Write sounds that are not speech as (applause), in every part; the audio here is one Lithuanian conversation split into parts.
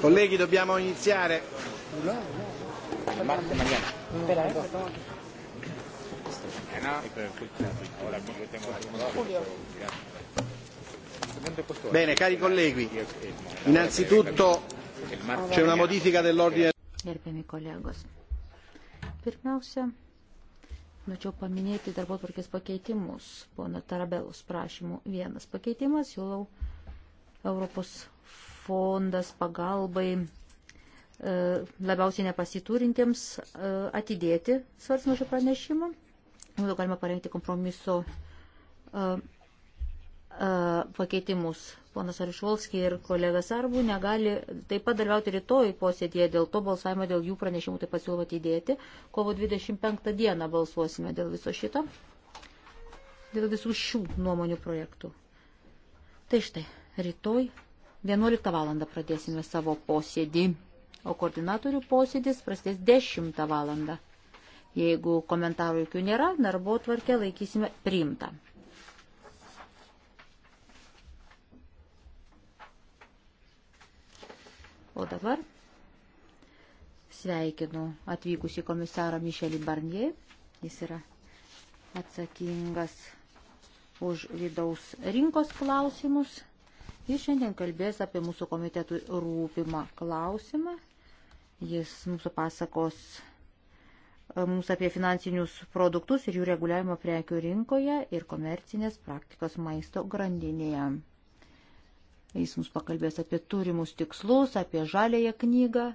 Colleghi, dobbiamo iniziare. Eh. Eh, Bene, cari colleghi, innanzitutto c'è una modifica dell'ordine. Gerbiami kolegos, pirmiausia, norėčiau paminėti darbo tvarkės pakeitimus. Pono Tarabelos prašymų vienas pakeitimas, siūlau Europos fondas pagalbai e, labiausiai nepasiturintiems e, atidėti svarstymą šio pranešimo. Jau galima parengti kompromiso e, pakeitimus. Ponas Arišvolski ir kolega Sarbu negali taip pat dalyvauti rytoj posėdėje, dėl to balsavimo dėl jų pranešimų taip pat siūlau atidėti. Kovo 25 dieną balsuosime dėl viso šito, dėl visų šių nuomonių projektų. Tai štai, rytoj 11 val. pradėsime savo posėdį, o koordinatorių posėdis prasidės 10 val. Jeigu komentarų jokių nėra, darbo tvarkę laikysime priimtą. O dabar sveikinu atvykusį komisarą Mišelį Barnier. Jis yra atsakingas už vidaus rinkos klausimus Jis šiandien kalbės apie mūsų komitetų rūpimą klausimą. Jis mūsų pasakos e, mums apie finansinius produktus ir jų reguliavimo prekių rinkoje ir komercinės praktikos maisto grandinėje. Jis mums pakalbės apie turimus tikslus, apie žalėją knygą,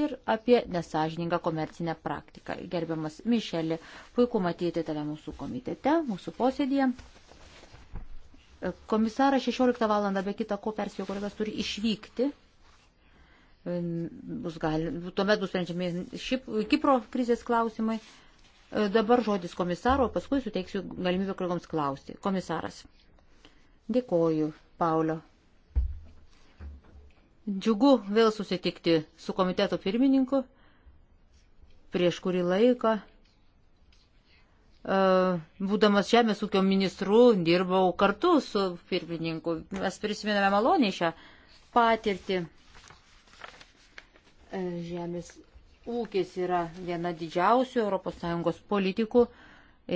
ir apie nesažiningą komercinę praktiką. Gerbiamas Mišelė, puiku matyti tave mūsų komitete, mūsų posėdėje. Komisaras 16 val. be kita ko perspėjo kolegas turi išvykti. Bus gali, tuomet bus sprendžiami šip, Kipro krizės klausimai. Dabar žodis komisaro, paskui suteiksiu galimybę kolegoms klausti. Komisaras. Dėkoju, Paulio. Džiugu vėl susitikti su komiteto pirmininku. Prieš kurį laiką E, būdamas žemės ūkio ministru, dirbau kartu su pirmininku. Mes prisiminame maloniai šią patirtį. E, žemės ūkis yra viena didžiausių ES politikų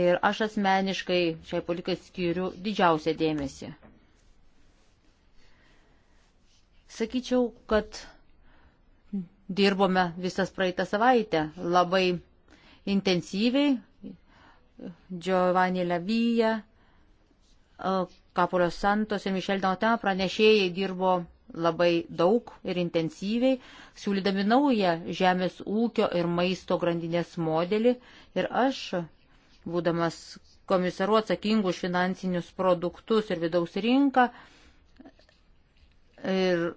ir aš asmeniškai šiai politikai skiriu didžiausią dėmesį. Sakyčiau, kad dirbome visas praeitą savaitę labai intensyviai, Giovanni Lavija, Kapolio e, Santos ir Mišel Dantin pranešėjai dirbo labai daug ir intensyviai, siūlydami naują žemės ūkio ir maisto grandinės modelį. Ir aš, būdamas komisaru atsakingu už finansinius produktus ir vidaus rinką, ir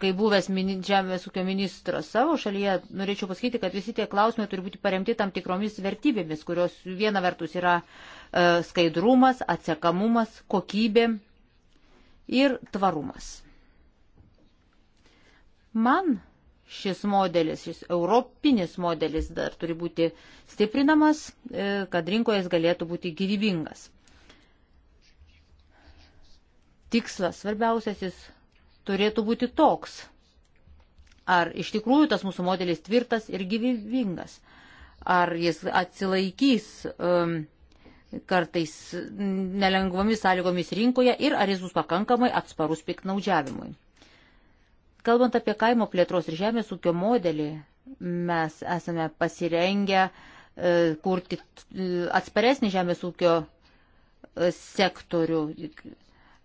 kai buvęs žemės ūkio ministras savo šalyje, norėčiau pasakyti, kad visi tie klausimai turi būti paremti tam tikromis vertybėmis, kurios viena vertus yra e, skaidrumas, atsekamumas, kokybė ir tvarumas. Man šis modelis, šis europinis modelis dar turi būti stiprinamas, e, kad rinkoje jis galėtų būti gyvybingas. Tikslas svarbiausiasis turėtų būti toks. Ar iš tikrųjų tas mūsų modelis tvirtas ir gyvybingas? Ar jis atsilaikys um, kartais nelengvomis sąlygomis rinkoje ir ar jis bus pakankamai atsparus piknaudžiavimui? Kalbant apie kaimo plėtros ir žemės ūkio modelį, mes esame pasirengę e, kurti e, atsparesnį žemės ūkio e, sektorių,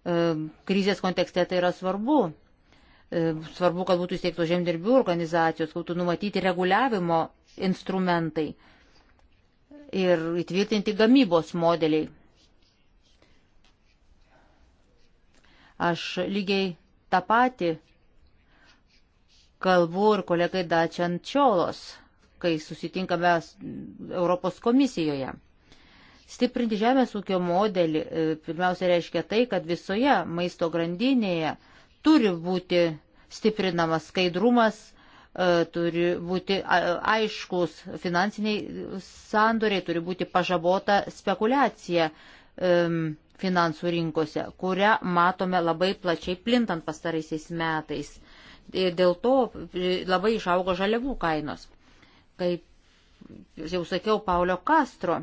E, krizės kontekste tai yra svarbu. E, svarbu, kad būtų įsteigtos žemdirbių organizacijos, būtų numatyti reguliavimo instrumentai ir įtvirtinti gamybos modeliai. Aš lygiai tą patį kalbu ir kolegai Dačian Čiolos, kai susitinkame Europos komisijoje. Stiprinti žemės ūkio modelį e, pirmiausia reiškia tai, kad visoje maisto grandinėje turi būti stiprinamas skaidrumas, e, turi būti aiškus finansiniai sandoriai, turi būti pažabota spekulacija finansų rinkose, kurią matome labai plačiai plintant pastaraisiais metais. Ir e, dėl to labai išaugo žaliavų kainos. Kaip jau sakiau, Paulio Kastro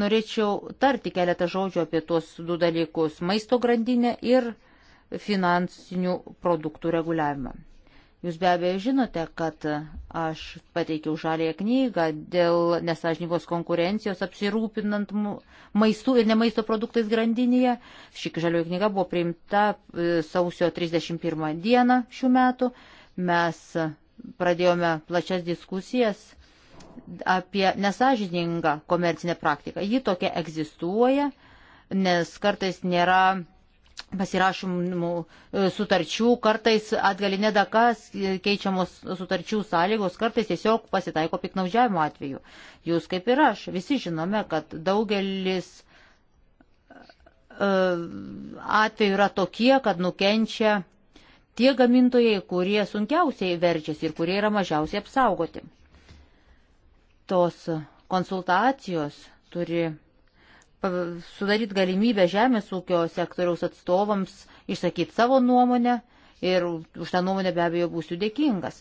Norėčiau tarti keletą žodžių apie tuos du dalykus - maisto grandinę ir finansinių produktų reguliavimą. Jūs be abejo žinote, kad aš pateikiau žalėją knygą dėl nesažnybos konkurencijos apsirūpinant maistų ir nemaisto produktais grandinėje. Ši žalioji knyga buvo priimta e, sausio 31 dieną šių metų. Mes pradėjome plačias diskusijas apie nesažiningą komercinę praktiką. Ji tokia egzistuoja, nes kartais nėra pasirašymų e, sutarčių, kartais atgalinė dakas e, keičiamos sutarčių sąlygos, kartais tiesiog pasitaiko piknaudžiavimo atveju. Jūs kaip ir aš, visi žinome, kad daugelis e, atveju yra tokie, kad nukenčia tie gamintojai, kurie sunkiausiai verčiasi ir kurie yra mažiausiai apsaugoti tos konsultacijos turi sudaryti galimybę žemės ūkio sektoriaus atstovams išsakyti savo nuomonę ir už tą nuomonę be abejo būsiu dėkingas.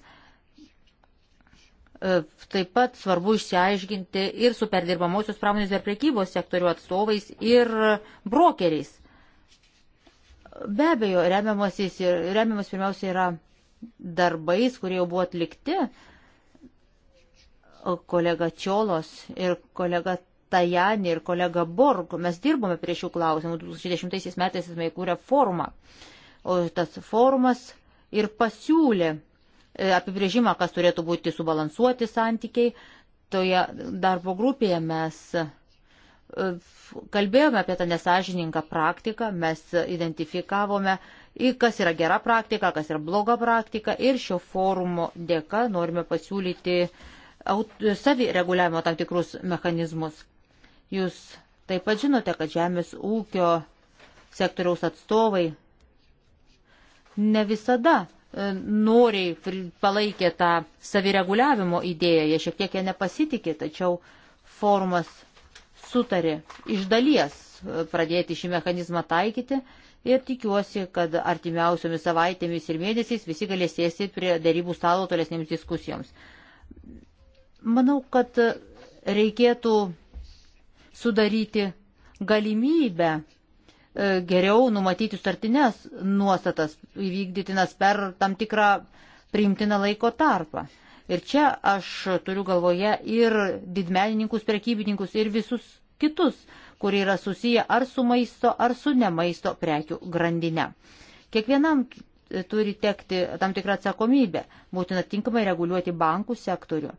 E, taip pat svarbu išsiaiškinti ir su perdirbamosios pramonės ir prekybos sektorių atstovais ir brokeriais. Be abejo, remiamas, remiamas pirmiausia yra darbais, kurie jau buvo atlikti, kolega Čiolos ir kolega Tajani ir kolega Borg. Mes dirbome prie šių klausimų. 2010 metais mes įkūrė forumą. O tas forumas ir pasiūlė e, apibrėžimą, kas turėtų būti subalansuoti santykiai. Toje darbo grupėje mes e, kalbėjome apie tą nesažininką praktiką, mes identifikavome, kas yra gera praktika, kas yra bloga praktika ir šio forumo dėka norime pasiūlyti uh, savireguliavimo tam tikrus mechanizmus. Jūs taip pat žinote, kad žemės ūkio sektoriaus atstovai ne visada e, noriai palaikė tą savireguliavimo idėją, jie šiek tiek ją nepasitikė, tačiau formas sutarė iš dalies e, pradėti šį mechanizmą taikyti ir tikiuosi, kad artimiausiomis savaitėmis ir mėnesiais visi galės sėsti prie darybų stalo tolesnėms diskusijoms. Manau, kad reikėtų sudaryti galimybę e, geriau numatyti startinės nuostatas įvykdytinas per tam tikrą priimtiną laiko tarpą. Ir čia aš turiu galvoje ir didmenininkus, prekybininkus ir visus kitus, kurie yra susiję ar su maisto, ar su nemaisto prekių grandinė. Kiekvienam turi tekti tam tikrą atsakomybę, būtina tinkamai reguliuoti bankų sektorių.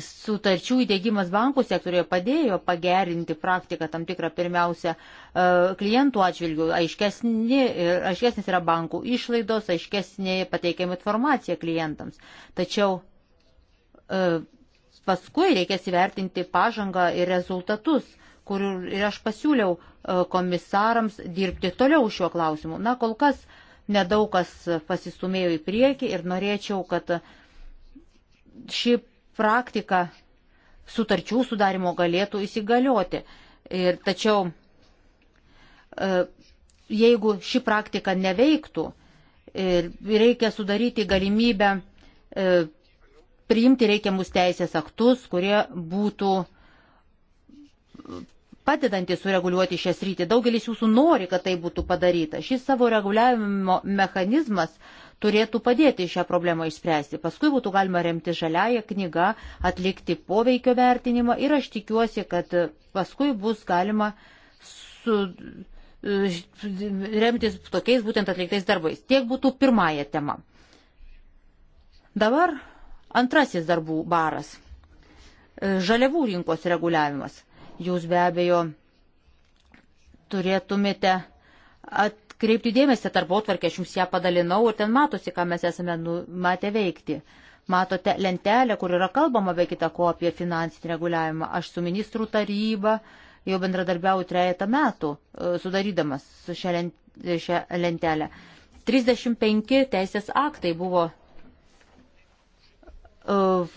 Sutarčių įdėgymas bankų sektorioje padėjo pagerinti praktiką tam tikrą pirmiausia e, klientų atžvilgių. Aiškesni, e, aiškesnis yra bankų išlaidos, aiškesnė pateikiama informacija klientams. Tačiau e, paskui reikės įvertinti pažangą ir rezultatus, kur ir aš pasiūliau komisarams dirbti toliau šiuo klausimu. Na, kol kas nedaug kas pasistumėjo į priekį ir norėčiau, kad ši praktika sutarčių sudarimo galėtų įsigalioti. Ir tačiau e, jeigu ši praktika neveiktų, e, reikia sudaryti galimybę e, priimti reikiamus teisės aktus, kurie būtų padedantis sureguliuoti šią sritį. Daugelis jūsų nori, kad tai būtų padaryta. Šis savo reguliavimo mechanizmas uh, turėtų padėti šią problemą išspręsti. Paskui būtų galima remti žaliąją knygą, atlikti poveikio vertinimą ir aš tikiuosi, kad paskui bus galima su, e, remtis tokiais būtent atliktais darbais. Tiek būtų pirmąją temą. Dabar antrasis darbų baras. E, žaliavų rinkos reguliavimas. Jūs be abejo turėtumėte at, atkreipti dėmesį tarp otvarkę, aš jums ją padalinau ir ten matosi, ką mes esame numatę veikti. Matote lentelę, kur yra kalbama be kita ko apie finansinį reguliavimą. Aš su ministrų taryba jau bendradarbiauju trejata metų, e, sudarydamas su šią lentelę. 35 teisės aktai buvo uh,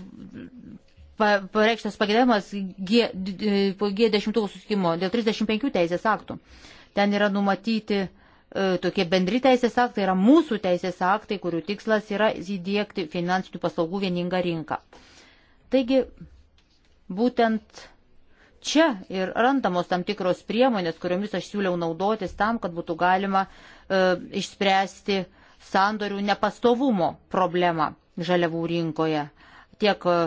pareikštas pagėdavimas G10 e, susikimo dėl 35 teisės aktų. Ten yra numatyti uh, E, tokie bendri teisės aktai tai yra mūsų teisės aktai, kurių tikslas yra įdėkti finansinių paslaugų vieningą rinką. Taigi, būtent čia ir randamos tam tikros priemonės, kuriomis aš siūliau naudotis tam, kad būtų galima e, išspręsti sandorių nepastovumo problemą žaliavų rinkoje, tiek e,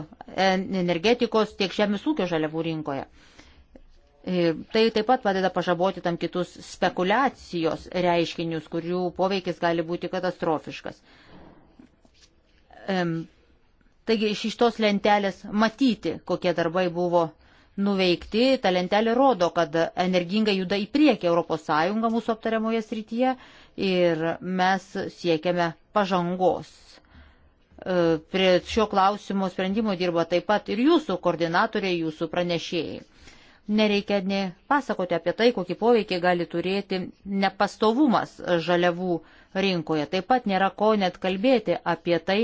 energetikos, tiek žemės ūkio žaliavų rinkoje. E, tai taip pat padeda pažaboti tam kitus spekulacijos reiškinius, kurių poveikis gali būti katastrofiškas. Taigi iš šitos lentelės matyti, kokie darbai buvo nuveikti. Ta lentelė rodo, kad energingai juda į priekį ES mūsų aptariamoje srityje ir mes siekiame pažangos. E, prie šio klausimo sprendimo dirba taip pat ir jūsų koordinatoriai, jūsų pranešėjai. Nereikia ne pasakoti apie tai, kokį poveikį gali turėti nepastovumas žaliavų rinkoje. Taip pat nėra ko net kalbėti apie tai,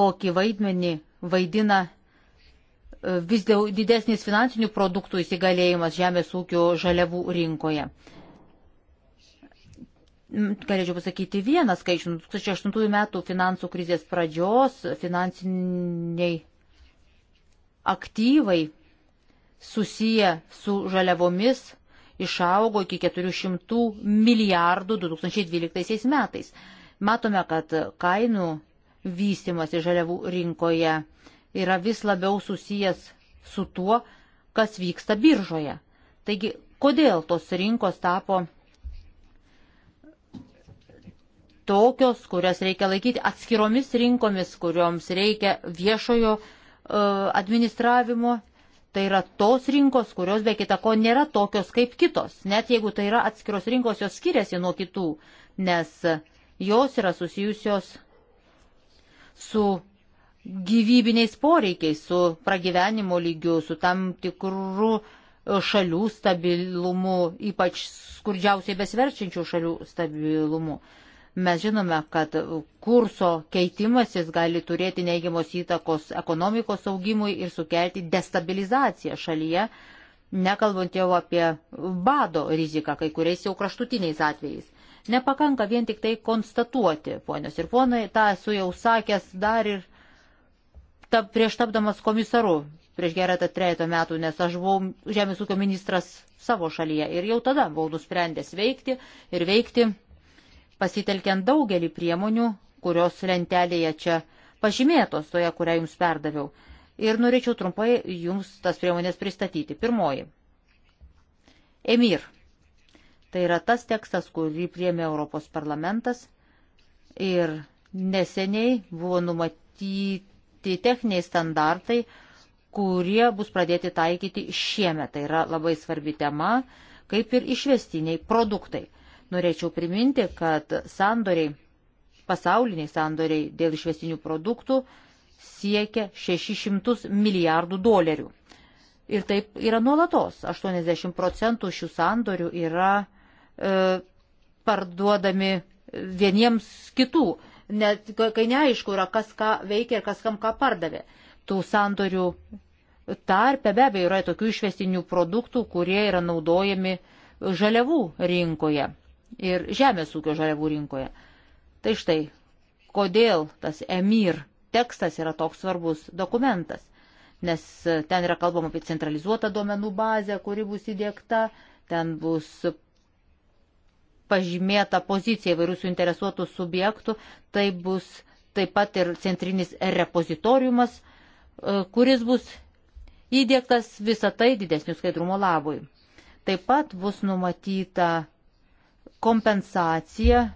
kokį vaidmenį vaidina e, vis dėl didesnis finansinių produktų įsigalėjimas žemės ūkio žaliavų rinkoje. Galėčiau pasakyti vieną skaičių. 2008 metų finansų krizės pradžios finansiniai aktyvai susiję su žaliavomis išaugo iki 400 milijardų 2012 metais. Matome, kad kainų vystimas į žaliavų rinkoje yra vis labiau susijęs su tuo, kas vyksta biržoje. Taigi, kodėl tos rinkos tapo tokios, kurias reikia laikyti atskiromis rinkomis, kurioms reikia viešojo e, administravimo Tai yra tos rinkos, kurios be kita ko nėra tokios kaip kitos. Net jeigu tai yra atskiros rinkos, jos skiriasi nuo kitų, nes jos yra susijusios su gyvybiniais poreikiais, su pragyvenimo lygiu, su tam tikru e, šalių stabilumu, ypač skurdžiausiai besverčiančių šalių stabilumu. Mes žinome, kad kurso keitimasis gali turėti neigiamos įtakos ekonomikos augimui ir sukelti destabilizaciją šalyje, nekalbant jau apie bado riziką kai kuriais jau kraštutiniais atvejais. Nepakanka vien tik tai konstatuoti, ponios ir ponai, tą esu jau sakęs dar ir ta, prieš tapdamas komisaru prieš geretą trejato metų, nes aš buvau žemės ūkio ministras savo šalyje ir jau tada buvau nusprendęs veikti ir veikti pasitelkiant daugelį priemonių, kurios lentelėje čia pažymėtos, toje, kurią jums perdaviau. Ir norėčiau trumpai jums tas priemonės pristatyti. Pirmoji. Emir. Tai yra tas tekstas, kurį priemė Europos parlamentas ir neseniai buvo numatyti techniniai standartai, kurie bus pradėti taikyti šiemet. Tai yra labai svarbi tema, kaip ir išvestiniai produktai. Norėčiau priminti, kad sandoriai, pasauliniai sandoriai dėl išvestinių produktų siekia 600 milijardų dolerių. Ir taip yra nuolatos. 80 procentų šių sandorių yra e, parduodami vieniems kitų, net kai neaišku yra, kas ką veikia ir kas kam ką pardavė. Tų sandorių tarpe be abejo yra tokių išvestinių produktų, kurie yra naudojami žaliavų rinkoje ir žemės ūkio žaliavų rinkoje. Tai štai, kodėl tas emir tekstas yra toks svarbus dokumentas, nes ten yra kalbama apie centralizuotą duomenų bazę, kuri bus įdėkta, ten bus pažymėta pozicija įvairių suinteresuotų subjektų, tai bus taip pat ir centrinis repozitoriumas, e, kuris bus įdėktas visą tai didesnių skaidrumo labui. Taip pat bus numatyta kompensacija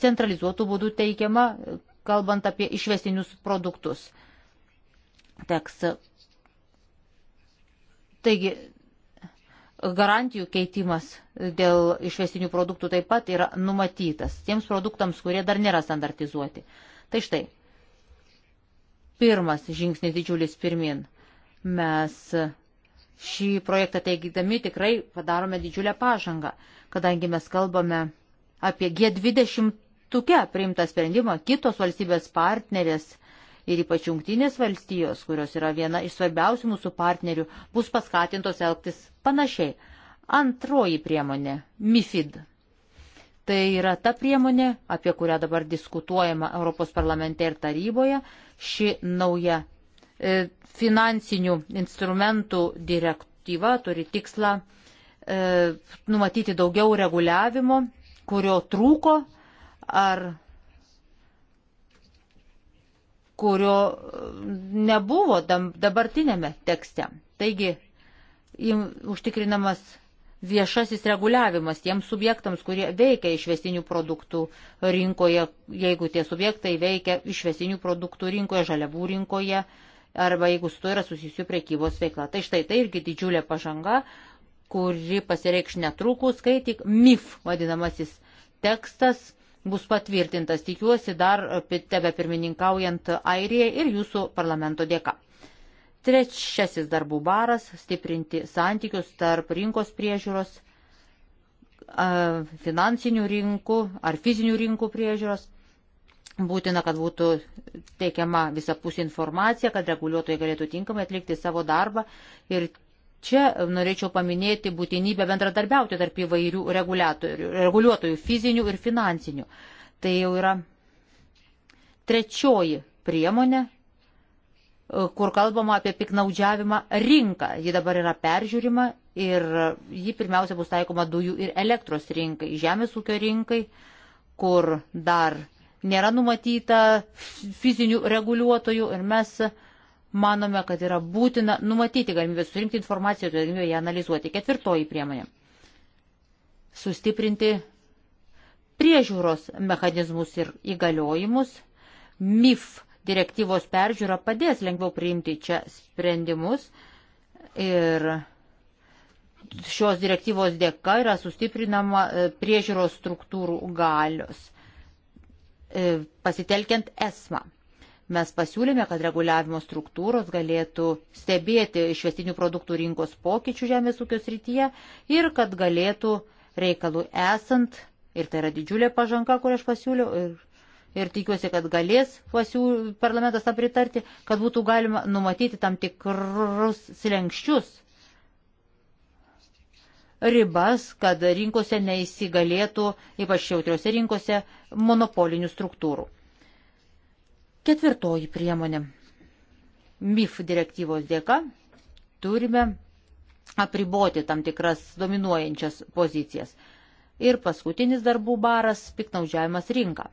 centralizuotų būdų teikiama, kalbant apie išvestinius produktus. Teks. Taigi, garantijų keitimas dėl išvestinių produktų taip pat yra numatytas tiems produktams, kurie dar nėra standartizuoti. Tai štai, pirmas žingsnis didžiulis pirmin. Mes šį projektą teikdami tikrai padarome didžiulę pažangą kadangi mes kalbame apie G20 tuke priimtą sprendimą, kitos valstybės partnerės ir ypač jungtinės valstijos, kurios yra viena iš svarbiausių mūsų partnerių, bus paskatintos elgtis panašiai. Antroji priemonė - MIFID. Tai yra ta priemonė, apie kurią dabar diskutuojama Europos parlamente ir taryboje, ši nauja e, finansinių instrumentų direktyva turi tikslą E, numatyti daugiau reguliavimo, kurio trūko ar kurio nebuvo dabartinėme tekste. Taigi, užtikrinamas viešasis reguliavimas tiems subjektams, kurie veikia išvesinių produktų rinkoje, jeigu tie subjektai veikia išvesinių produktų rinkoje, žaliavų rinkoje, arba jeigu su to yra susijusių prekybos veikla. Tai štai tai irgi didžiulė pažanga, kuri pasireikš netrukus, kai tik MIF vadinamasis tekstas bus patvirtintas, tikiuosi, dar tebe pirmininkaujant Airijai ir jūsų parlamento dėka. Trečiasis darbų baras - stiprinti santykius tarp rinkos priežiūros, finansinių rinkų ar fizinių rinkų priežiūros. Būtina, kad būtų teikiama visapus informacija, kad reguliuotojai galėtų tinkamai atlikti savo darbą ir Čia norėčiau paminėti būtinybę bendradarbiauti tarp įvairių reguliuotojų, fizinių ir finansinių. Tai jau yra trečioji priemonė, kur kalbama apie piknaudžiavimą rinką. Ji dabar yra peržiūrima ir ji pirmiausia bus taikoma dujų ir elektros rinkai, žemės ūkio rinkai, kur dar nėra numatyta fizinių reguliuotojų ir mes uh, manome, kad yra būtina numatyti galimybę surinkti informaciją ir galimybę ją analizuoti. Ketvirtoji priemonė - sustiprinti priežiūros mechanizmus ir įgaliojimus. MIF direktyvos peržiūra padės lengviau priimti čia sprendimus ir šios direktyvos dėka yra sustiprinama e, priežiūros struktūrų galios e, pasitelkiant esmą. Mes pasiūlėme, kad reguliavimo struktūros galėtų stebėti išvestinių produktų rinkos pokyčių žemės ūkio srityje ir kad galėtų reikalų esant, ir tai yra didžiulė pažanga, kurią aš pasiūliau, ir, ir tikiuosi, kad galės pasiūl, parlamentas tą pritarti, kad būtų galima numatyti tam tikrus slengščius ribas, kad rinkose neįsigalėtų, ypač jautriuose rinkose, monopolinių struktūrų. Ketvirtoji priemonė. MIF direktyvos dėka turime apriboti tam tikras dominuojančias pozicijas. Ir paskutinis darbų baras - piknaudžiavimas rinka.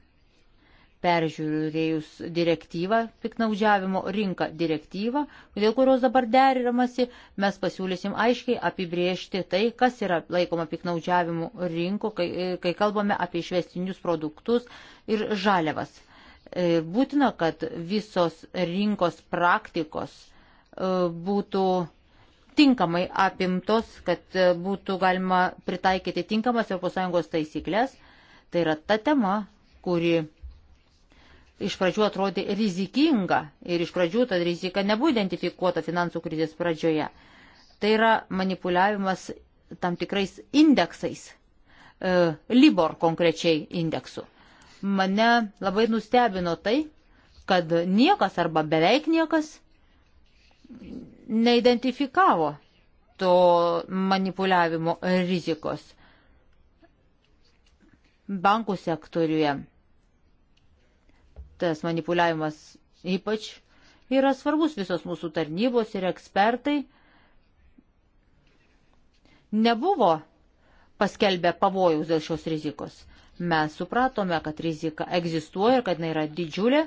Peržiūrėjus direktyvą, piknaudžiavimo rinką direktyvą, dėl kurios dabar derinamasi, mes pasiūlysim aiškiai apibriežti tai, kas yra laikoma piknaudžiavimu rinko, kai, kai kalbame apie išvestinius produktus ir žaliavas. E, būtina, kad visos rinkos praktikos e, būtų tinkamai apimtos, kad e, būtų galima pritaikyti tinkamas ES taisyklės. Tai yra ta tema, kuri iš pradžių atrodė rizikinga ir iš pradžių ta rizika nebuvo identifikuota finansų krizės pradžioje. Tai yra manipuliavimas tam tikrais indeksais, Libor konkrečiai indeksu. Mane labai nustebino tai, kad niekas arba beveik niekas neidentifikavo to manipuliavimo rizikos bankų sektoriuje. Tas manipuliavimas ypač yra svarbus visos mūsų tarnybos ir ekspertai. Nebuvo paskelbę pavojus dėl šios rizikos. Mes supratome, kad rizika egzistuoja ir kad jinai yra didžiulė.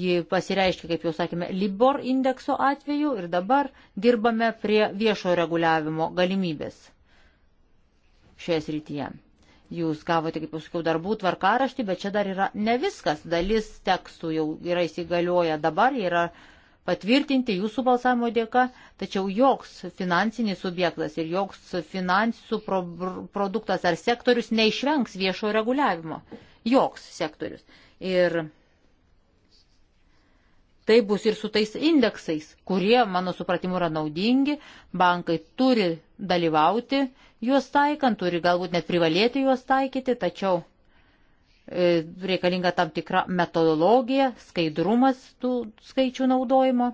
Ji pasireiškia, kaip jau sakėme, Libor indekso atveju ir dabar dirbame prie viešo reguliavimo galimybės šioje srityje. Jūs gavote, kaip jau sakiau, darbų tvarkaraštį, bet čia dar yra ne viskas. Dalis tekstų jau yra įsigalioja dabar, yra uh, patvirtinti jūsų balsavimo dėka, tačiau joks finansinis subjektas ir joks finansų pro, produktas ar sektorius neišvengs viešo reguliavimo. Joks sektorius. Ir tai bus ir su tais indeksais, kurie, mano supratimu, yra naudingi, bankai turi dalyvauti juos taikant, turi galbūt net privalėti juos taikyti, tačiau E, reikalinga tam tikra metodologija, skaidrumas tų skaičių naudojimo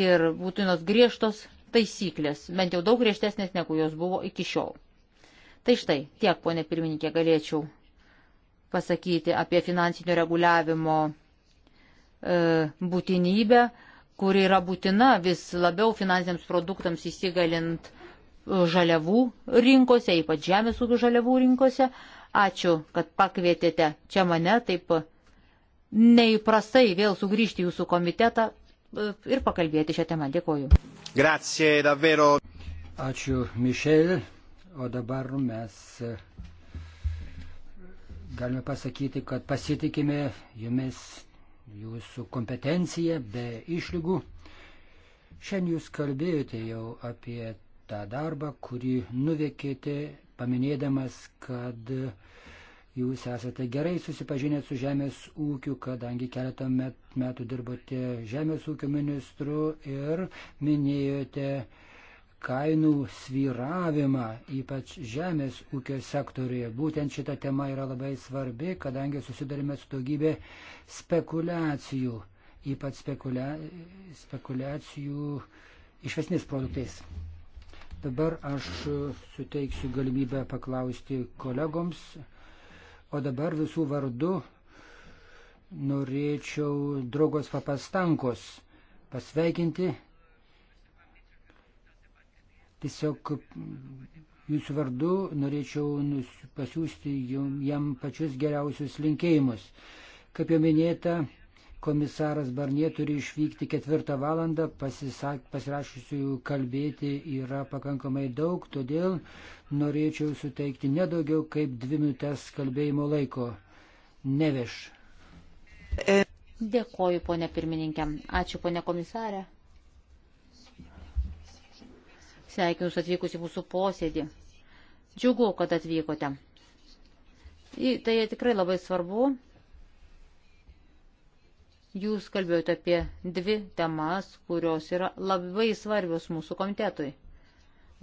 ir būtinos griežtos taisyklės, bent jau daug griežtesnės negu jos buvo iki šiol. Tai štai tiek, ponė pirmininkė, galėčiau pasakyti apie finansinio reguliavimo e, būtinybę, kuri yra būtina vis labiau finansiniams produktams įsigalint e, žaliavų rinkose, ypač žemės ūkio žaliavų rinkose. E, Ačiū, kad pakvietėte čia mane taip neįprastai vėl sugrįžti jūsų komitetą e, ir pakalbėti šią temą. Dėkoju. Grazie, davvero. Ačiū, Mišel. O dabar mes e, galime pasakyti, kad pasitikime jumis jūsų kompetencija be išlygų. Šiandien jūs kalbėjote jau apie tą darbą, kurį nuveikėte, paminėdamas, kad jūs esate gerai susipažinę su žemės ūkiu, kadangi keletą metų dirbote žemės ūkio ministru ir minėjote kainų svyravimą, ypač žemės ūkio sektorėje. Būtent šita tema yra labai svarbi, kadangi susidarime su daugybė spekulacijų, ypač spekulia... spekulacijų išvesnis produktais. Dabar aš suteiksiu galimybę paklausti kolegoms, o dabar visų vardu norėčiau draugos papastankos pasveikinti. Tiesiog jūsų vardu norėčiau pasiūsti jam pačius geriausius linkėjimus. Kaip jau minėta, komisaras Barnie turi išvykti ketvirtą valandą, pasirašysiu kalbėti yra pakankamai daug, todėl norėčiau suteikti nedaugiau kaip dvi minutės kalbėjimo laiko. Neveš. Dėkoju, ponė pirmininkė. Ačiū, ponė komisarė. Sveikinu jūs atvykus į mūsų posėdį. Džiugu, kad atvykote. Tai tikrai labai svarbu, Jūs kalbėjote apie dvi temas, kurios yra labai svarbios mūsų komitetui.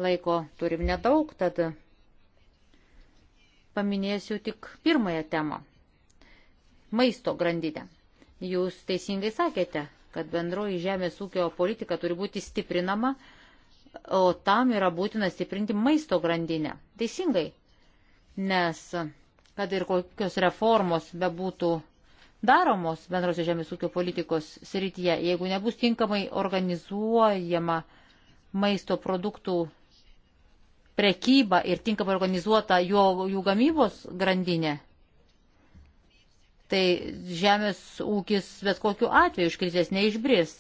Laiko turim nedaug, tad paminėsiu tik pirmąją temą - maisto grandinę. Jūs teisingai sakėte, kad bendroji žemės ūkio politika turi būti stiprinama, o tam yra būtina stiprinti maisto grandinę. Teisingai. Nes, kad ir kokios reformos bebūtų daromos bendrosios žemės ūkio politikos srityje, jeigu nebus tinkamai organizuojama maisto produktų prekyba ir tinkamai organizuota jo, jų gamybos grandinė, tai žemės ūkis bet kokiu atveju iš krizės neišbris.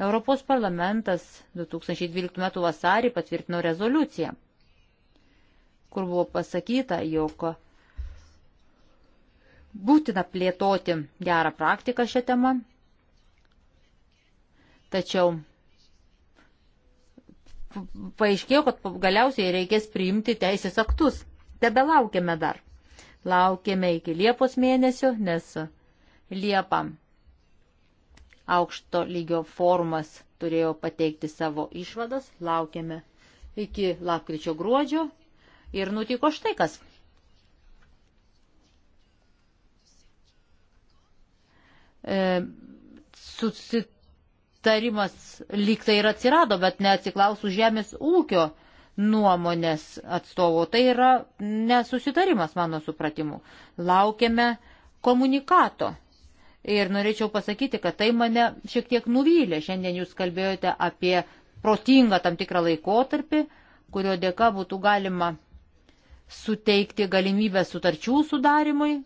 Europos parlamentas 2012 m. vasarį patvirtino rezoliuciją, kur buvo pasakyta, jog būtina plėtoti gerą praktiką šią temą. Tačiau paaiškėjo, kad galiausiai reikės priimti teisės aktus. Tebe laukiame dar. Laukiame iki Liepos mėnesio, nes Liepa aukšto lygio formas turėjo pateikti savo išvadas. Laukiame iki lapkričio gruodžio ir nutiko štai kas. e, susitarimas lygtai ir atsirado, bet neatsiklausų žemės ūkio nuomonės atstovo. Tai yra nesusitarimas mano supratimu. Laukiame komunikato. Ir norėčiau pasakyti, kad tai mane šiek tiek nuvylė. Šiandien jūs kalbėjote apie protingą tam tikrą laikotarpį, kurio dėka būtų galima suteikti galimybę sutarčių sudarimui,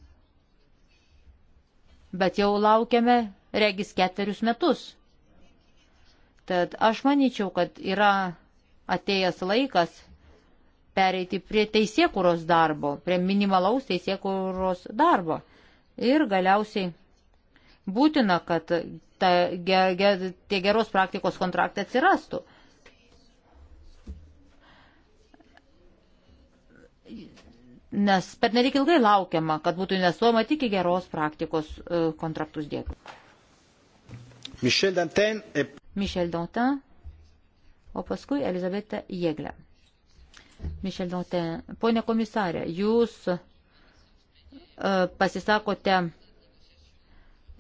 bet jau laukiame regis ketverius metus. Tad aš manyčiau, kad yra atėjęs laikas pereiti prie teisėkuros darbo, prie minimalaus teisėkuros darbo. Ir galiausiai būtina, kad ta, ge, ge, tie geros praktikos kontraktai atsirastų. nes per nedik ilgai laukiama, kad būtų investuojama tik į geros praktikos e, kontraktus dėkui. Michel Dantin, et... Michel Dantin, o paskui Elizabeta Jėglė. Michel Dantin, ponė komisarė, jūs e, pasisakote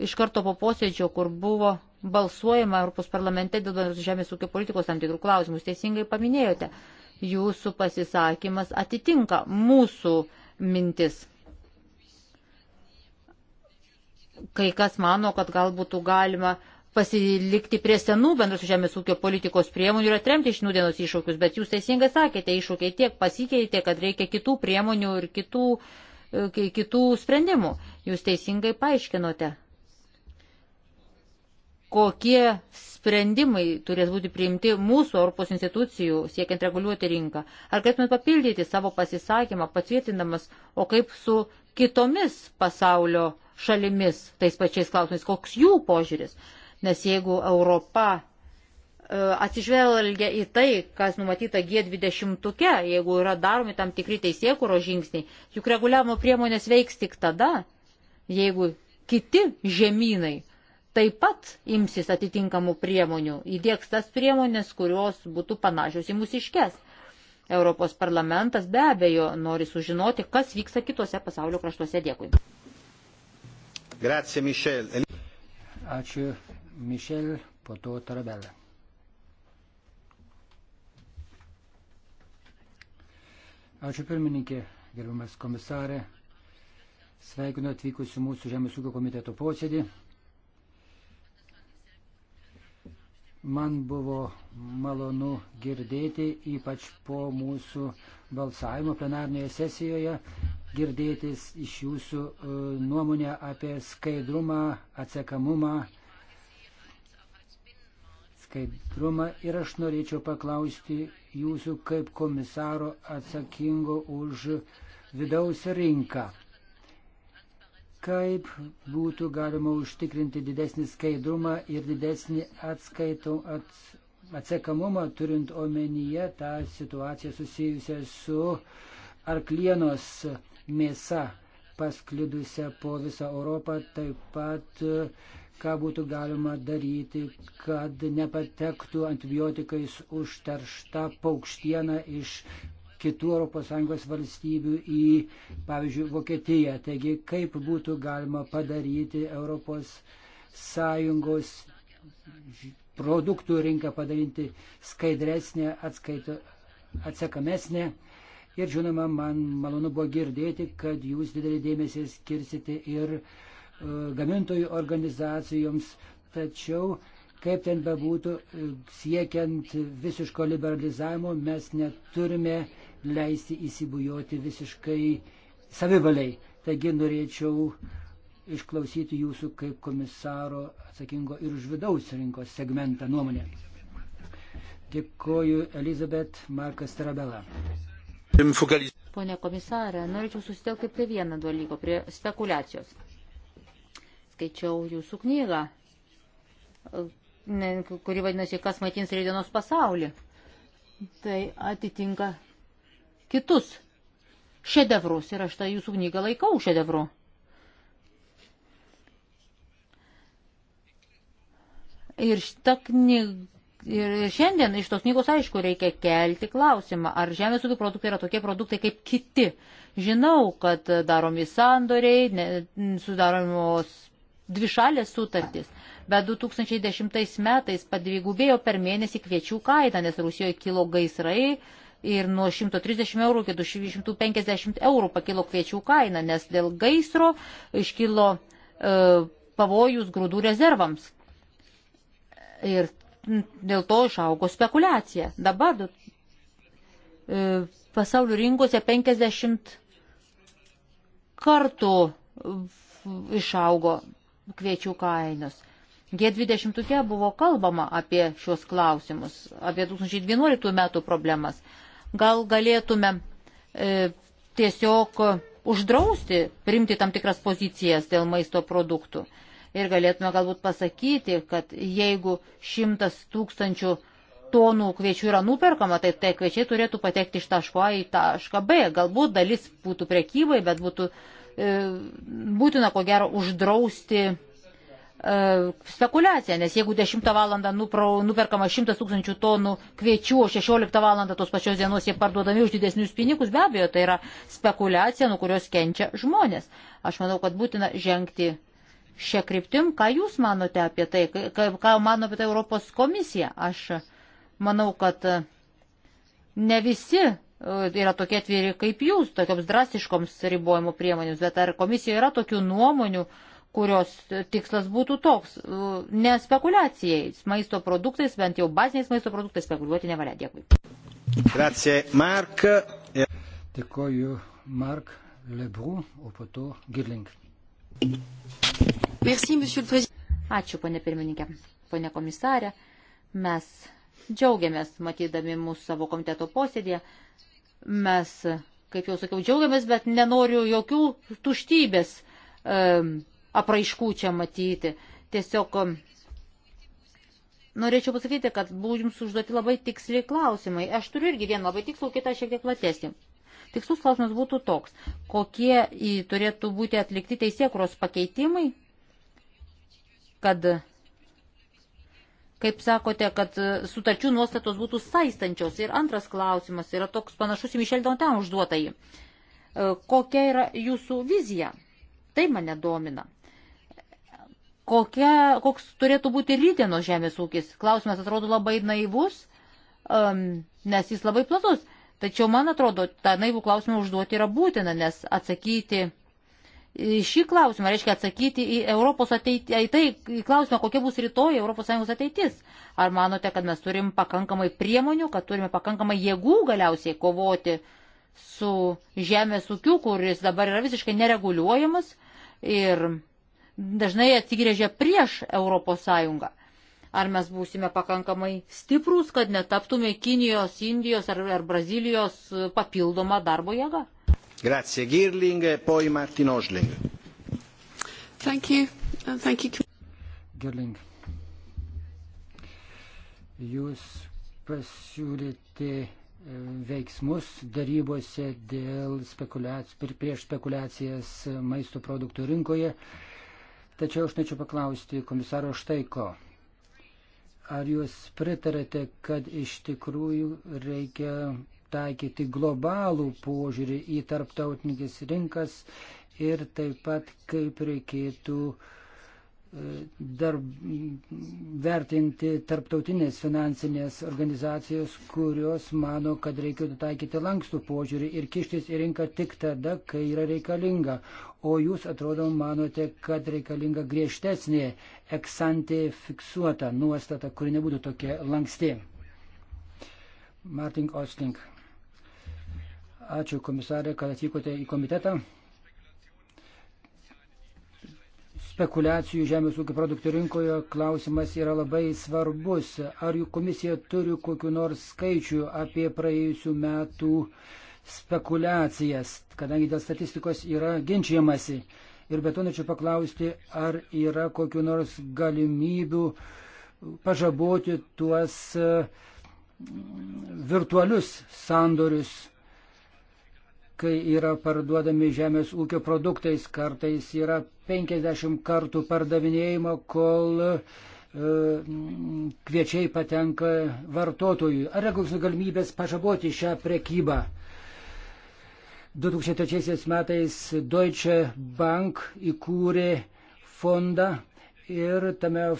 iš karto po posėdžio, kur buvo balsuojama Europos parlamente dėl žemės ūkio politikos tam tikrų klausimų. Teisingai paminėjote, jūsų pasisakymas atitinka mūsų mintis. Kai kas mano, kad gal būtų galima pasilikti prie senų bendros žemės ūkio politikos priemonių ir atremti iš nudienos iššūkius, bet jūs teisingai sakėte, iššūkiai tiek pasikeitė, kad reikia kitų priemonių ir kitų, e, kitų sprendimų. Jūs teisingai paaiškinote kokie sprendimai turės būti priimti mūsų Europos institucijų siekiant reguliuoti rinką. Ar galėtume papildyti savo pasisakymą, patvirtindamas, o kaip su kitomis pasaulio šalimis tais pačiais klausimais, koks jų požiūris. Nes jeigu Europa e, atsižvelgia į tai, kas numatyta G20, tuke, jeigu yra daromi tam tikri teisėkuro žingsniai, juk reguliavimo priemonės veiks tik tada, jeigu kiti žemynai taip pat imsis atitinkamų priemonių, įdėks tas priemonės, kurios būtų panašios į mūsiškes. Europos parlamentas be abejo nori sužinoti, kas vyksta kitose pasaulio kraštuose. Dėkui. Grazie, Michel. Ačiū, Mišel, po to Tarabelė. Ačiū pirmininkė, gerbiamas komisarė. Sveikinu atvykusiu mūsų Žemės ūkio komiteto posėdį. Man buvo malonu girdėti, ypač po mūsų balsavimo plenarnėje sesijoje, girdėtis iš jūsų e, nuomonę apie skaidrumą, atsekamumą, skaidrumą. Ir aš norėčiau paklausti jūsų kaip komisaro atsakingo už vidaus rinką kaip būtų galima užtikrinti didesnį skaidrumą ir didesnį atskaitų ats, atsekamumą, turint omenyje tą situaciją susijusią su arklienos mėsa pasklidusią po visą Europą, taip pat ką būtų galima daryti, kad nepatektų antibiotikais užteršta paukštiena iš kitų ES valstybių į, pavyzdžiui, Vokietiją. Taigi, kaip būtų galima padaryti ES produktų rinką padaryti skaidresnę, atskaito, atsekamesnę. Ir žinoma, man malonu buvo girdėti, kad jūs didelį dėmesį skirsite ir uh, gamintojų organizacijoms, tačiau kaip ten bebūtų, e, siekiant visiško liberalizavimo mes neturime uh, leisti įsibujoti visiškai savivaliai. Taigi norėčiau išklausyti jūsų kaip komisaro atsakingo ir už vidaus rinkos segmentą nuomonę. Dėkoju Elizabet Markas Tarabela. Pone komisarė, norėčiau susitelkti prie vieno dalyko, prie spekulacijos. Skaičiau jūsų knygą, kuri vadinasi Kas maitins rydienos pasaulį. Tai atitinka kitus šedevrus ir aš tą jūsų knygą laikau šedevru. Ir šitą knygą. Ir šiandien iš tos knygos aišku reikia kelti klausimą, ar žemės ūkio produktai yra tokie produktai kaip kiti. Žinau, kad daromi sandoriai, ne, sudaromos dvišalės sutartys, bet 2010 metais padvigubėjo per mėnesį kviečių kaina, nes Rusijoje kilo gaisrai, ir nuo 130 eurų iki 250 eurų pakilo kviečių kaina, nes dėl gaisro iškilo e, pavojus grūdų rezervams. Ir dėl to išaugo spekulacija. Dabar e, pasaulio rinkose 50 kartų išaugo kviečių kainos. G20 buvo kalbama apie šios klausimus, apie 2011 metų problemas. Gal galėtume e, tiesiog uždrausti, primti tam tikras pozicijas dėl maisto produktų. Ir galėtume galbūt pasakyti, kad jeigu šimtas tūkstančių tonų kviečių yra nuperkama, tai tai kviečiai turėtų patekti iš taško A į tašką B. Galbūt dalis būtų prekybai, bet būtų e, būtina ko gero uždrausti E, spekulacija, nes jeigu 10 val. nuperkama 100 tūkstančių tonų kviečių, o 16 val. tos pačios dienos jie parduodami už didesnius pinigus, be abejo, tai yra spekulacija, nuo kurios kenčia žmonės. Aš manau, kad būtina žengti šią kryptim. Ką Jūs manote apie tai? Ką mano apie tai Europos komisija? Aš manau, kad ne visi e, yra tokie atviri kaip Jūs, tokioms drastiškoms ribojimo priemonėms, bet ar komisijoje yra tokių nuomonių, uh, kurios tikslas būtų toks e, - ne spekulacijais, maisto produktais, bent jau baziniais maisto produktais spekuliuoti nevalia. Dėkui. Grazie, Mark. Dėkoju, Mark Lebrou, o po to Girling. Merci, Ačiū, ponė pirmininkė, ponė komisarė. Mes džiaugiamės, matydami mūsų savo komiteto posėdėje. Mes, kaip jau sakiau, džiaugiamės, bet nenoriu jokių tuštybės. Um, apraiškų čia matyti. Tiesiog um, norėčiau pasakyti, kad buvo jums užduoti labai tiksliai klausimai. Aš turiu irgi vieną labai tikslų, kitą šiek tiek platesnį. Tikslus klausimas būtų toks, kokie turėtų būti atlikti teisėkuros pakeitimai, kad, kaip sakote, kad sutarčių nuostatos būtų saistančios. Ir antras klausimas yra toks panašus į Mišel Dantan užduotąjį. E, kokia yra jūsų vizija? Tai mane domina kokia, koks turėtų būti rytieno žemės ūkis. Klausimas atrodo labai naivus, um, nes jis labai platus. Tačiau, man atrodo, tą naivų klausimą užduoti yra būtina, nes atsakyti į šį klausimą, reiškia atsakyti į Europos ateitį, į tai į klausimą, kokia bus rytoj ES ateitis. Ar manote, kad mes turim pakankamai priemonių, kad turime pakankamai jėgų galiausiai kovoti su žemės ūkiu, kuris dabar yra visiškai nereguliuojamas ir dažnai atsigrėžia prieš ES. Ar mes būsime pakankamai stiprūs, kad netaptume Kinijos, Indijos ar, ar Brazilijos papildomą darbo jėgą? Grazie, Girling, e poi Martin Osling. Thank you. Uh, thank you. Girling. Jūs pasiūlėte e, veiksmus darybose dėl spekulac... prieš spekulacijas maisto produktų rinkoje. Tačiau aš norėčiau paklausti komisaro Štaiko, ar jūs pritarate, kad iš tikrųjų reikia taikyti globalų požiūrį į tarptautinkis rinkas ir taip pat kaip reikėtų uh, dar vertinti tarptautinės finansinės organizacijos, kurios mano, kad reikėtų taikyti lankstų požiūrį ir kištis į rinką tik tada, kai yra reikalinga. O jūs, atrodo, manote, kad reikalinga griežtesnė eksantė fiksuota nuostata, kuri nebūtų tokia lanksti. Martin Ostink. Ačiū komisarė, kad atvykote į komitetą. spekulacijų žemės ūkio produktų rinkoje klausimas yra labai svarbus. Ar jų komisija turi kokiu nors skaičiu apie praėjusių metų spekulacijas, kadangi dėl statistikos yra ginčiamasi. Ir be to norėčiau paklausti, ar yra kokiu nors galimybių pažaboti tuos mm, virtualius sandorius kai yra parduodami žemės ūkio produktais, kartais yra 50 kartų pardavinėjimo, kol e, kviečiai patenka vartotojui. Ar yra kokios galimybės pažaboti šią prekybą? 2003 metais Deutsche Bank įkūrė fondą, ir tame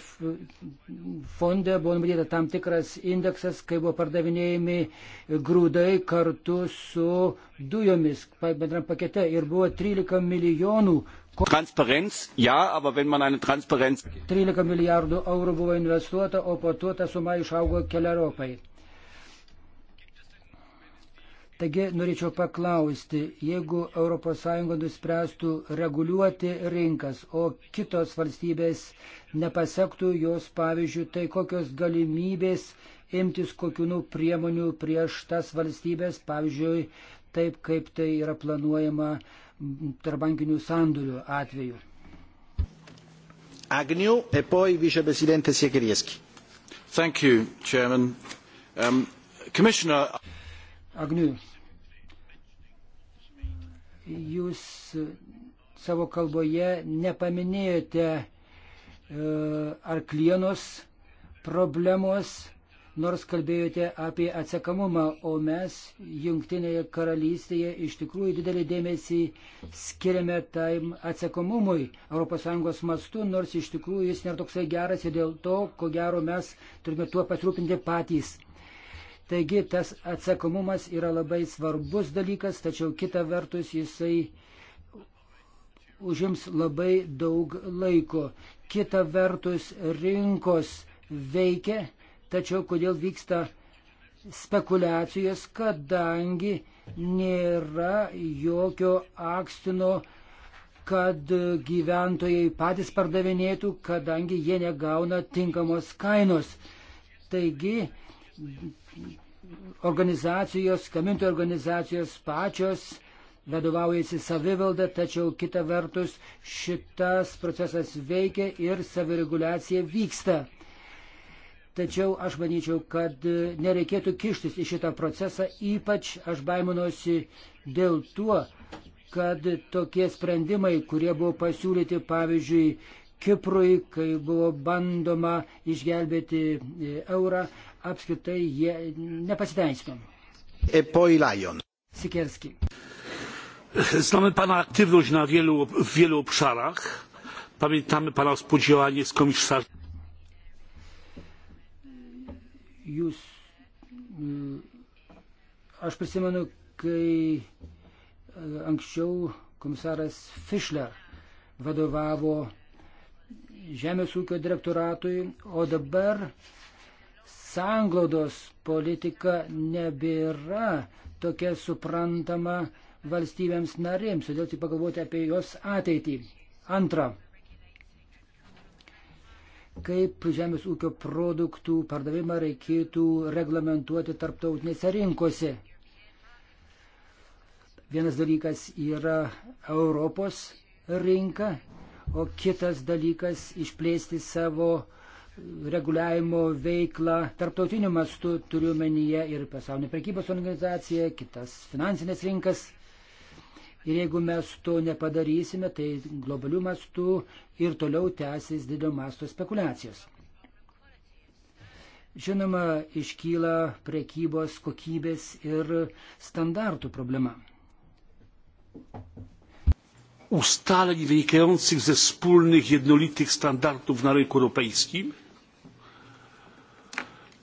fonde buvo numatyta tam tikras indeksas, kai buvo pardavinėjami grūdai kartu su dujomis bendram pakete ir buvo 13 milijonų. Transparenz, ja, aber wenn man eine Transparenz. 13 milijardų eurų buvo investuota, o po to ta suma išaugo keliaropai. Taigi norėčiau paklausti, jeigu ES nuspręstų reguliuoti rinkas, o kitos valstybės nepasektų jos pavyzdžių, tai kokios galimybės imtis kokių priemonių prieš tas valstybės, pavyzdžiui, taip kaip tai yra planuojama tarbankinių sandorių atveju. Agnew e poi viceprezidente Siekierieski. Thank you, Chairman. Um, Commissioner. Agnew jūs savo kalboje nepaminėjote e, arklienos problemos, nors kalbėjote apie atsakamumą, o mes Junktinėje karalystėje iš tikrųjų didelį dėmesį skiriame tam atsakomumui ES mastu, nors iš tikrųjų jis netoksai geras ir dėl to, ko gero, mes turime tuo pasirūpinti patys. Taigi tas atsakomumas yra labai svarbus dalykas, tačiau kita vertus jisai užims labai daug laiko. Kita vertus rinkos veikia, tačiau kodėl vyksta spekulacijos, kadangi nėra jokio akstino, kad gyventojai patys pardavinėtų, kadangi jie negauna tinkamos kainos. Taigi organizacijos, gamintojų organizacijos pačios vadovaujasi savivalda, tačiau kita vertus šitas procesas veikia ir savireguliacija vyksta. Tačiau aš manyčiau, kad nereikėtų kištis į šitą procesą, ypač aš baiminosi dėl tuo, kad tokie sprendimai, kurie buvo pasiūlyti, pavyzdžiui, Kiprui, kai buvo bandoma išgelbėti e, eurą, apskritai jie nepasiteisino. Epoj Lion. Sikierski. Znamy Pana aktywność na wielu, w wielu obszarach. Pamiętamy Pana współdziałanie z komisarzem. Jūs, mm, aš prisimenu, kai e, anksčiau komisaras Fischler vadovavo Žemės ūkio direktoratui, o dabar uh, sanglaudos politika nebėra tokia suprantama valstybėms narėms, todėl tik pagalvoti apie jos ateitį. Antra, kaip žemės ūkio produktų pardavimą reikėtų reglamentuoti tarptautinėse rinkose. Vienas dalykas yra Europos rinka, o kitas dalykas išplėsti savo uh, reguliavimo veiklą tarptautiniu mastu, turiu menyje ir pasaulio prekybos organizaciją, kitas finansinės rinkas. Ir jeigu mes to nepadarysime, tai globalių mastų ir toliau tęsis didelio masto spekulacijos. Žinoma, iškyla prekybos kokybės ir standartų problema. Ustaleń wynikających ze wspólnych, jednolitych standardów na rynku europejskim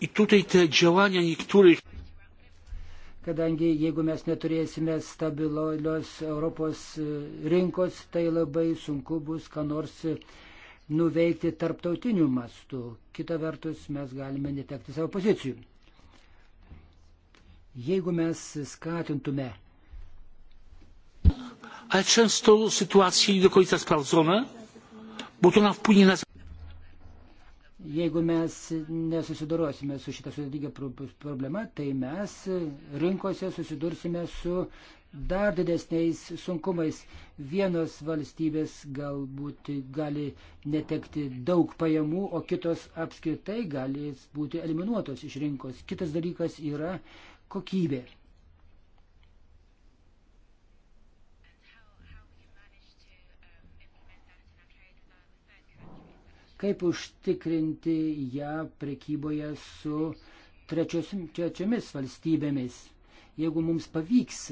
I tutaj te działania niektórych. Kadangi jeigu mes neturėsime stabilios Europos e, rinkos, tai labai sunku bus ką nors e, nuveikti tarptautiniu mastu. Kita vertus, mes galime netekti savo pozicijų. Jeigu mes skatintume. Ale często sytuacje nie do końca sprawdzone, bo to nam wpłynie na. Jeigu mes nesusidorosime su šitą sudėtingą problemą, tai mes rinkose susidursime su dar didesniais sunkumais. Vienos valstybės galbūt gali netekti daug pajamų, o kitos apskritai gali būti eliminuotos iš rinkos. Kitas dalykas yra kokybė. kaip užtikrinti ją prekyboje su trečiomis valstybėmis. Jeigu mums pavyks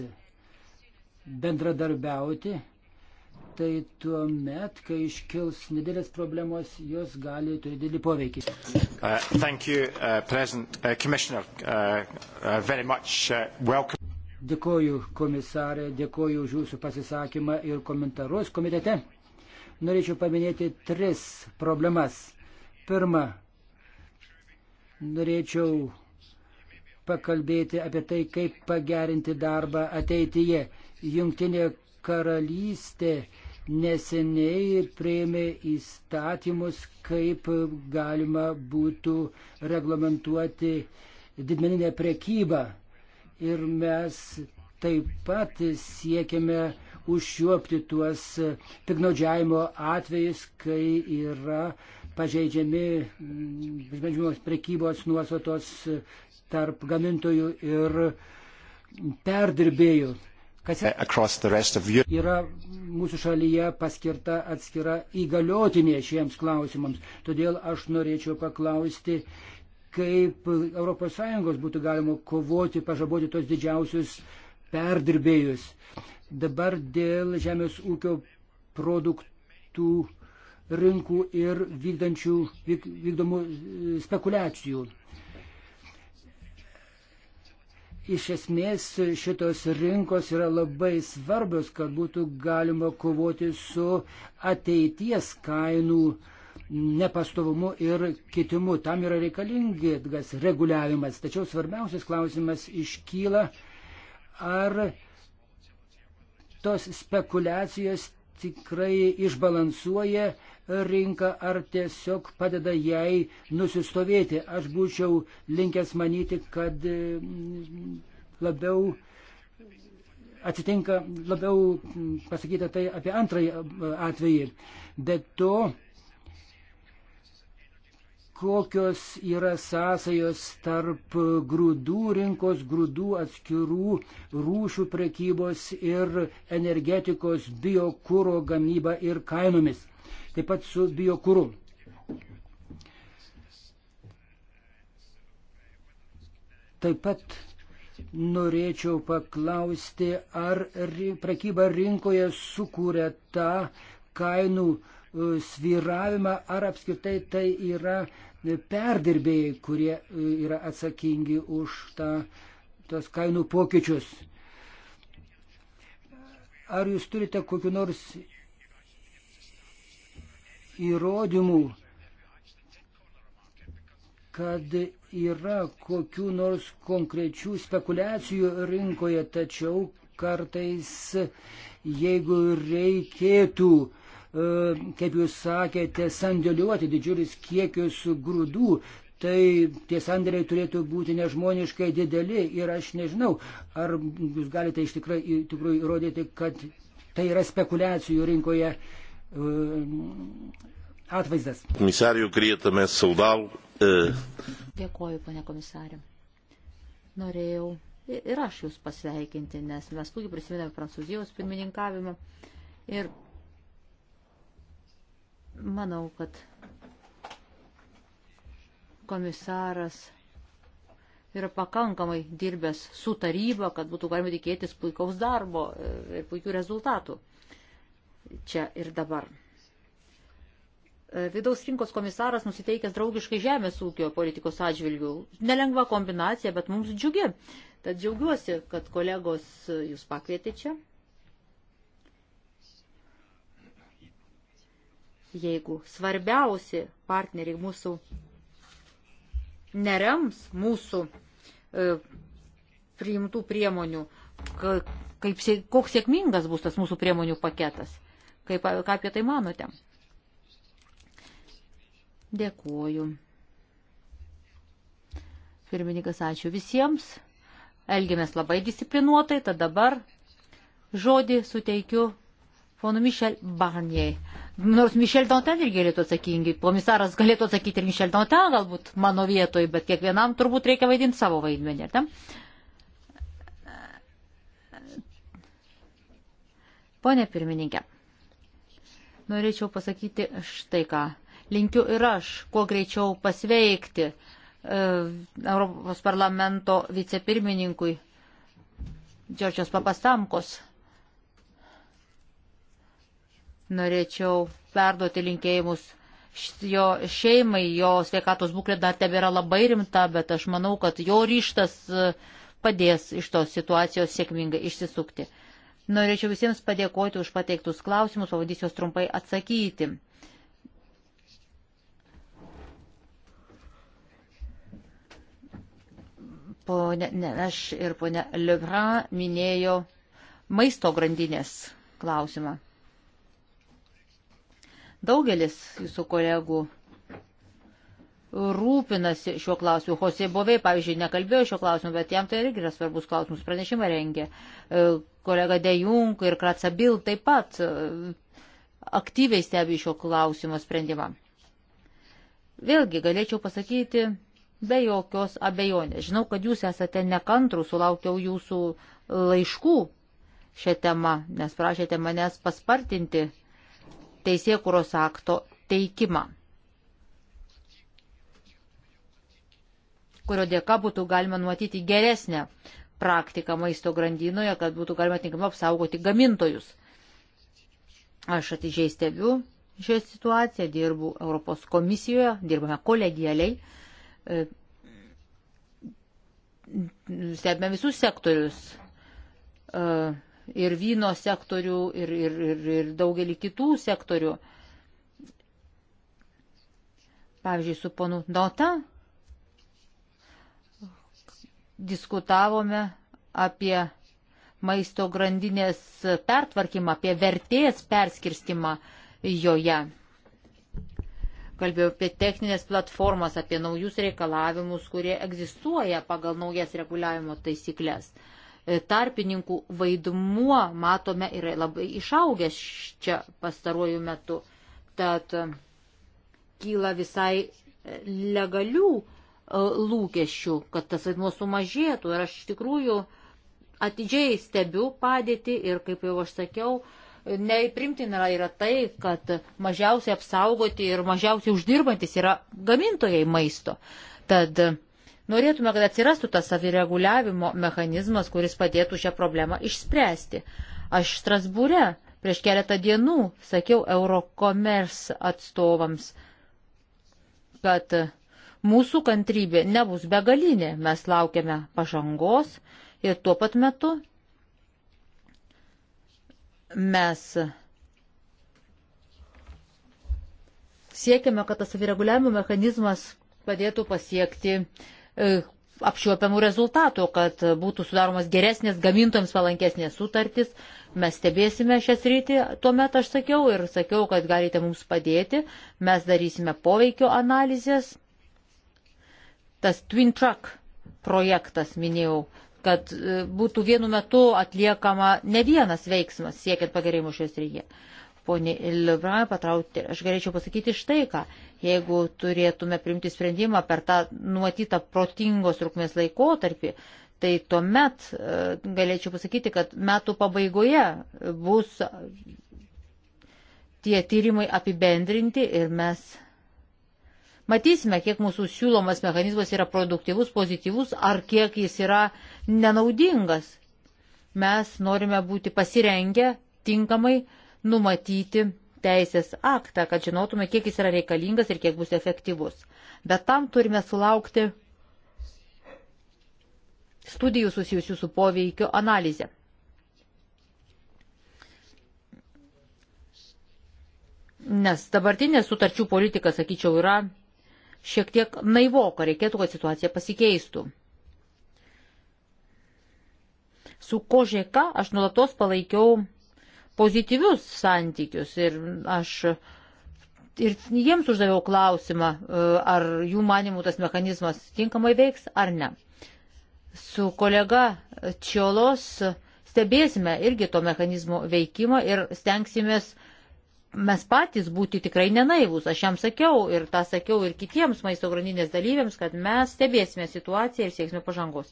bendradarbiauti, tai tuo met, kai iškils nedėlės problemos, jos gali turėti didelį poveikį. Uh, you, uh, uh, dėkoju komisarė, dėkoju už jūsų pasisakymą ir komentarus komitete norėčiau paminėti tris problemas. Pirma, norėčiau pakalbėti apie tai, kaip pagerinti darbą ateityje. Jungtinė karalystė neseniai prieimė įstatymus, kaip galima būtų reglamentuoti didmeninę prekybą. Ir mes taip pat siekiame užšiuopti tuos piknaudžiavimo atvejus, kai yra pažeidžiami mm, žmonių prekybos nuostatos tarp gamintojų ir perdirbėjų. Kas yra mūsų šalyje paskirta atskira įgaliotinė šiems klausimams. Todėl aš norėčiau paklausti, kaip ES būtų galima kovoti, pažaboti tos didžiausius perdirbėjus. Dabar dėl žemės ūkio produktų rinkų ir vykdančių, vyk, vykdomų e, spekulacijų. Iš esmės šitos rinkos yra labai svarbios, kad būtų galima kovoti su ateities kainų nepastovumu ir kitimu. Tam yra reikalingi tas reguliavimas. Tačiau svarbiausias klausimas iškyla, ar tos spekulacijos tikrai išbalansuoja rinką ar tiesiog padeda jai nusistovėti. Aš būčiau linkęs manyti, kad mm, labiau atsitinka, labiau mm, pasakyta tai apie antrąjį atvejį. Bet to kokios yra sąsajos tarp grūdų rinkos, grūdų atskirų rūšių prekybos ir energetikos biokūro gamyba ir kainomis, taip pat su biokūru. Taip pat norėčiau paklausti, ar prekyba rinkoje sukūrė tą kainų e, sviravimą, ar apskritai tai yra perdirbėjai, kurie e, yra atsakingi už tą, tos kainų pokyčius. Ar jūs turite kokiu nors įrodymų, kad yra kokiu nors konkrečių spekulacijų rinkoje, tačiau kartais, jeigu reikėtų uh, E, kaip jūs sakėte, sandėliuoti didžiulis kiekius grūdų. Tai tie sandėliai turėtų būti nežmoniškai dideli ir aš nežinau, ar jūs galite iš tikrųjų, tikrųjų įrodyti, kad tai yra spekulacijų rinkoje e, atvaizdas. Komisarijų krietame saudau. E. Dėkoju, pane komisarė. Norėjau ir aš jūs pasveikinti, nes mes puikiai prisimename Prancūzijos pirmininkavimą. Ir Manau, kad komisaras yra pakankamai dirbęs su taryba, kad būtų galima tikėtis puikaus darbo ir puikių rezultatų čia ir dabar. Vidaus rinkos komisaras nusiteikęs draugiškai žemės ūkio politikos atžvilgių. Nelengva kombinacija, bet mums džiugi. Tad džiaugiuosi, kad kolegos jūs pakvietė čia. jeigu svarbiausi partneriai mūsų nerems mūsų e, priimtų priemonių, ka, kaip, koks sėkmingas bus tas mūsų priemonių paketas. Kaip, ką apie tai manote? Dėkuoju. Pirmininkas, ačiū visiems. Elgiamės labai disciplinuotai, tad dabar žodį suteikiu ponu Mišel Barnier. Nors Mišel Dantan ir galėtų atsakingi, komisaras galėtų atsakyti ir Mišel Dantan galbūt mano vietoj, bet kiekvienam turbūt reikia vaidinti savo vaidmenį. Ar tam? Pone pirmininkė, norėčiau pasakyti štai ką. Linkiu ir aš, kuo greičiau pasveikti e, Europos parlamento vicepirmininkui Džordžios Papastamkos Norėčiau perduoti linkėjimus jo šeimai, jo sveikatos būklė dar tebėra labai rimta, bet aš manau, kad jo ryštas e, padės iš tos situacijos sėkmingai išsisukti. Norėčiau visiems padėkoti už pateiktus klausimus, pavadysiu juos trumpai atsakyti. Pone, ne, aš ir pone Lebrun minėjo maisto grandinės klausimą. Daugelis jūsų kolegų rūpinasi šiuo klausimu. Hosė Bovė, pavyzdžiui, nekalbėjo šiuo klausimu, bet jam tai irgi yra svarbus klausimus. Pranešimą rengė e, kolega Dejunk ir Kratsabil taip pat e, aktyviai stebi šio klausimo sprendimą. Vėlgi galėčiau pasakyti be jokios abejonės. Žinau, kad jūs esate nekantrų, sulaukiau jūsų laiškų šią temą, nes prašėte manęs paspartinti teisėkuros akto teikimą, kurio dėka būtų galima numatyti geresnę praktiką maisto grandinoje, kad būtų galima tinkamai apsaugoti gamintojus. Aš atidžiai stebiu šią situaciją, dirbu Europos komisijoje, dirbame kolegialiai, e, stebime visus sektorius e, ir vyno sektorių, ir, ir, ir, ir daugelį kitų sektorių. Pavyzdžiui, su ponu Dota diskutavome apie maisto grandinės pertvarkymą, apie vertės perskirstimą joje. Kalbėjau apie techninės platformas, apie naujus reikalavimus, kurie egzistuoja pagal naujas reguliavimo taisyklės. Uh, E, tarpininkų vaidmuo, matome, yra labai išaugęs čia pastaruoju metu. Tad e, kyla visai e, legalių lūkesčių, kad tas vaidmuo sumažėtų. Ir aš iš tikrųjų atidžiai stebiu padėtį ir, kaip jau aš sakiau, neįprimtina yra tai, kad mažiausiai apsaugoti ir mažiausiai uždirbantis yra gamintojai maisto. Tad Norėtume, kad atsirastų tas savireguliavimo mechanizmas, kuris padėtų šią problemą išspręsti. Aš Strasbūre prieš keletą dienų sakiau Eurocommerce atstovams, kad mūsų kantrybė nebus begalinė, mes laukiame pažangos ir tuo pat metu mes siekiame, kad tas savireguliavimo mechanizmas padėtų pasiekti uh, E, apčiuopiamų rezultatų, kad būtų sudaromas geresnės gamintojams palankesnės sutartys. Mes stebėsime šią sritį, tuomet aš sakiau ir sakiau, kad galite mums padėti, mes darysime poveikio analizės. Tas Twin Truck projektas, minėjau, kad e, būtų vienu metu atliekama ne vienas veiksmas siekiant pagerėjimo šioje srityje poniai Livra patraukti, aš galėčiau pasakyti štai ką. Jeigu turėtume priimti sprendimą per tą numatytą protingos trukmės laikotarpį, tai tuomet e, galėčiau pasakyti, kad metų pabaigoje bus tie tyrimai apibendrinti ir mes Matysime, kiek mūsų siūlomas mechanizmas yra produktyvus, pozityvus, ar kiek jis yra nenaudingas. Mes norime būti pasirengę tinkamai numatyti teisės aktą, kad žinotume, kiek jis yra reikalingas ir kiek bus efektyvus. Bet tam turime sulaukti studijų susijusių su poveikio analizė. Nes dabartinė sutarčių politika, sakyčiau, yra šiek tiek naivoka, reikėtų, kad situacija pasikeistų. Su kožeka aš nulatos palaikiau pozityvius santykius ir aš ir jiems uždaviau klausimą, e, ar jų manimų tas mechanizmas tinkamai veiks ar ne. Su kolega Čiolos stebėsime irgi to mechanizmo veikimą ir stengsimės mes patys būti tikrai nenaivus. Aš jam sakiau ir tą sakiau ir kitiems maisto grandinės dalyviams, kad mes stebėsime situaciją ir sieksime pažangos.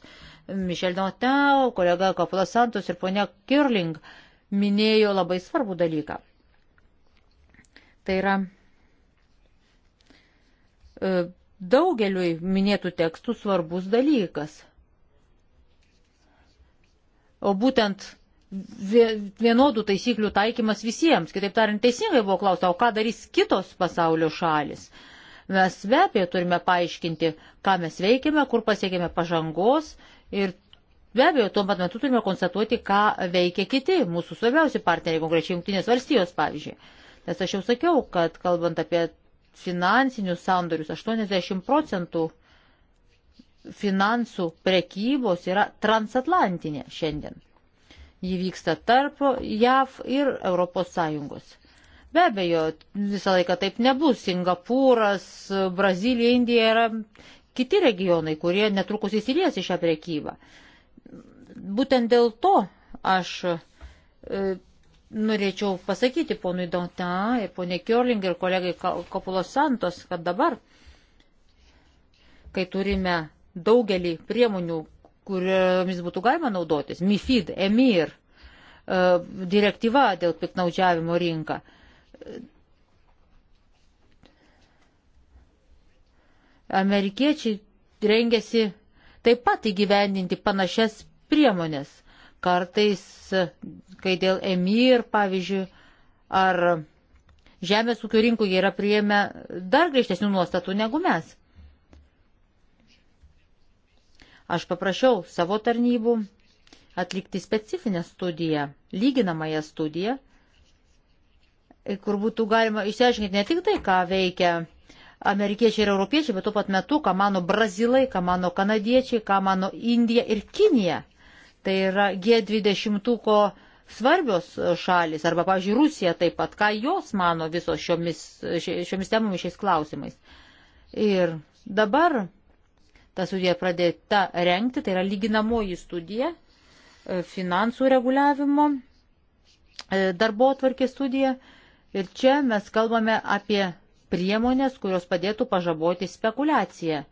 Mišel Dantin, kolega Kaplasantos ir ponia Kirling minėjo labai svarbų dalyką. Tai yra e, daugeliui minėtų tekstų svarbus dalykas. O būtent vienodų taisyklių taikymas visiems. Kitaip tariant, teisingai buvo klausta, o ką darys kitos pasaulio šalis. Mes be abejo turime paaiškinti, ką mes veikiame, kur pasiekėme pažangos ir Be abejo, tuo pat metu turime konstatuoti, ką veikia kiti mūsų svarbiausi partneriai, konkrečiai Junktinės valstijos, pavyzdžiui. Nes aš jau sakiau, kad kalbant apie finansinius sandorius, 80 procentų finansų prekybos yra transatlantinė šiandien. Ji vyksta tarp JAV ir ES. Be abejo, visą laiką taip nebus. Singapūras, Brazilija, Indija yra kiti regionai, kurie netrukus įsilies į šią prekybą būtent dėl to aš e, norėčiau pasakyti ponui Dantin ir ponė Kjörling ir kolegai Kapulos Santos, kad dabar, kai turime daugelį priemonių, kuriomis būtų galima naudotis, MIFID, EMIR, e, direktyva dėl piknaudžiavimo rinką. Amerikiečiai rengiasi taip pat įgyvendinti panašias priemonės. Kartais, kai dėl emir, pavyzdžiui, ar žemės ūkio rinkų jie yra prieėmę dar griežtesnių nuostatų negu mes. Aš paprašiau savo tarnybų atlikti specifinę studiją, lyginamąją studiją, kur būtų galima išsiaiškinti ne tik tai, ką veikia amerikiečiai ir europiečiai, bet tuo pat metu, ką mano brazilai, ką mano kanadiečiai, ką mano Indija ir Kinija Tai yra G20 svarbios e, šalis, arba, pavyzdžiui, Rusija taip pat, ką jos mano visos šiomis, šiomis temomis, šiais klausimais. Ir dabar ta studija pradėta renkti, tai yra lyginamoji studija e, finansų reguliavimo e, darbo atvarkė studija. Ir čia mes kalbame apie priemonės, kurios padėtų pažaboti spekulaciją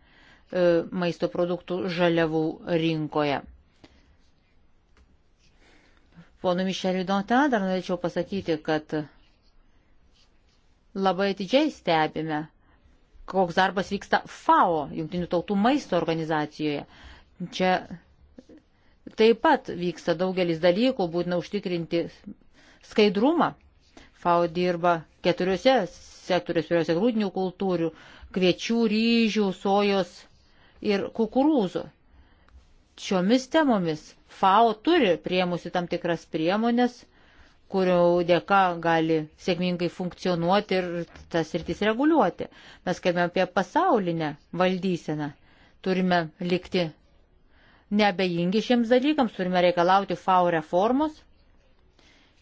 maisto produktų žaliavų rinkoje. Ponu Mišeliu Donta dar norėčiau pasakyti, kad labai atidžiai stebime, koks darbas vyksta FAO, Junktinių tautų maisto organizacijoje. Čia taip pat vyksta daugelis dalykų, būtina užtikrinti skaidrumą. FAO dirba keturiose sektoriuose, pirmiausia, grūdinių kultūrių, kviečių, ryžių, sojos ir kukurūzų šiomis temomis FAO turi priemusi tam tikras priemonės, kurio dėka gali sėkmingai funkcionuoti ir tas rytis reguliuoti. Mes kalbame apie pasaulinę valdyseną. Turime likti neabejingi šiems dalykams, turime reikalauti FAO reformos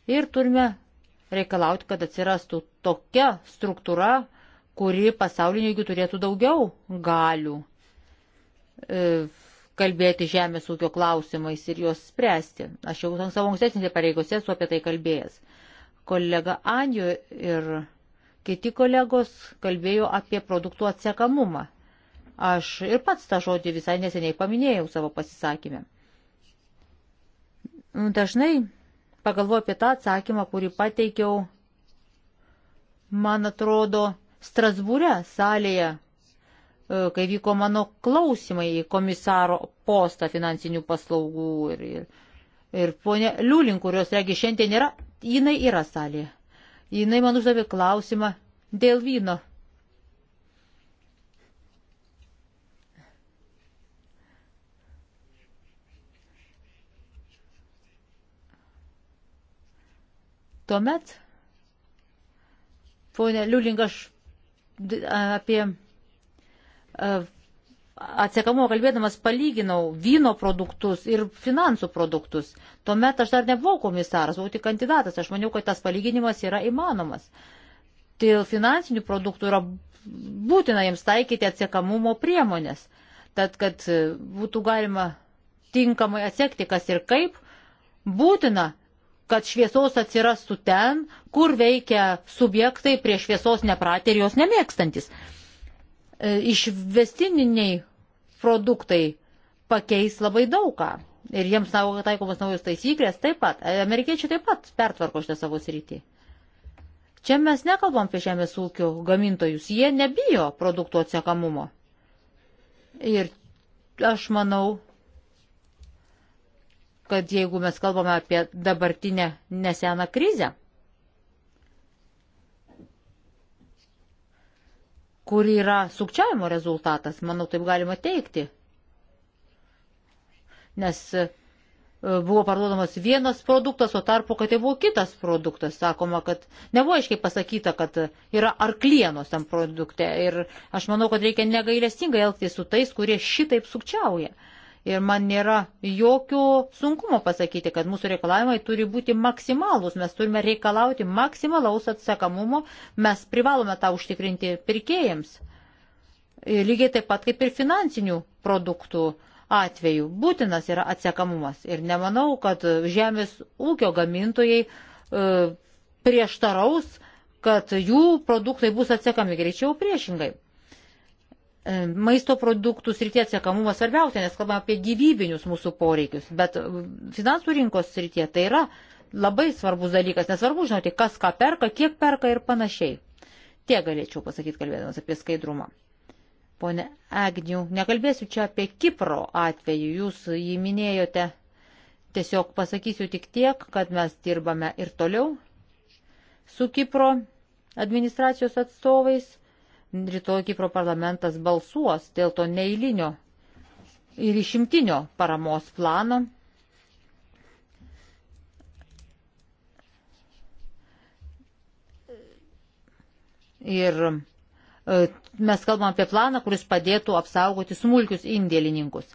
ir turime reikalauti, kad atsirastų tokia struktūra, kuri pasaulinio lygių turėtų daugiau galių. E, kalbėti žemės ūkio klausimais ir juos spręsti. Aš jau savo ankstesnėse pareigose esu apie tai kalbėjęs. Kolega Anju ir kiti kolegos kalbėjo apie produktų atsekamumą. Aš ir pats tą žodį visai neseniai paminėjau savo pasisakymę. Nu, dažnai pagalvoju apie tą atsakymą, kurį pateikiau, man atrodo, Strasbūre salėje E, kai vyko mano klausimai į komisaro postą finansinių paslaugų. Ir, ir, ir ponė Liulin, kurios regi šiandien yra, jinai yra salėje. Jinai man uždavė klausimą dėl vyno. Tuomet, ponė Liuling, aš apie E, atsiekamumo kalbėdamas palyginau vyno produktus ir finansų produktus. Tuomet aš dar nebuvau komisaras, buvau tik kandidatas. Aš maniau, kad tas palyginimas yra įmanomas. Dėl finansinių produktų yra būtina jiems taikyti atsiekamumo priemonės. Tad, kad būtų galima tinkamai atsekti, kas ir kaip, būtina, kad šviesos atsirastų ten, kur veikia subjektai prie šviesos nepratę ir jos nemėgstantis. E, išvestininiai produktai pakeis labai daugą. Ir jiems taikomas naujos taisyklės taip pat. E, amerikiečiai taip pat pertvarko šitą savo sritį. Čia mes nekalbam apie žemės ūkio gamintojus. Jie nebijo produktų atsiekamumo. Ir aš manau, kad jeigu mes kalbame apie dabartinę neseną krizę, kur yra sukčiavimo rezultatas, manau, taip galima teikti. Nes e, buvo parduodamas vienas produktas, o tarpu, kad tai buvo kitas produktas. Sakoma, kad nebuvo aiškiai pasakyta, kad yra arklienos tam produkte. Ir aš manau, kad reikia negailestingai elgtis su tais, kurie šitaip sukčiauja. Uh, Ir man nėra jokio sunkumo pasakyti, kad mūsų reikalavimai turi būti maksimalūs. Mes turime reikalauti maksimalaus atsakamumo, mes privalome tą užtikrinti pirkėjams. Lygiai taip pat kaip ir finansinių produktų atveju. Būtinas yra atsekamumas. Ir nemanau, kad žemės ūkio gamintojai e, prieštaraus, kad jų produktai bus atsekami greičiau priešingai. E, maisto produktų srityje atsiekamumas svarbiausia, nes kalbame apie gyvybinius mūsų poreikius, bet e, finansų rinkos srityje tai yra labai svarbus dalykas, nesvarbu žinoti, kas ką perka, kiek perka ir panašiai. Tie galėčiau pasakyti, kalbėdamas apie skaidrumą. Pone Agniu, nekalbėsiu čia apie Kipro atveju, jūs jį minėjote, tiesiog pasakysiu tik tiek, kad mes dirbame ir toliau su Kipro administracijos atstovais rytoj Kipro parlamentas balsuos dėl to neįlinio ir išimtinio paramos plano. Ir e, mes kalbam apie planą, kuris padėtų apsaugoti smulkius indėlininkus.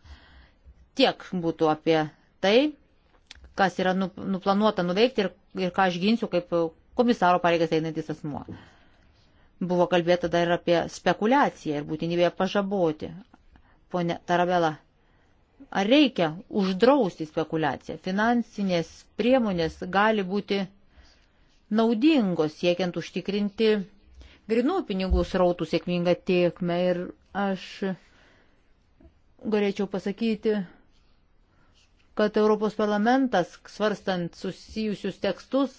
Tiek būtų apie tai, kas yra nu, nuplanuota nuveikti ir, ir ką aš ginsiu kaip komisaro pareigas einantis asmuo. Buvo kalbėta dar ir apie spekulaciją ir būtinybę pažaboti. Pone Tarabela, ar reikia uždrausti spekulaciją? Finansinės priemonės gali būti naudingos siekiant užtikrinti grinų pinigų srautų sėkmingą tiekmę ir aš galėčiau pasakyti, kad Europos parlamentas, svarstant susijusius tekstus,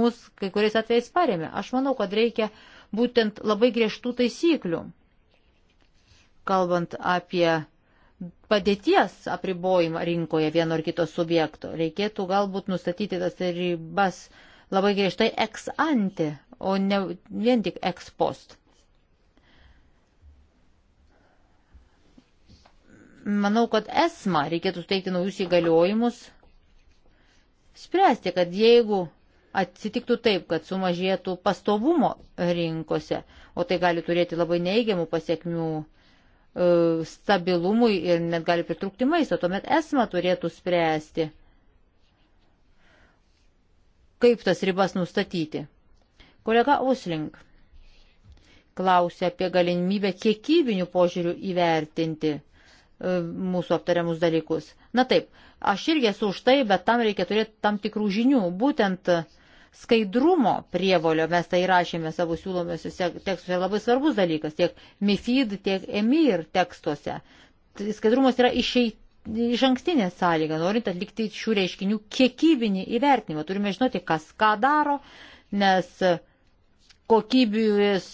mus kai kuriais atvejais paremė. Aš manau, kad reikia būtent labai griežtų taisyklių. Kalbant apie padėties apribojimą rinkoje vieno ar kito subjekto, reikėtų galbūt nustatyti tas ribas labai griežtai ex ante, o ne vien tik ex post. Manau, kad esma reikėtų suteikti naujus įgaliojimus, spręsti, kad jeigu atsitiktų taip, kad sumažėtų pastovumo rinkose, o tai gali turėti labai neįgiamų pasiekmių e, stabilumui ir net gali pritrūkti maisto. Tuomet esma turėtų spręsti, kaip tas ribas nustatyti. Kolega Oslink klausė apie galimybę kiekybinių požiūrių įvertinti e, mūsų aptariamus dalykus. Na taip, aš irgi esu už tai, bet tam reikia turėti tam tikrų žinių. Būtent uh, skaidrumo prievolio. Mes tai rašėme savo siūlomiuose tekstuose. Labai svarbus dalykas tiek MIFID, tiek EMIR tekstuose. Tai Skaidrumas yra išeit, iš ankstinė sąlyga, norint atlikti šių reiškinių kiekybinį įvertinimą. Turime žinoti, kas ką daro, nes kokybės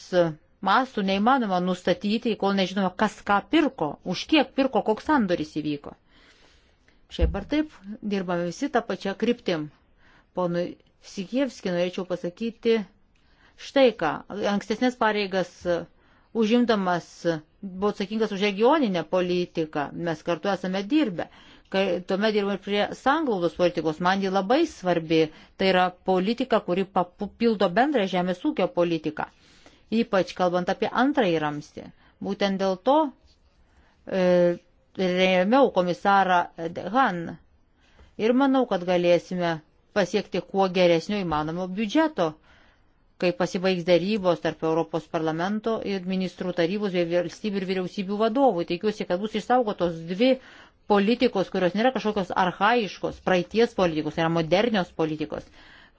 mastų neįmanoma nustatyti, kol nežinome, kas ką pirko, už kiek pirko, koks sandoris įvyko. Šiaip ar taip, dirbame visi tą pačią kryptim. Ponui Sikievski norėčiau pasakyti štai ką. Ankstesnės pareigas e, užimdamas e, buvo atsakingas už regioninę politiką. Mes kartu esame dirbę. Kai tuomet dirbame prie sanglaudos politikos, man ji labai svarbi. Tai yra politika, kuri papildo bendrą žemės ūkio politiką. Ypač kalbant apie antrąjį ramstį. Būtent dėl to e, remiau komisarą Han. Ir manau, kad galėsime pasiekti kuo geresnio įmanomo biudžeto, kai pasibaigs darybos tarp Europos parlamento ir ministrų tarybos bei valstybių ir vyriausybių vadovų. Tikiuosi, kad bus išsaugotos dvi politikos, kurios nėra kažkokios arhaiškos, praeities politikos, tai yra modernios politikos.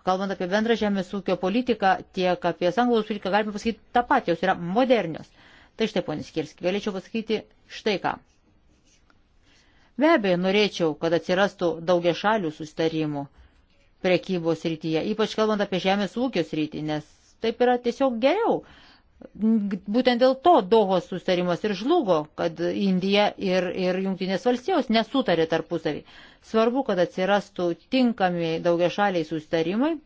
Kalbant apie bendrą žemės ūkio politiką, tiek apie sanglaudos politiką, galime pasakyti tą patį, jos yra modernios. Tai štai, ponis Kirski, galėčiau pasakyti štai ką. Be abejo, norėčiau, kad atsirastų daugia šalių sustarimų prekybos rytyje, ypač kalbant apie žemės ūkio rytį, nes taip yra tiesiog geriau. Būtent dėl to Dohos sustarimas ir žlugo, kad Indija ir, ir Junktinės valstijos nesutarė tarpusavį. Svarbu, kad atsirastų tinkami daugiašaliai sustarimai.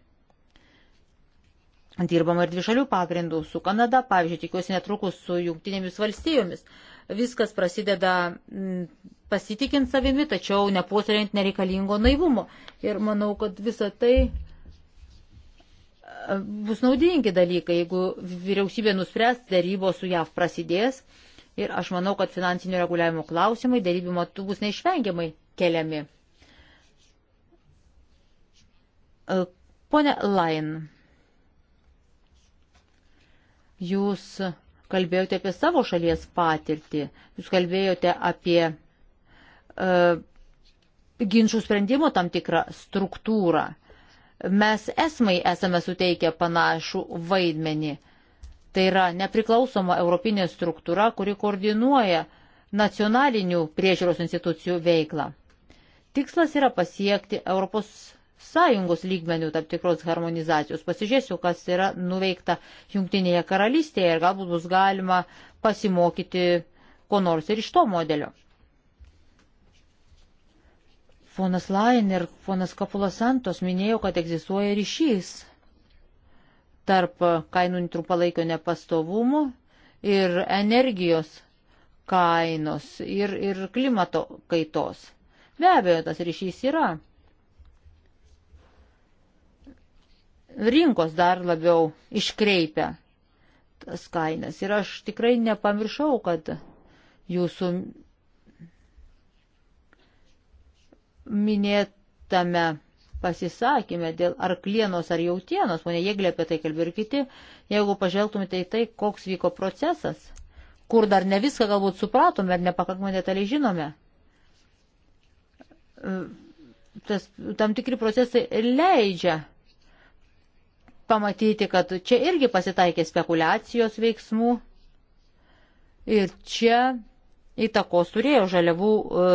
Dirbama ir dvišalių pagrindų su Kanada, pavyzdžiui, tikiuosi netrukus su Junktinėmis valstijomis. Uh, viskas prasideda mm, pasitikint savimi, tačiau nepuoselėjant nereikalingo naivumo. Ir manau, kad visa tai e, bus naudingi dalykai, jeigu vyriausybė nuspręs, darybos su JAV prasidės. Ir aš manau, kad finansinio reguliavimo klausimai darybų metu bus neišvengiamai keliami. E, pone Lain, jūs kalbėjote apie savo šalies patirtį, jūs kalbėjote apie e, ginčių sprendimo tam tikrą struktūrą. Mes esmai esame suteikę panašų vaidmenį. Tai yra nepriklausoma europinė struktūra, kuri koordinuoja nacionalinių priežiūros institucijų veiklą. Tikslas yra pasiekti Europos sąjungos lygmenių tam tikros harmonizacijos. Pasižiūrėsiu, kas yra nuveikta Junktinėje karalystėje ir galbūt bus galima pasimokyti ko nors ir iš to modelio. Fonas Lain ir fonas Kapulasantos minėjo, kad egzistuoja ryšys tarp kainų trumpalaikio nepastovumo ir energijos kainos ir, ir klimato kaitos. Be abejo, tas ryšys yra. rinkos dar labiau iškreipia tas kainas. Ir aš tikrai nepamiršau, kad jūsų minėtame pasisakymė dėl arklienos ar jautienos, mane jėglė apie tai kalbėjo ir kiti, jeigu pažvelgtumėte į tai, koks vyko procesas, kur dar ne viską galbūt supratome ir nepakankamai detaliai žinome. Tas, tam tikri procesai leidžia pamatyti, kad čia irgi pasitaikė spekulacijos veiksmų ir čia įtakos turėjo žaliavų e,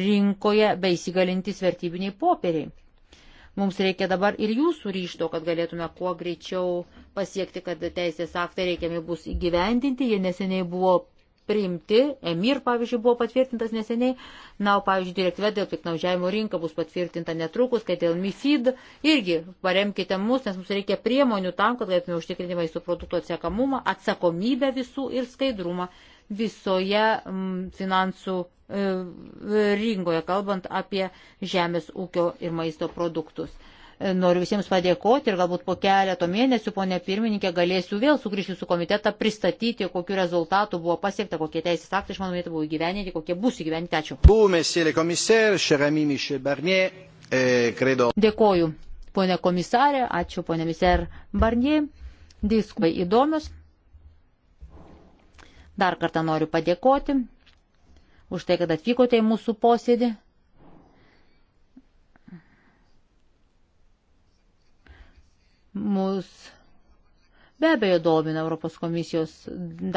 rinkoje bei įsigalintys vertybiniai popieriai. Mums reikia dabar ir jūsų ryšto, kad galėtume kuo greičiau pasiekti, kad teisės aktai reikiami bus įgyvendinti. Jie neseniai buvo priimti, EMIR, pavyzdžiui, buvo patvirtintas neseniai, na, o, pavyzdžiui, direktyva dėl piknaudžiavimo rinka bus patvirtinta netrukus, kad dėl MIFID irgi paremkite mus, nes mums reikia priemonių tam, kad galėtume užtikrinti vaistų produktų atsiekamumą, atsakomybę visų ir skaidrumą visoje mm, finansų e, rinkoje, kalbant apie žemės ūkio ir maisto produktus. Noriu visiems padėkoti ir galbūt po keletą mėnesių, ponė pirmininkė, galėsiu vėl sugrįžti su komitetą, pristatyti, kokiu rezultatu buvo pasiekta, kokie teisės aktai, iš mano mėtų, buvo įgyveninti, kokie bus įgyveninti. Ačiū. Eh, Dėkoju, ponė komisarė, ačiū, ponė miser Barnie. Diskusai įdomios. Dar kartą noriu padėkoti už tai, kad atvykote į mūsų posėdį. mus be abejo domina Europos komisijos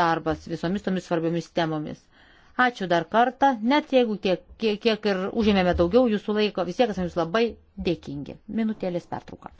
darbas visomis tomis svarbiomis temomis. Ačiū dar kartą, net jeigu tiek, kiek, kiek ir užėmėme daugiau jūsų laiko, vis tiek esame jūs labai dėkingi. Minutėlės pertrauka.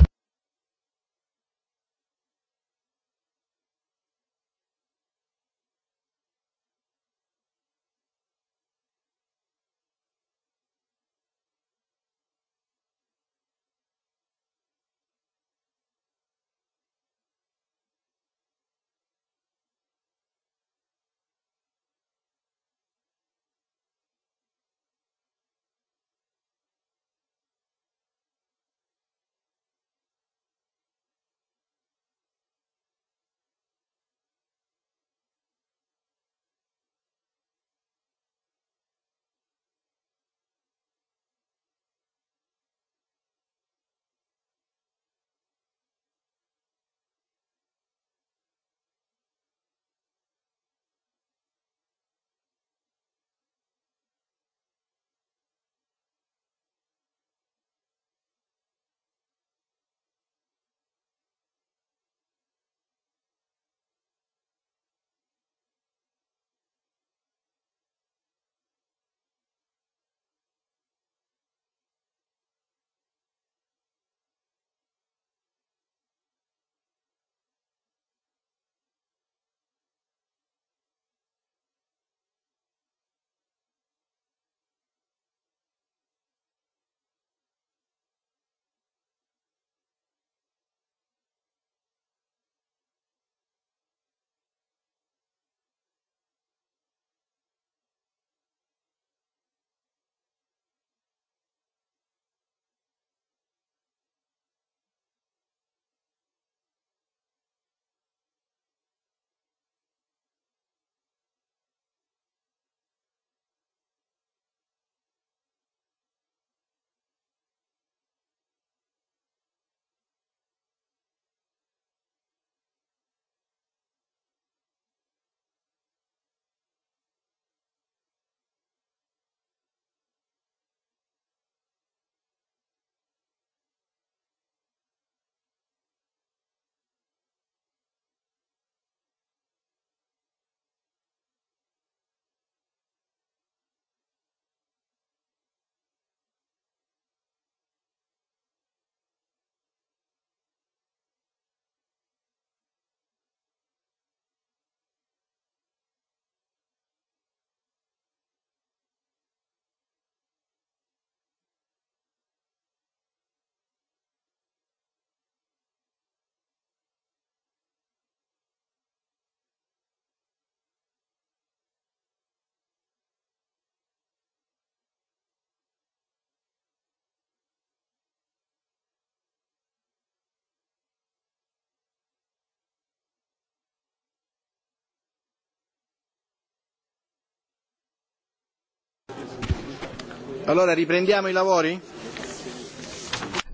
Allora riprendiamo i lavori?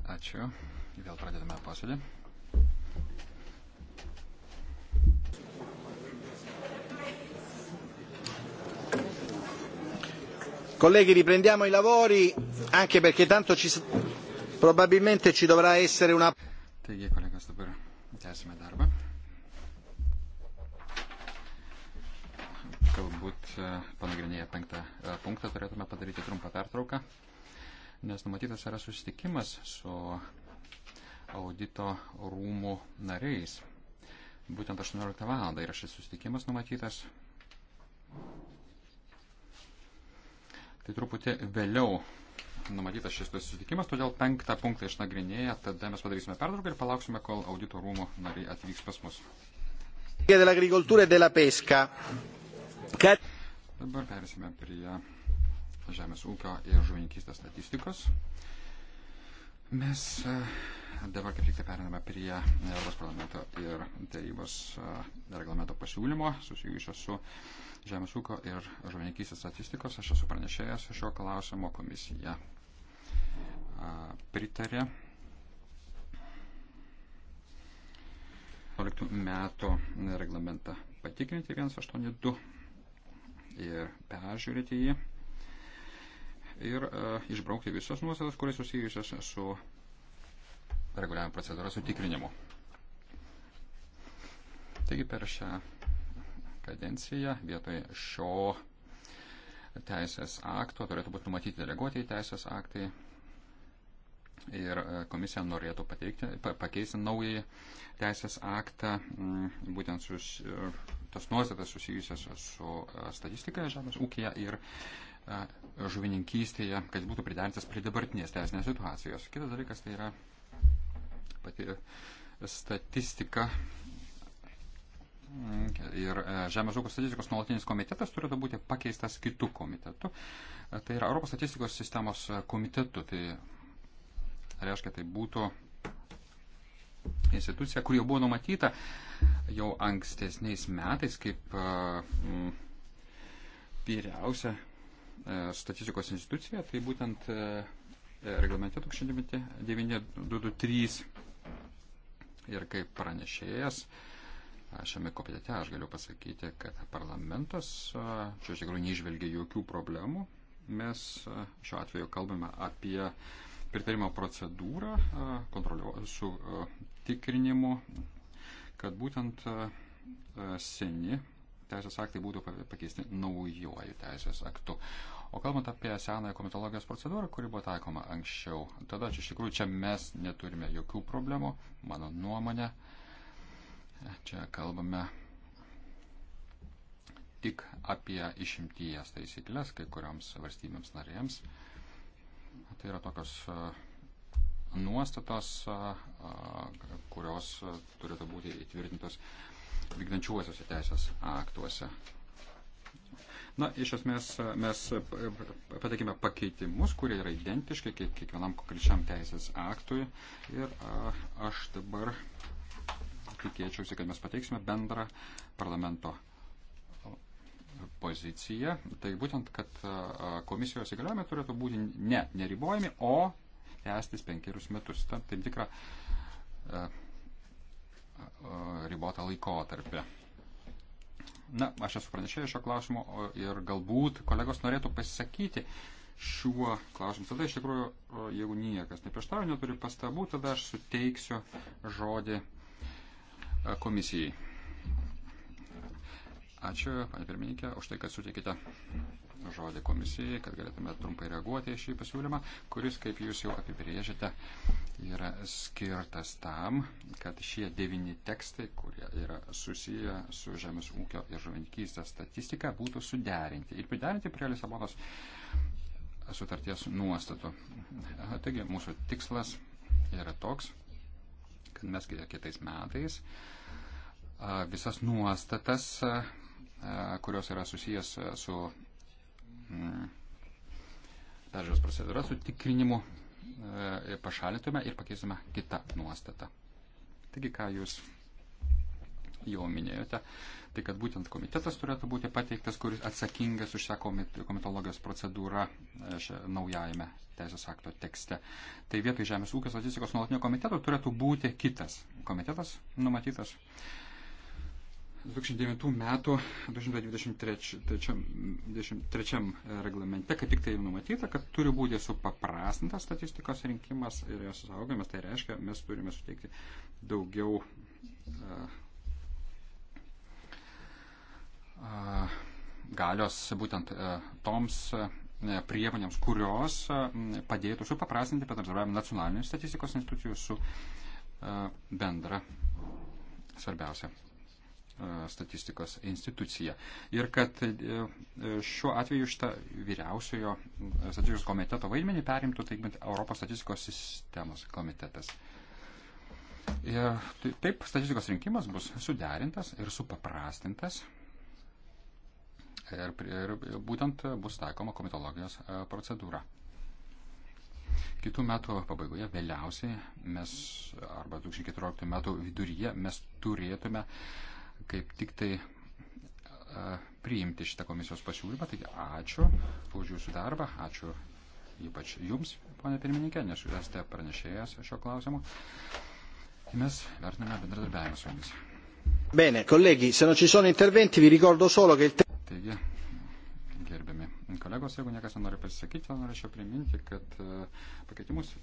Ačiū. Vėl pradedame posėdį. Colleghi, riprendiamo i lavori anche perché tanto ci, probabilmente ci dovrà essere una. Taigi, kolegos, dabar tęsime darbą. galbūt e, panagrinėję penktą e, punktą turėtume padaryti trumpą pertrauką, nes numatytas yra susitikimas su audito rūmų nariais. Būtent 18 val. yra šis susitikimas numatytas. Tai truputį vėliau numatytas šis susitikimas, todėl penktą punktą išnagrinėję, tada mes padarysime pertrauką ir palauksime, kol audito rūmų nariai atvyks pas mus. dell'agricoltura e della pesca kad. Dabar perėsime prie žemės ūkio ir žuvininkystės statistikos. Mes e, dabar kaip tik tai periname prie Europos parlamento ir tarybos e, reglamento pasiūlymo susijusio su žemės ūkio ir žuvininkystės statistikos. Aš esu pranešėjęs šio klausimo komisija pritarė 2014 metų reglamentą patikrinti 182 ir peržiūrėti jį ir e, išbraukti visas nuostatas, kurias susijusios su reguliavimo procedūra sutikrinimu. Taigi per šią kadenciją vietoj šio teisės akto turėtų būti numatyti deleguoti į teisės aktai ir e, komisija norėtų pateikti, pa, pakeisti naująjį teisės aktą, būtent sus, tas nuostatas susijusias su e, statistika žemės ūkija ir e, žuvininkystėje, kad jis būtų priderintas prie dabartinės teisinės situacijos. Kitas dalykas tai yra pati e, statistika. Ir Žemės ūkio statistikos nuolatinis komitetas turėtų būti pakeistas kitų komitetų. Tai yra Europos statistikos sistemos komitetu. Tai reiškia, tai būtų institucija, kur jau buvo numatyta jau ankstesniais metais kaip vyriausia e, statistikos institucija, tai būtent e, e, reglamente 1923 ir kaip pranešėjas šiame kopitete aš galiu pasakyti, kad parlamentas čia iš tikrųjų neižvelgia jokių problemų. Mes šiuo atveju kalbame apie pritarimo procedūrą su patikrinimų, kad būtent e, e, seni teisės aktai būtų pakeisti naujuoju teisės aktu. O kalbant apie senąją komitologijos procedūrą, kuri buvo taikoma anksčiau, tada čia iš tikrųjų čia mes neturime jokių problemų, mano nuomonė. Čia kalbame tik apie išimties taisyklės kai kurioms valstybėms narėms. Tai yra tokios uh, nuostatos, kurios turėtų būti įtvirtintos vykdančiuosiuose teisės aktuose. Na, iš esmės mes patekime pakeitimus, kurie yra identiški kiekvienam konkrečiam teisės aktui. Ir a, aš dabar tikėčiausi, kad mes pateiksime bendrą parlamento poziciją. Tai būtent, kad komisijos įgaliojimai turėtų būti ne neribojami, o tęstis penkerius metus, tam tai tikrą e, e, ribotą laikotarpį. Na, aš esu pranešėjęs šio klausimo ir galbūt kolegos norėtų pasisakyti šiuo klausimu. Tada iš tikrųjų, jeigu niekas neprieštarauja, neturi pastabų, tada aš suteiksiu žodį e, komisijai. Ačiū, panė pirmininkė, už tai, kad suteikite žodį komisijai, kad galėtume trumpai reaguoti į šį pasiūlymą, kuris, kaip jūs jau apibrėžėte, yra skirtas tam, kad šie devini tekstai, kurie yra susiję su žemės ūkio ir žuvininkystės statistika, būtų suderinti ir priderinti prie Lisabonos sutarties nuostatų. Taigi mūsų tikslas yra toks, kad mes kitais metais visas nuostatas, kurios yra susijęs su Mm. peržiūros procedūra su tikrinimu e, pašalintume ir pakeistume kitą nuostatą. Taigi, ką jūs jau minėjote, tai kad būtent komitetas turėtų būti pateiktas, kuris atsakingas už šią komitologijos procedūrą e, naujajame teisės akto tekste. Tai vietoj Žemės ūkio statistikos nuolatinio komiteto turėtų būti kitas komitetas numatytas. Uh, 2009 metų 223 reglamente, kad tik tai numatyta, kad turi būti supaprastintas statistikos rinkimas ir jos saugojimas, tai reiškia, mes turime suteikti daugiau uh, uh, galios būtent uh, toms uh, priemonėms, kurios uh, padėtų supaprastinti bendradarbiavimą nacionalinių statistikos institucijų su uh, bendra svarbiausia statistikos institucija. Ir kad e, e, šiuo atveju šitą vyriausiojo statistikos komiteto vaidmenį perimtų taip pat Europos statistikos sistemos komitetas. Ir tai, taip statistikos rinkimas bus suderintas ir supaprastintas. Ir, ir būtent bus taikoma komitologijos e, procedūra kitų metų pabaigoje, vėliausiai mes, arba 2014 metų viduryje, mes turėtume kaip tik tai priimti šitą komisijos pasiūlymą. Taigi ačiū už jūsų darbą, ačiū ypač jums, ponė pirmininkė, nes jūs esate pranešėjas šio klausimu. Mes vertiname bendradarbiavimą su jumis. Bene, kolegi, se non ci sono interventi, vi ricordo solo che il tempo. Taigi, gerbiami kolegos, jeigu niekas nenori pasisakyti, norėčiau priminti, kad pakeitimus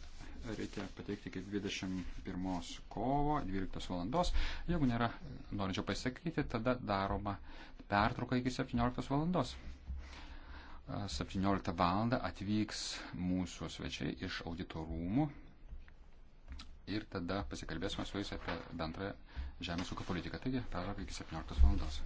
reikia pateikti iki 21 kovo 12 valandos. Jeigu nėra norinčio pasakyti, tada daroma pertrauka iki 17 valandos. 17 val. atvyks mūsų svečiai iš auditorumų ir tada pasikalbėsime su jais apie bendrą žemės ūkio politiką. Taigi, pertrauka iki 17 valandos.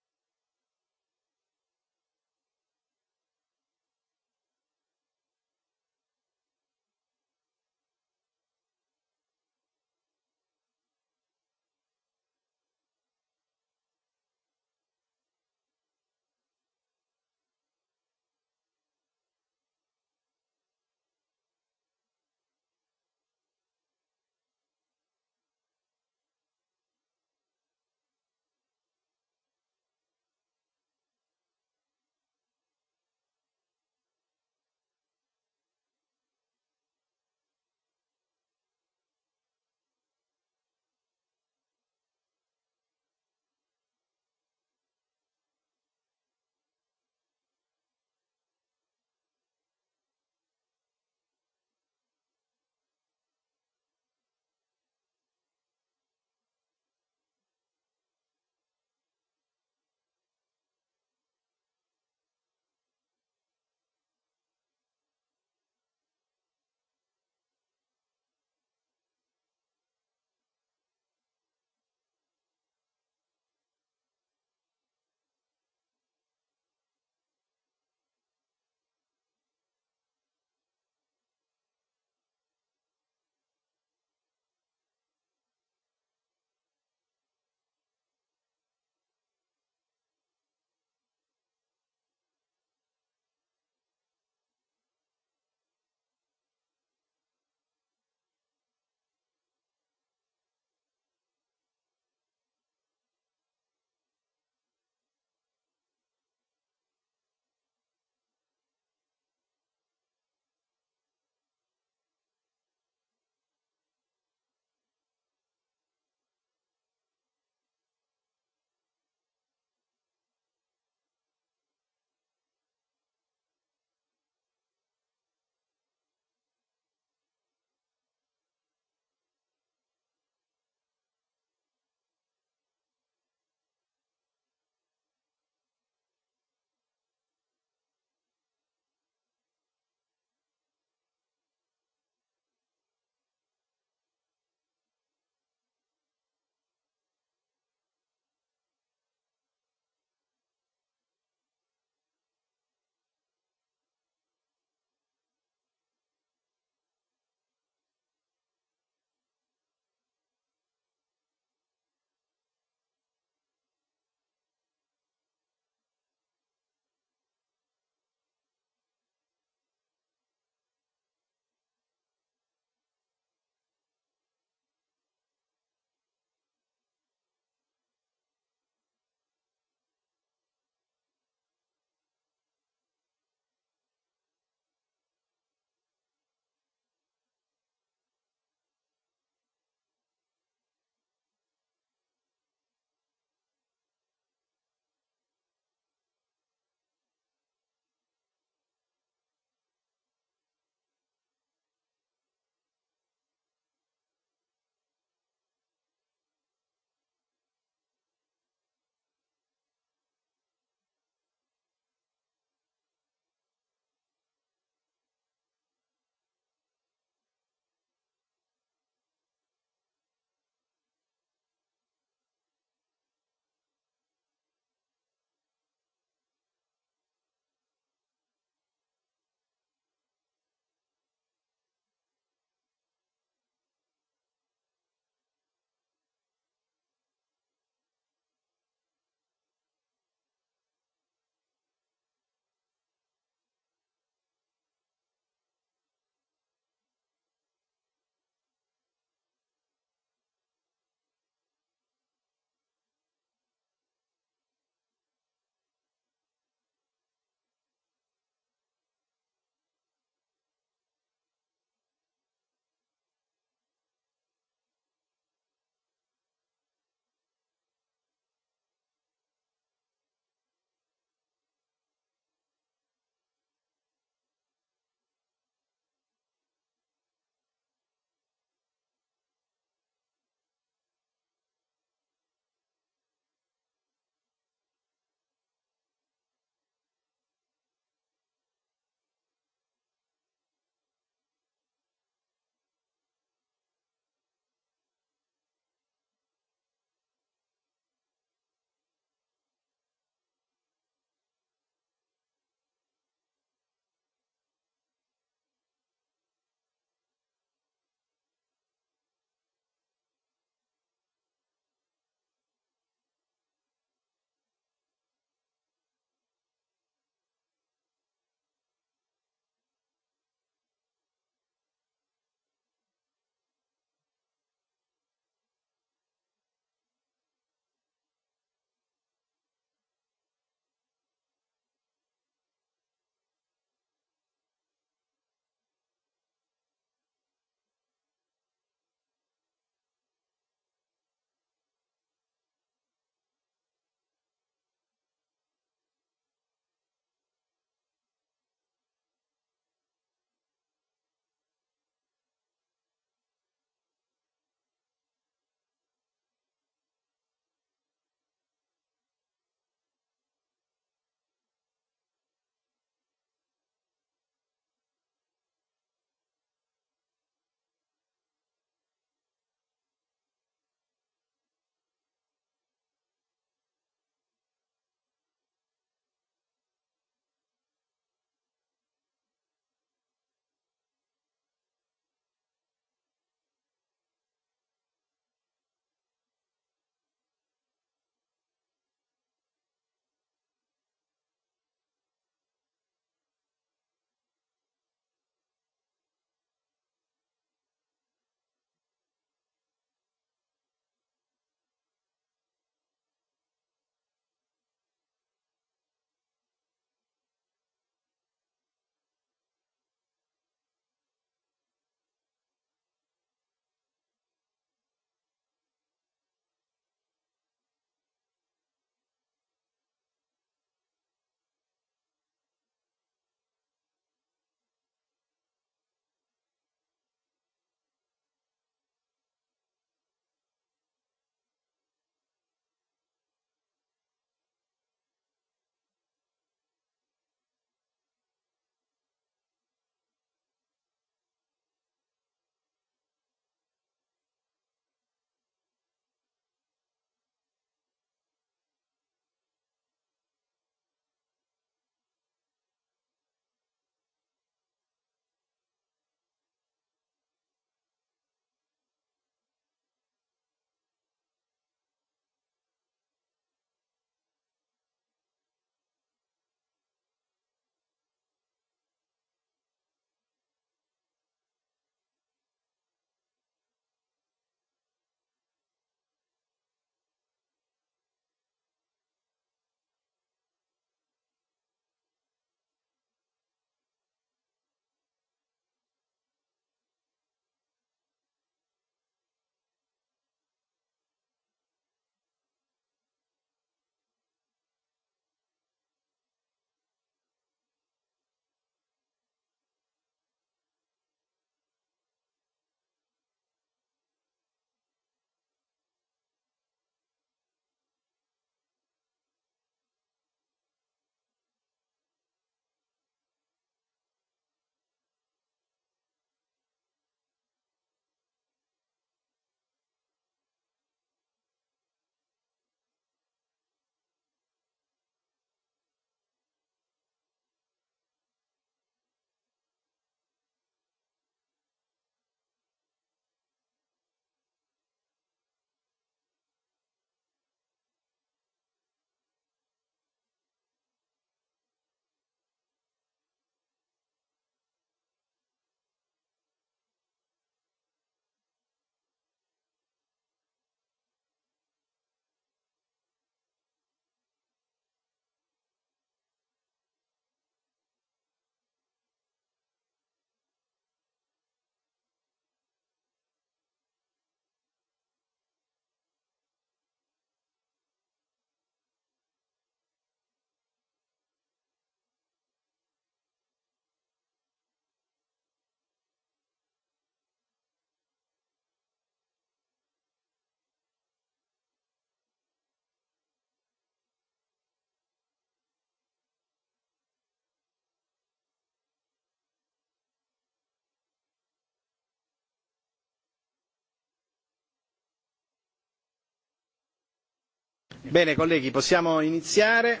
Bene colleghi, possiamo iniziare.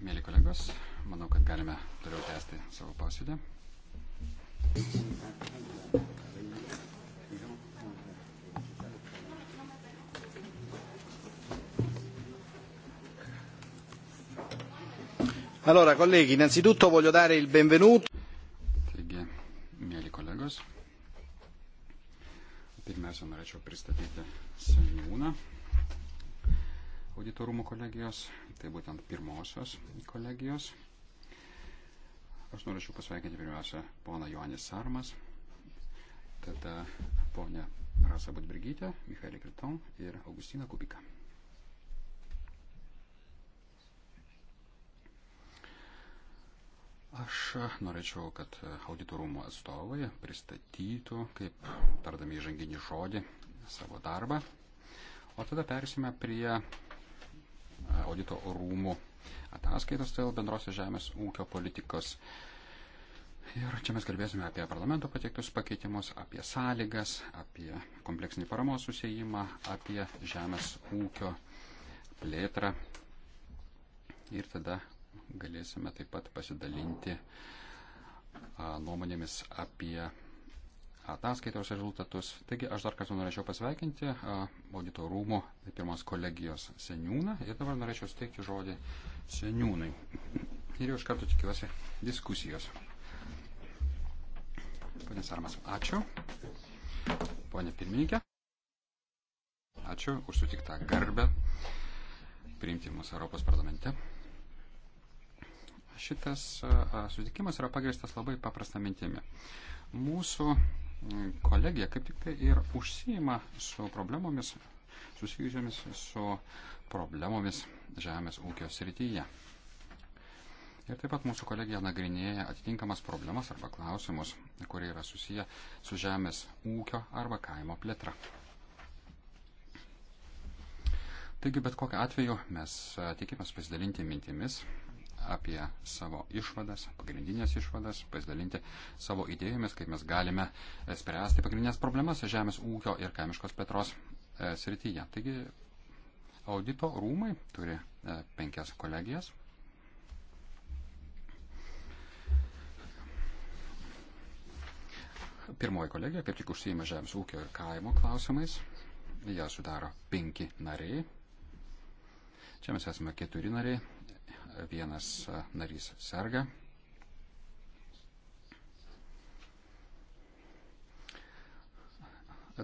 Mėly kolegos, manau, kad galime toliau tęsti savo posėdį. Allora, colleghi, innanzitutto voglio dare il benvenuto. auditorumų kolegijos, tai būtent pirmosios kolegijos. Aš norėčiau pasveikinti pirmiausia poną Joanis Sarmas, tada ponę Rasą Budbrigytę, Michaelį Kriton ir Augustiną Kubiką. Aš norėčiau, kad auditorumo atstovai pristatytų, kaip tardami įžanginį žodį, savo darbą. O tada persime prie audito rūmų ataskaitos dėl bendrosios žemės ūkio politikos. Ir čia mes kalbėsime apie parlamento pateiktus pakeitimus, apie sąlygas, apie kompleksinį paramos susijimą, apie žemės ūkio plėtrą. Ir tada galėsime taip pat pasidalinti nuomonėmis apie ataskaitos rezultatus. Taigi aš dar kartą norėčiau pasveikinti audito rūmų tai pirmos kolegijos seniūną ir dabar norėčiau steikti žodį seniūnai. Ir jau iš karto tikiuosi diskusijos. Pane Sarmas, ačiū. Pone pirmininkė, ačiū už sutiktą garbę priimti mus Europos parlamente. Šitas sutikimas yra pagristas labai paprasta mintimi. Mūsų kolegija kaip tik tai ir užsijima su problemomis susijusiamis su problemomis žemės ūkio srityje. Ir taip pat mūsų kolegija nagrinėja atitinkamas problemas arba klausimus, kurie yra susiję su žemės ūkio arba kaimo plėtra. Taigi bet kokiu atveju mes tikimės pasidalinti mintimis apie savo išvadas, pagrindinės išvadas, pasidalinti savo idėjomis, kaip mes galime e, spręsti pagrindinės problemas žemės ūkio ir kaimiškos plėtros e, srityje. Taigi audito rūmai turi e, penkias kolegijas. Pirmoji kolegija kaip tik užsijima žemės ūkio ir kaimo klausimais. Ją sudaro penki nariai. Čia mes esame keturi nariai vienas e, narys serga.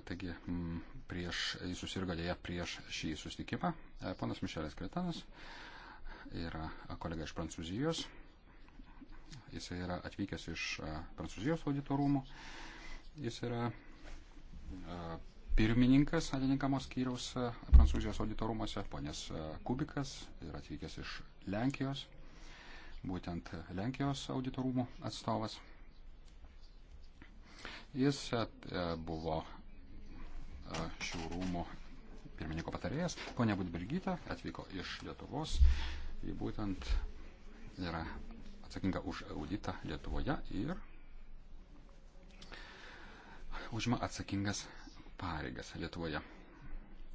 Taigi, mm, prieš, jis susirgo dėja prieš šį susitikimą. E, ponas Mišelis Kretanas yra kolega iš Prancūzijos. Jis yra atvykęs iš e, Prancūzijos auditorumų. Jis yra pirmininkas atitinkamos skyriaus e, Prancūzijos auditorumuose, ponės e, Kubikas, ir atvykęs iš Lenkijos, būtent Lenkijos auditorumų atstovas. Jis e, buvo šių rūmų pirmininko patarėjas, ponė Budbergyta atvyko iš Lietuvos, ji būtent yra atsakinga už auditą Lietuvoje ir užima atsakingas pareigas Lietuvoje.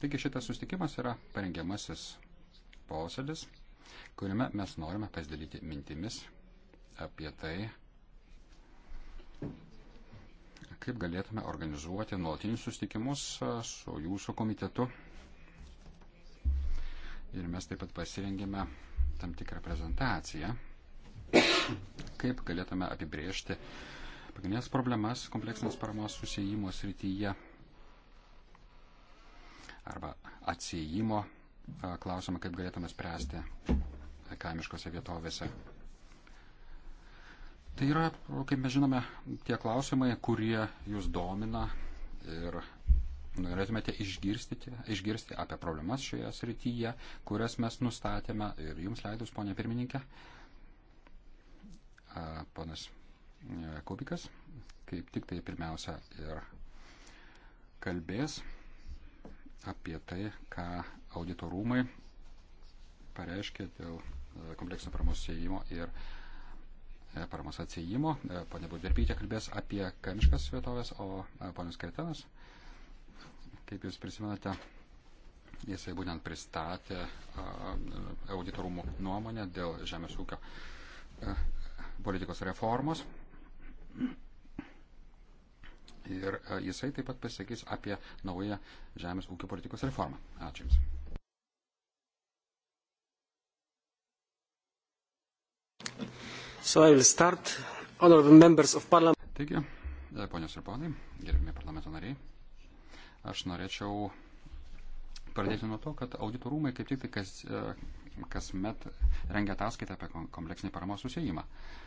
Taigi šitas sustikimas yra parengiamasis posėdis, kuriame mes norime pasidalyti mintimis apie tai, kaip galėtume organizuoti nuolatinius sustikimus su jūsų komitetu. Ir mes taip pat pasirengėme tam tikrą prezentaciją, kaip galėtume apibriežti pagrindinės problemas kompleksinės paramos susijimo srityje arba atsijimo e, klausimą, kaip galėtume spręsti kaimiškose vietovėse. Tai yra, kaip mes žinome, tie klausimai, kurie jūs domina ir norėtumėte išgirsti, išgirsti apie problemas šioje srityje, kurias mes nustatėme ir jums leidus, ponė pirmininkė, e, ponas e, Kubikas, kaip tik tai pirmiausia ir kalbės apie tai, ką auditorumai pareiškė dėl e, kompleksinio paramos įėjimo ir e, paramos atsijimo. E, Pone Budirpytė kalbės apie kaimiškas vietovės, o ponas Kaitanas, kaip jūs prisimenate, jisai būtent pristatė auditorumų nuomonę dėl žemės ūkio politikos reformos. Ir e, jisai taip pat pasakys apie naują žemės ūkio politikos reformą. Ačiū Jums. So I will start. Honorable members of parliament. Taigi, e, ponios ir ponai, gerbimi parlamento nariai, aš norėčiau pradėti nuo to, kad auditorumai kaip tik tai kas, e, kasmet rengia ataskaitą apie kompleksinį paramos susijimą. Uh,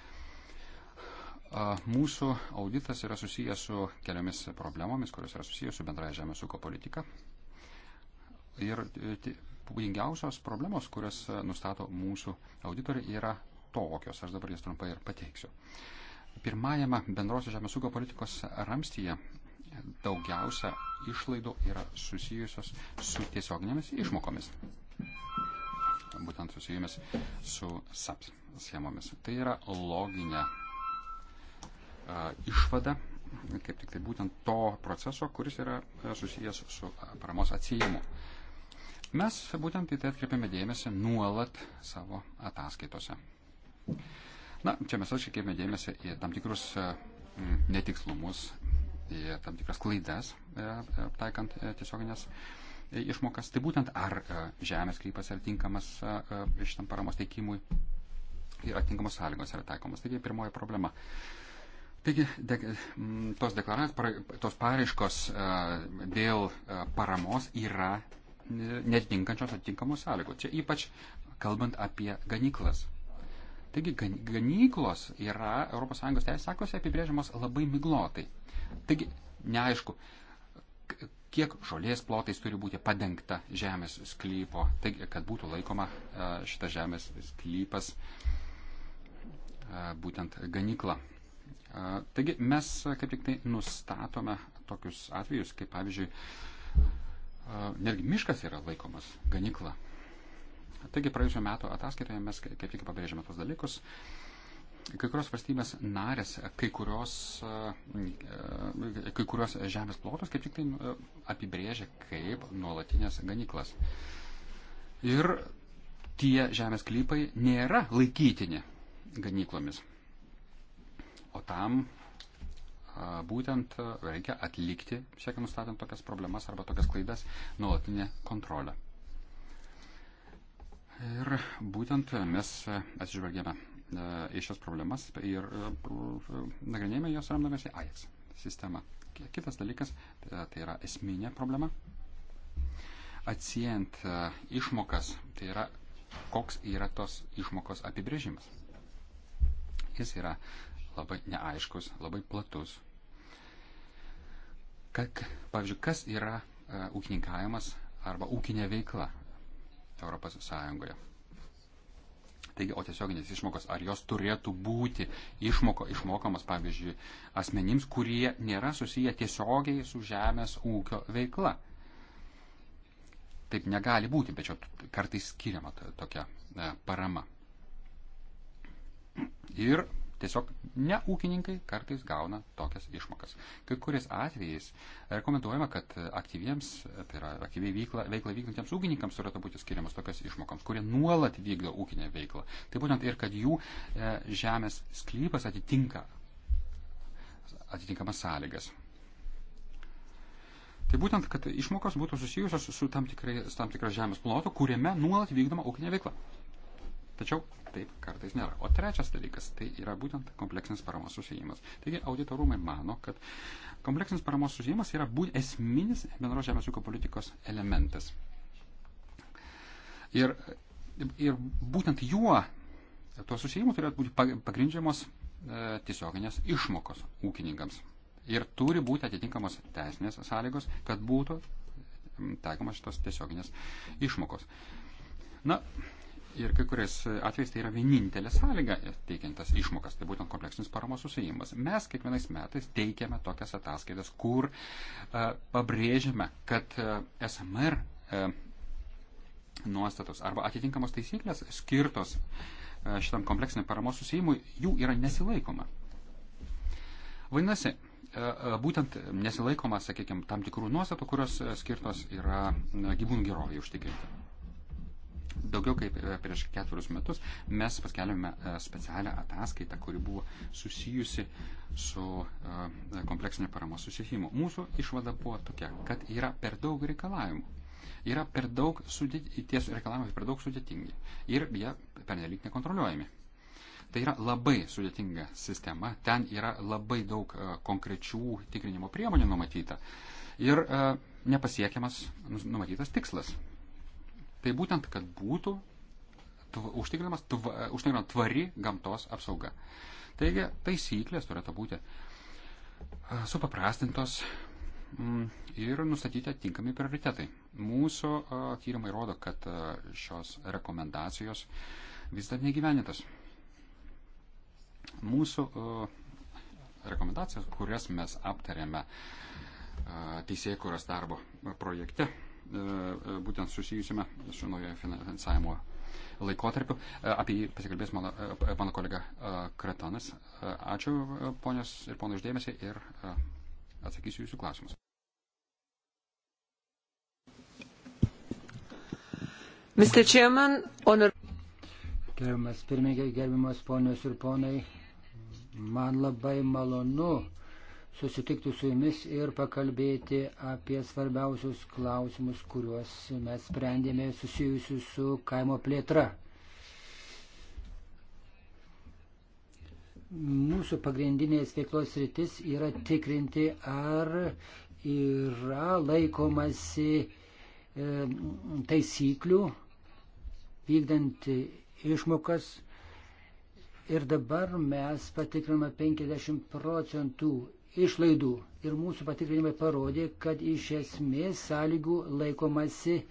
Mūsų auditas yra susijęs su keliomis problemomis, kurios yra susijęs su bendraja žemės ūkio politika. Ir pavojingiausios e, problemos, kurias e, nustato mūsų auditoriai, yra tokios. Aš dabar jas trumpai ir pateiksiu. Pirmajame bendrosios žemės ūkio politikos ramstyje daugiausia išlaidų yra susijusios su tiesioginėmis išmokomis būtent susijomis su SAPS schemomis. Tai yra loginė išvada, kaip tik tai būtent to proceso, kuris yra e, susijęs su paramos atsijimu. Mes būtent į tai atkreipiame dėmesį nuolat savo ataskaitose. Na, čia mes atkreipiame dėmesį į tam tikrus e, netikslumus, į tam tikras klaidas, e, taikant tiesioginės išmokas. Tai būtent ar žemės krypas yra tinkamas šitam paramos teikimui ir atitinkamos sąlygos yra taikomos. Taigi pirmoji problema. Taigi, de, tos deklaracijos, tos paraiškos e, dėl e, paramos yra netinkančios atitinkamos sąlygos. Čia ypač kalbant apie ganyklas. Taigi, ganyklos yra ES teisės aktuose apibrėžiamos labai miglotai. Taigi, neaišku, kiek žolės plotais turi būti padengta žemės sklypo, taigi, kad būtų laikoma e, šitas žemės sklypas būtent ganykla. Taigi mes kaip tik tai nustatome tokius atvejus, kaip pavyzdžiui, netgi miškas yra laikomas ganikla. Taigi praėjusiu metu ataskaitoje mes kaip tik pabrėžėme tos dalykus. Kai kurios valstybės narės, kai kurios, kai kurios žemės plotus kaip tik tai apibrėžia kaip nuolatinės ganiklas. Ir tie žemės klypai nėra laikytini ganyklomis. O tam būtent reikia atlikti, siekia nustatant tokias problemas arba tokias klaidas, nuolatinę kontrolę. Ir būtent mes atsižvelgėme į šias problemas ir nagrinėjame jos remdamėsi AIX sistema. Kitas dalykas, tai yra esminė problema. Atsijant išmokas, tai yra koks yra tos išmokos apibrėžimas. Jis yra labai neaiškus, labai platus. Kad, pavyzdžiui, kas yra uh, ūkininkavimas arba ūkinė veikla Europos Sąjungoje. Taigi, o tiesioginės išmokos, ar jos turėtų būti išmoko, išmokamas, pavyzdžiui, asmenims, kurie nėra susiję tiesiogiai su žemės ūkio veikla. Taip negali būti, bet čia kartais skiriama tokia e, parama. Ir Tiesiog ne ūkininkai kartais gauna tokias išmokas. Kai kuriais atvejais rekomenduojama, kad aktyviems, tai yra aktyviai veikla, veiklą vykdantiems ūkininkams turėtų būti skiriamas tokias išmokoms, kurie nuolat vykdo ūkinę veiklą. Tai būtent ir kad jų e, žemės sklypas atitinka atitinkamas sąlygas. Tai būtent, kad išmokos būtų susijusios su tam, tikrai, tam tikra žemės plotu, kuriame nuolat vykdoma ūkinė veikla. Tačiau taip kartais nėra. O trečias dalykas tai yra būtent kompleksinis paramos susijimas. Taigi auditorumai mano, kad kompleksinis paramos susijimas yra būtent esminis bendros žemės ūkio politikos elementas. Ir, ir būtent juo, tuo susijimu turėtų būti pagrindžiamos e, tiesioginės išmokos ūkininkams. Ir turi būti atitinkamos teisinės sąlygos, kad būtų taikomas šitos tiesioginės išmokos. Na, Ir kai kuriais atvejais tai yra vienintelė sąlyga teikiantas išmokas, tai būtent kompleksinis paramos susijimas. Mes kiekvienais metais teikiame tokias ataskaitas, kur uh, pabrėžiame, kad uh, e, SMR uh, e, nuostatos arba atitinkamos taisyklės skirtos uh, šitam kompleksiniam paramos susijimui, jų yra nesilaikoma. Vainasi, būtent nesilaikoma, sakykime, tam tikrų nuostatų, kurios skirtos yra gyvūnų gerovai užtikrinti. Daugiau kaip e, prieš ketverius metus mes paskelbėme e, specialią ataskaitą, kuri buvo susijusi su e, kompleksinė paramos susijimu. Mūsų išvada buvo tokia, kad yra per daug reikalavimų. Yra per daug sudėtingi, ties reikalavimai per daug sudėtingi ir jie pernelyg nekontroliuojami. Tai yra labai sudėtinga sistema, ten yra labai daug konkrečių tikrinimo priemonių numatyta ir nepasiekiamas numatytas tikslas Tai būtent, kad būtų užtikrinama tva, tvari gamtos apsauga. Taigi, taisyklės turėtų būti e, supaprastintos mm, ir nustatyti atitinkami prioritetai. Mūsų e, tyrimai rodo, kad e, šios rekomendacijos vis dar negyvenintas. Mūsų rekomendacijas, kurias mes aptarėme teisėjai, kurios darbo projekte E, e, būtent susijusiame su naujoje finansavimo laikotarpiu. E, apie jį pasikalbės mano, mano kolega Kretanas. Ačiū ponios ir ponų išdėmesį ir atsakysiu jūsų klausimus. Mr. Chairman, honor... Gerbiamas pirmininkai, gerbiamas ponios ir ponai, man labai malonu susitikti su jumis ir pakalbėti apie svarbiausius klausimus, kuriuos mes sprendėme susijusius su kaimo plėtra. Mūsų pagrindinės veiklos rytis yra tikrinti, ar yra laikomasi e, taisyklių vykdant išmokas. Ir dabar mes patikriname 50 procentų išlaidų. Ir mūsų patikrinimai parodė, kad iš esmės sąlygų laikomasi e,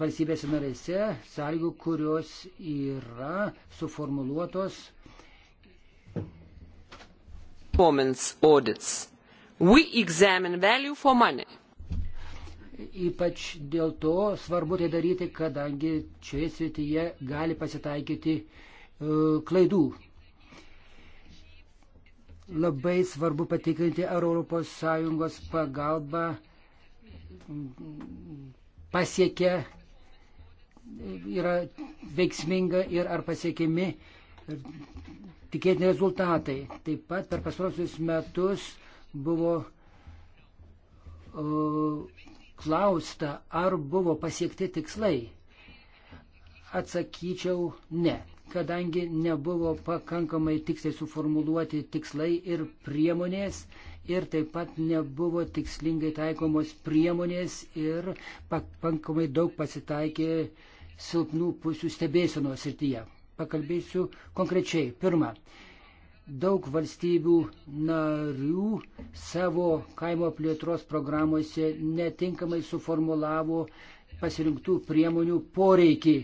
valstybėse narėse, sąlygų, kurios yra suformuluotos. Performance audits. We examine value for money ypač dėl to svarbu tai daryti, kadangi čia srityje gali pasitaikyti e, klaidų. Labai svarbu patikrinti, ar ES pagalba pasiekia, yra veiksminga ir ar pasiekiami tikėtini rezultatai. Taip pat per pastarosius metus buvo o, klausta, ar buvo pasiekti tikslai. Atsakyčiau ne kadangi nebuvo pakankamai tiksliai suformuluoti tikslai ir priemonės ir taip pat nebuvo tikslingai taikomos priemonės ir pakankamai daug pasitaikė silpnų pusių stebėsenos srityje. Pakalbėsiu konkrečiai. Pirma, daug valstybių narių savo kaimo plėtros programuose netinkamai suformulavo pasirinktų priemonių poreikį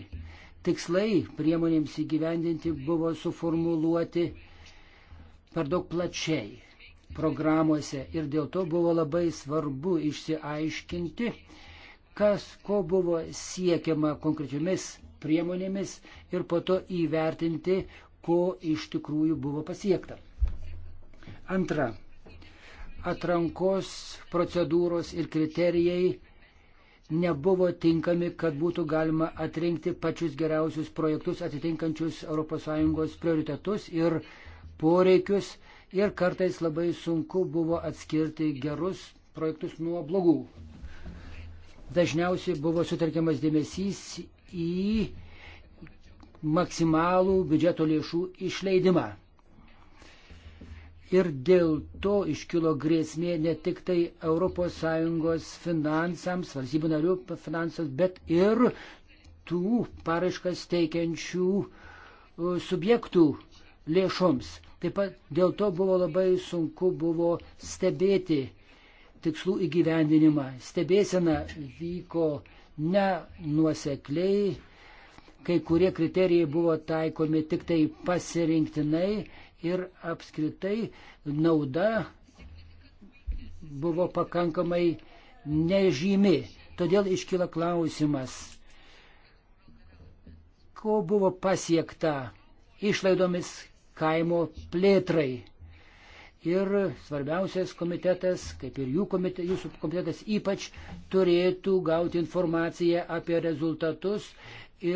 tikslai priemonėms įgyvendinti buvo suformuluoti per daug plačiai programuose ir dėl to buvo labai svarbu išsiaiškinti, kas ko buvo siekiama konkrečiomis priemonėmis ir po to įvertinti, ko iš tikrųjų buvo pasiekta. Antra, atrankos procedūros ir kriterijai nebuvo tinkami, kad būtų galima atrinkti pačius geriausius projektus atitinkančius ES prioritetus ir poreikius ir kartais labai sunku buvo atskirti gerus projektus nuo blogų. Dažniausiai buvo sutarkiamas dėmesys į maksimalų biudžeto lėšų išleidimą ir dėl to iškilo grėsmė ne tik tai ES finansams, valstybių narių finansams, bet ir tų paraiškas teikiančių subjektų lėšoms. Taip pat dėl to buvo labai sunku buvo stebėti tikslų įgyvendinimą. Stebėsena vyko nenuosekliai, kai kurie kriterijai buvo taikomi tik tai pasirinktinai ir apskritai nauda buvo pakankamai nežymi. Todėl iškyla klausimas, ko buvo pasiekta išlaidomis kaimo plėtrai. Ir svarbiausias komitetas, kaip ir jų komitetas, jūsų komitetas ypač, turėtų gauti informaciją apie rezultatus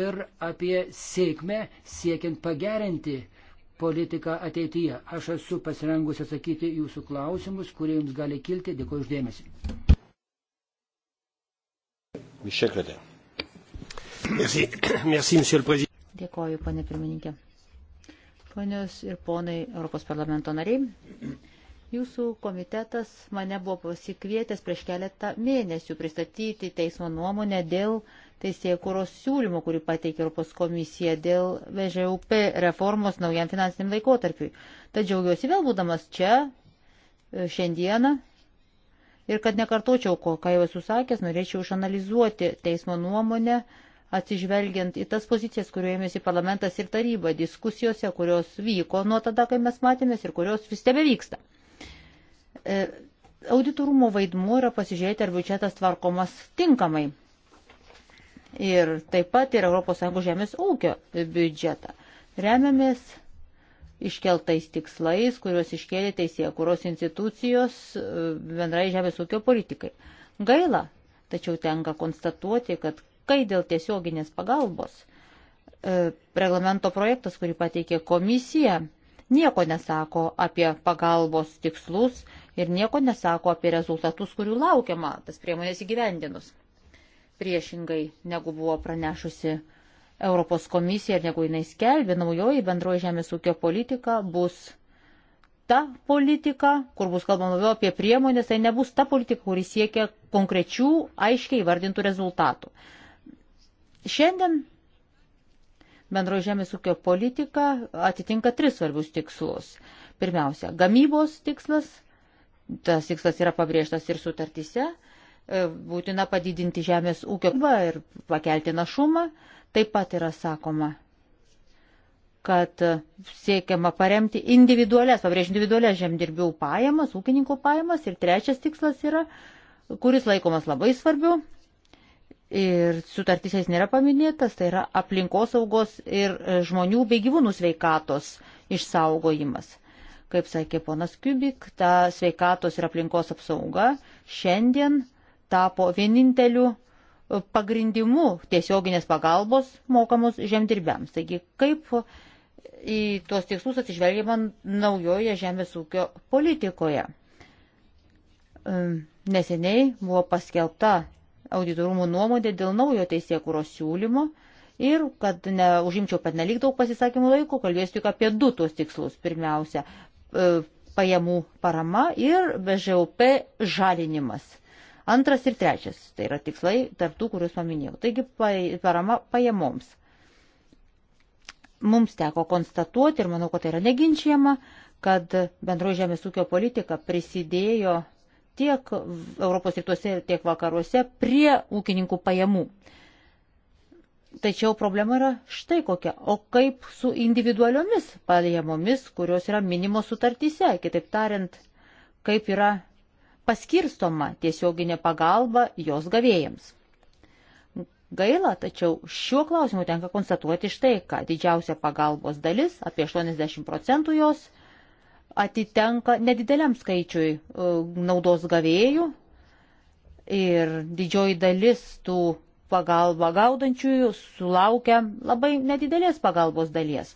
ir apie sėkmę siekiant pagerinti uh, politiką ateityje. Aš esu pasirengusi atsakyti jūsų klausimus, kurie jums gali kilti. Dėkuoju uždėmesi. Dėkuoju, ponė pirmininkė. Ponios ir ponai Europos parlamento nariai, jūsų komitetas mane buvo pasikvietęs prieš keletą mėnesių pristatyti teismo nuomonę dėl teisėkūros siūlymo, kurį pateikė Europos komisija dėl VŽUP reformos naujam finansiniam laikotarpiui. Tad džiaugiuosi vėl būdamas čia e, šiandieną ir kad nekartočiau, ko, ką jau esu sakęs, norėčiau išanalizuoti teismo nuomonę, atsižvelgiant į tas pozicijas, kuriuojamėsi parlamentas ir taryba diskusijose, kurios vyko nuo tada, kai mes matėmės ir kurios vis tebe vyksta. E, Auditorumo vaidmuo yra pasižiūrėti, ar biudžetas tvarkomas tinkamai ir taip pat ir ES žemės ūkio biudžetą. Remiamės iškeltais tikslais, kuriuos iškėlė teisėje, kurios institucijos e, bendrai žemės ūkio politikai. Gaila, tačiau tenka konstatuoti, kad kai dėl tiesioginės pagalbos e, reglamento projektas, kurį pateikė komisija, nieko nesako apie pagalbos tikslus ir nieko nesako apie rezultatus, kurių laukiama tas priemonės įgyvendinus priešingai negu buvo pranešusi Europos komisija ir negu jinai skelbė, naujoji bendroji žemės ūkio politika bus ta politika, kur bus kalbama labiau apie priemonės, tai nebus ta politika, kuri siekia konkrečių, aiškiai vardintų rezultatų. Šiandien bendroji žemės ūkio politika atitinka tris svarbius tikslus. Pirmiausia, gamybos tikslas, tas tikslas yra pabrėžtas ir sutartyse E, būtina padidinti žemės ūkio ir pakelti našumą. Taip pat yra sakoma, kad siekiama paremti individualias, pabrėžiu, individualias žemdirbių pajamas, ūkininkų pajamas. Ir trečias tikslas yra, kuris laikomas labai svarbiu ir sutartys nėra paminėtas, tai yra aplinkosaugos ir žmonių bei gyvūnų sveikatos išsaugojimas kaip sakė ponas Kubik, ta sveikatos ir aplinkos apsauga šiandien tapo vieninteliu e, pagrindimu tiesioginės pagalbos mokamos žemdirbiams. Taigi, kaip į tuos tikslus atsižvelgiama naujoje žemės ūkio politikoje. E, neseniai buvo paskelbta auditorumų nuomonė dėl naujo teisėkūros siūlymo ir, kad neužimčiau per nelik daug pasisakymų laiko, kalbėsiu tik apie du tuos tikslus. Pirmiausia, e, pajamų parama ir BŽUP žalinimas. Antras ir trečias, tai yra tikslai tarptų, kuriuos paminėjau. Taigi parama pajamoms. Mums teko konstatuoti ir manau, kad tai yra neginčiama, kad bendroji žemės ūkio politika prisidėjo tiek Europos rytuose, tiek vakaruose prie ūkininkų pajamų. Tačiau problema yra štai kokia. O kaip su individualiomis pajamomis, kurios yra minimos sutartyse? Kitaip tariant, kaip yra paskirstoma tiesioginė pagalba jos gavėjams. Gaila, tačiau šiuo klausimu tenka konstatuoti štai, kad didžiausia pagalbos dalis, apie 80 procentų jos, atitenka nedideliam skaičiui e, naudos gavėjų ir didžioji dalis tų pagalbą gaudančiųjų sulaukia labai nedidelės pagalbos dalies.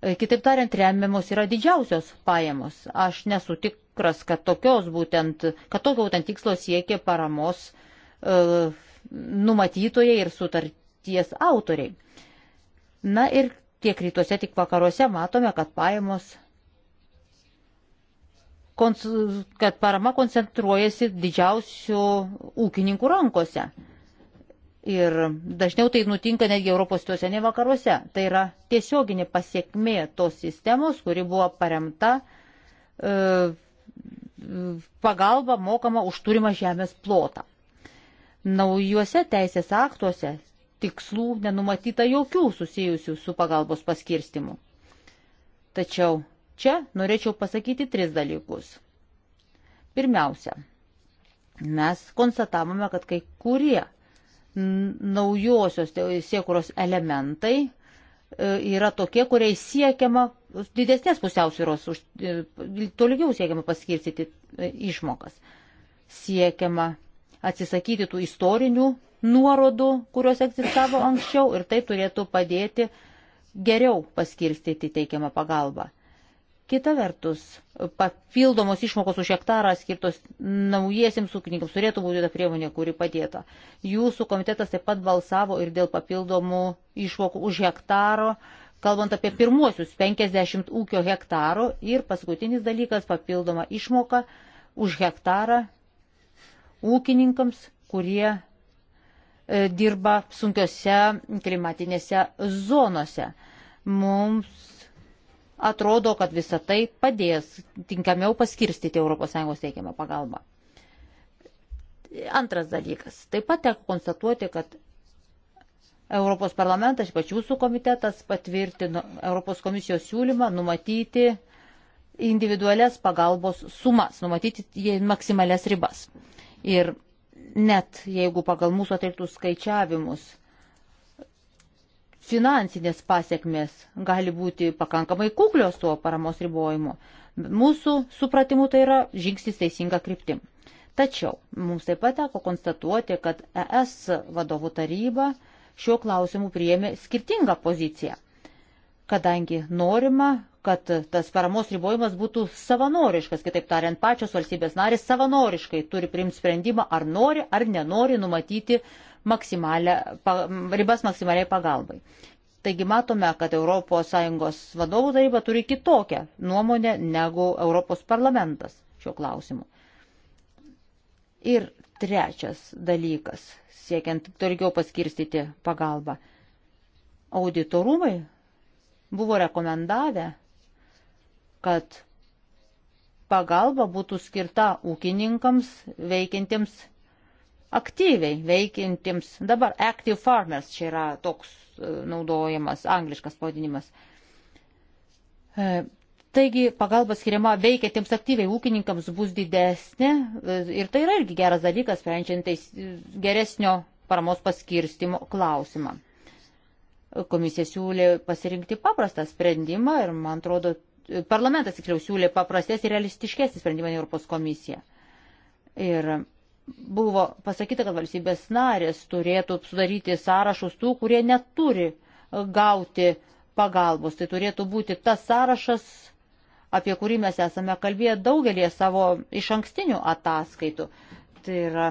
E, kitaip tariant, remiamos yra didžiausios pajamos. Aš nesu tikras, kad, būtent, kad tokio būtent tikslo siekia paramos e, numatytojai ir sutarties autoriai. Na ir tiek rytuose, tiek vakaruose matome, kad pajamos kad parama koncentruojasi didžiausių ūkininkų rankose. Ir dažniau tai nutinka netgi Europos tuose ne vakaruose. Tai yra tiesioginė pasiekmė tos sistemos, kuri buvo paremta e, pagalba mokama už turimą žemės plotą. Naujuose teisės aktuose tikslų nenumatyta jokių susijusių su pagalbos paskirstimu. Tačiau čia norėčiau pasakyti tris dalykus. Pirmiausia, mes konstatavome, kad kai kurie naujosios siekuros elementai e, yra tokie, kuriais siekiama didesnės pusiausvyros, e, tolygiau siekiama paskirstyti e, išmokas. Siekiama atsisakyti tų istorinių nuorodų, kurios egzistavo anksčiau ir tai turėtų padėti geriau paskirstyti teikiamą pagalbą. Kita vertus, papildomos išmokos už hektarą skirtos naujiesiams ūkininkams turėtų būti ta priemonė, kuri padėta. Jūsų komitetas taip pat balsavo ir dėl papildomų išmokų už hektaro, kalbant apie pirmuosius 50 ūkio hektarų ir paskutinis dalykas papildoma išmoka už hektarą ūkininkams, kurie e, dirba sunkiose klimatinėse zonose. Mums atrodo, kad visa tai padės tinkamiau paskirstyti ES teikiamą pagalbą. Antras dalykas. Taip pat teko konstatuoti, kad Europos parlamentas, ypač jūsų komitetas, patvirtino Europos komisijos siūlymą numatyti individualias pagalbos sumas, numatyti maksimalias ribas. Ir net jeigu pagal mūsų atliktus skaičiavimus Finansinės pasiekmes gali būti pakankamai kuklios tuo paramos ribojimu. Mūsų supratimu tai yra žingsnis teisinga kryptim. Tačiau mums taip pat teko konstatuoti, kad ES vadovų taryba šiuo klausimu priėmė skirtingą poziciją, kadangi norima, kad tas paramos ribojimas būtų savanoriškas, kitaip tariant, pačios valstybės narės savanoriškai turi priimti sprendimą, ar nori ar nenori numatyti maksimalę, pa, ribas maksimaliai pagalbai. Taigi matome, kad ES vadovų taryba turi kitokią nuomonę negu Europos parlamentas šiuo klausimu. Ir trečias dalykas, siekiant toliau paskirstyti pagalbą. Auditorumai buvo rekomendavę kad pagalba būtų skirta ūkininkams veikintiems aktyviai, veikintiems. Dabar active farmers čia yra toks e, naudojamas angliškas pavadinimas. E, taigi pagalba skiriama veikiantiems aktyviai ūkininkams bus didesnė e, ir tai yra irgi geras dalykas, sprendžiant geresnio paramos paskirstimo klausimą. Komisija siūlė pasirinkti paprastą sprendimą ir man atrodo parlamentas tikriau siūlė paprastesnį ir realistiškesnį sprendimą nei Europos komisija. Ir buvo pasakyta, kad valstybės narės turėtų sudaryti sąrašus tų, kurie neturi gauti pagalbos. Tai turėtų būti tas sąrašas, apie kurį mes esame kalbėję daugelį savo iš ankstinių ataskaitų. Tai yra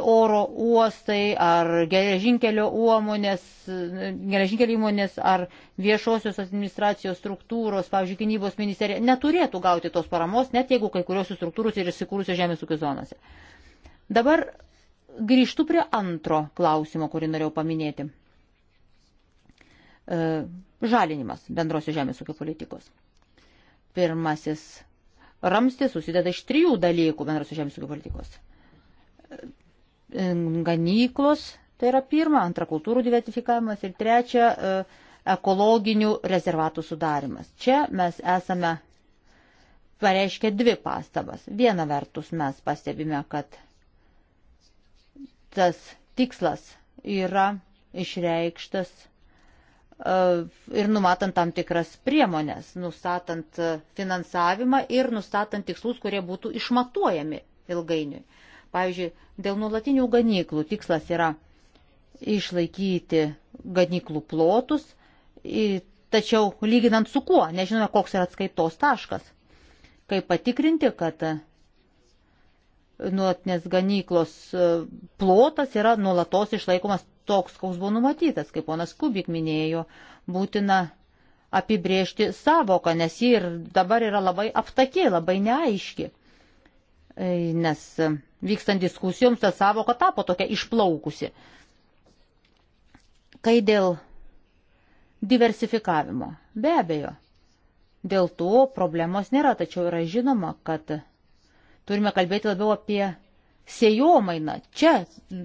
oro uostai ar geležinkelio uomonės, geležinkelio įmonės ar viešosios administracijos struktūros, pavyzdžiui, gynybos ministerija, neturėtų gauti tos paramos, net jeigu kai kurios struktūros yra įsikūrusios žemės ūkio zonose. Dabar grįžtu prie antro klausimo, kurį norėjau paminėti. E, žalinimas bendrosios žemės ūkio politikos. Pirmasis ramstis susideda iš trijų dalykų bendrosios žemės ūkio politikos ganyklos, tai yra pirma, antra kultūrų diversifikavimas ir trečia e, ekologinių rezervatų sudarimas. Čia mes esame pareiškę dvi pastabas. Viena vertus mes pastebime, kad tas tikslas yra išreikštas e, ir numatant tam tikras priemonės, nustatant finansavimą ir nustatant tikslus, kurie būtų išmatuojami ilgainiui. Pavyzdžiui, dėl nuolatinių ganyklų tikslas yra išlaikyti ganyklų plotus, tačiau lyginant su kuo, nežinome, koks yra atskaitos taškas. Kaip patikrinti, kad nuolatinės ganyklos e, plotas yra nuolatos išlaikomas toks, koks buvo numatytas, kaip ponas Kubik minėjo, būtina apibriežti savoką, nes ji ir dabar yra labai aptakė, labai neaiški nes e, vykstant diskusijoms ta savoka tapo tokia išplaukusi. Kai dėl diversifikavimo, be abejo, dėl to problemos nėra, tačiau yra žinoma, kad turime kalbėti labiau apie sėjomainą. Čia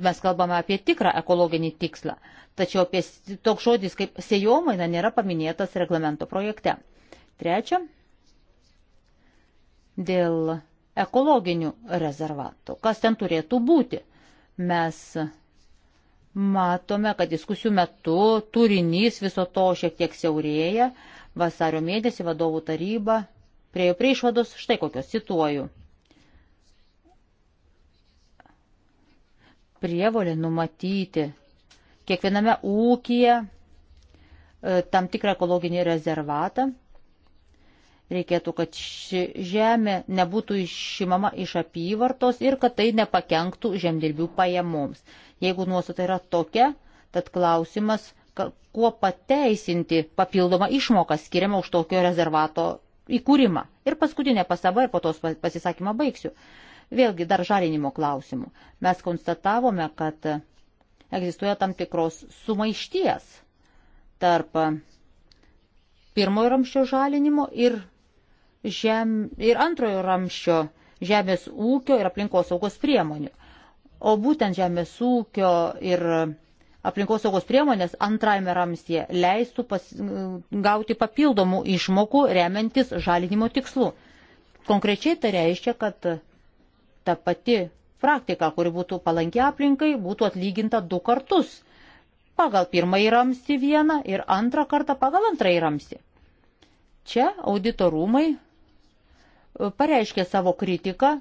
mes kalbame apie tikrą ekologinį tikslą, tačiau apie toks žodis kaip sėjomaina nėra paminėtas reglamento projekte. Trečia, dėl ekologinių rezervatų. Kas ten turėtų būti? Mes matome, kad diskusijų metu turinys viso to šiek tiek siaurėja. Vasario mėnesį vadovų taryba priejo prie išvados, štai kokios cituoju. Prievolė numatyti kiekviename ūkyje e, tam tikrą ekologinį rezervatą Reikėtų, kad ši žemė nebūtų išimama iš apyvartos ir kad tai nepakenktų žemdirbių pajamoms. Jeigu nuostata yra tokia, tad klausimas, kuo pateisinti papildomą išmoką skiriamą už tokio rezervato įkūrimą. Ir paskutinė pasaba, ir po tos pasisakymą baigsiu. Vėlgi dar žalinimo klausimų. Mes konstatavome, kad egzistuoja tam tikros sumaišties tarp pirmojo ramščio žalinimo ir žem, ir antrojo ramščio žemės ūkio ir aplinkosaugos priemonių. O būtent žemės ūkio ir aplinkosaugos priemonės antrajame ramstie leistų pas, gauti papildomų išmokų remiantis žalinimo tikslu. Konkrečiai tai reiškia, kad ta pati praktika, kuri būtų palankia aplinkai, būtų atlyginta du kartus. Pagal pirmąjį ramstį vieną ir antrą kartą pagal antrąjį ramstį. Čia auditorumai pareiškė savo kritiką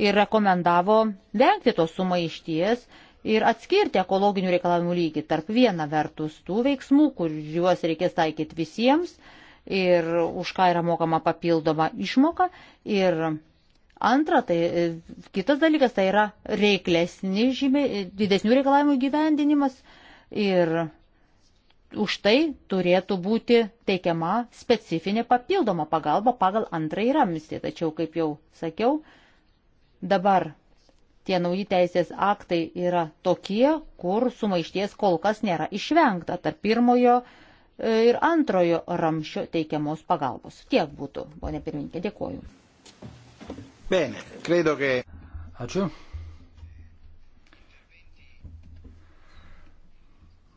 ir rekomendavo vengti tos sumaišties ir atskirti ekologinių reikalavimų lygį tarp viena vertus tų veiksmų, kuriuos reikės taikyti visiems ir už ką yra mokama papildoma išmoka. Ir antra, tai kitas dalykas tai yra reiklesni, žymiai didesnių reikalavimų gyvendinimas. Ir už tai turėtų būti teikiama specifinė papildoma pagalba pagal antrąjį ramstį. Tačiau, kaip jau sakiau, dabar tie nauji teisės aktai yra tokie, kur sumaišties kol kas nėra išvengta tarp pirmojo e, ir antrojo ramščio teikiamos pagalbos. Tiek būtų, ponė pirmininkė, dėkoju. Bene, credo che... Ačiū.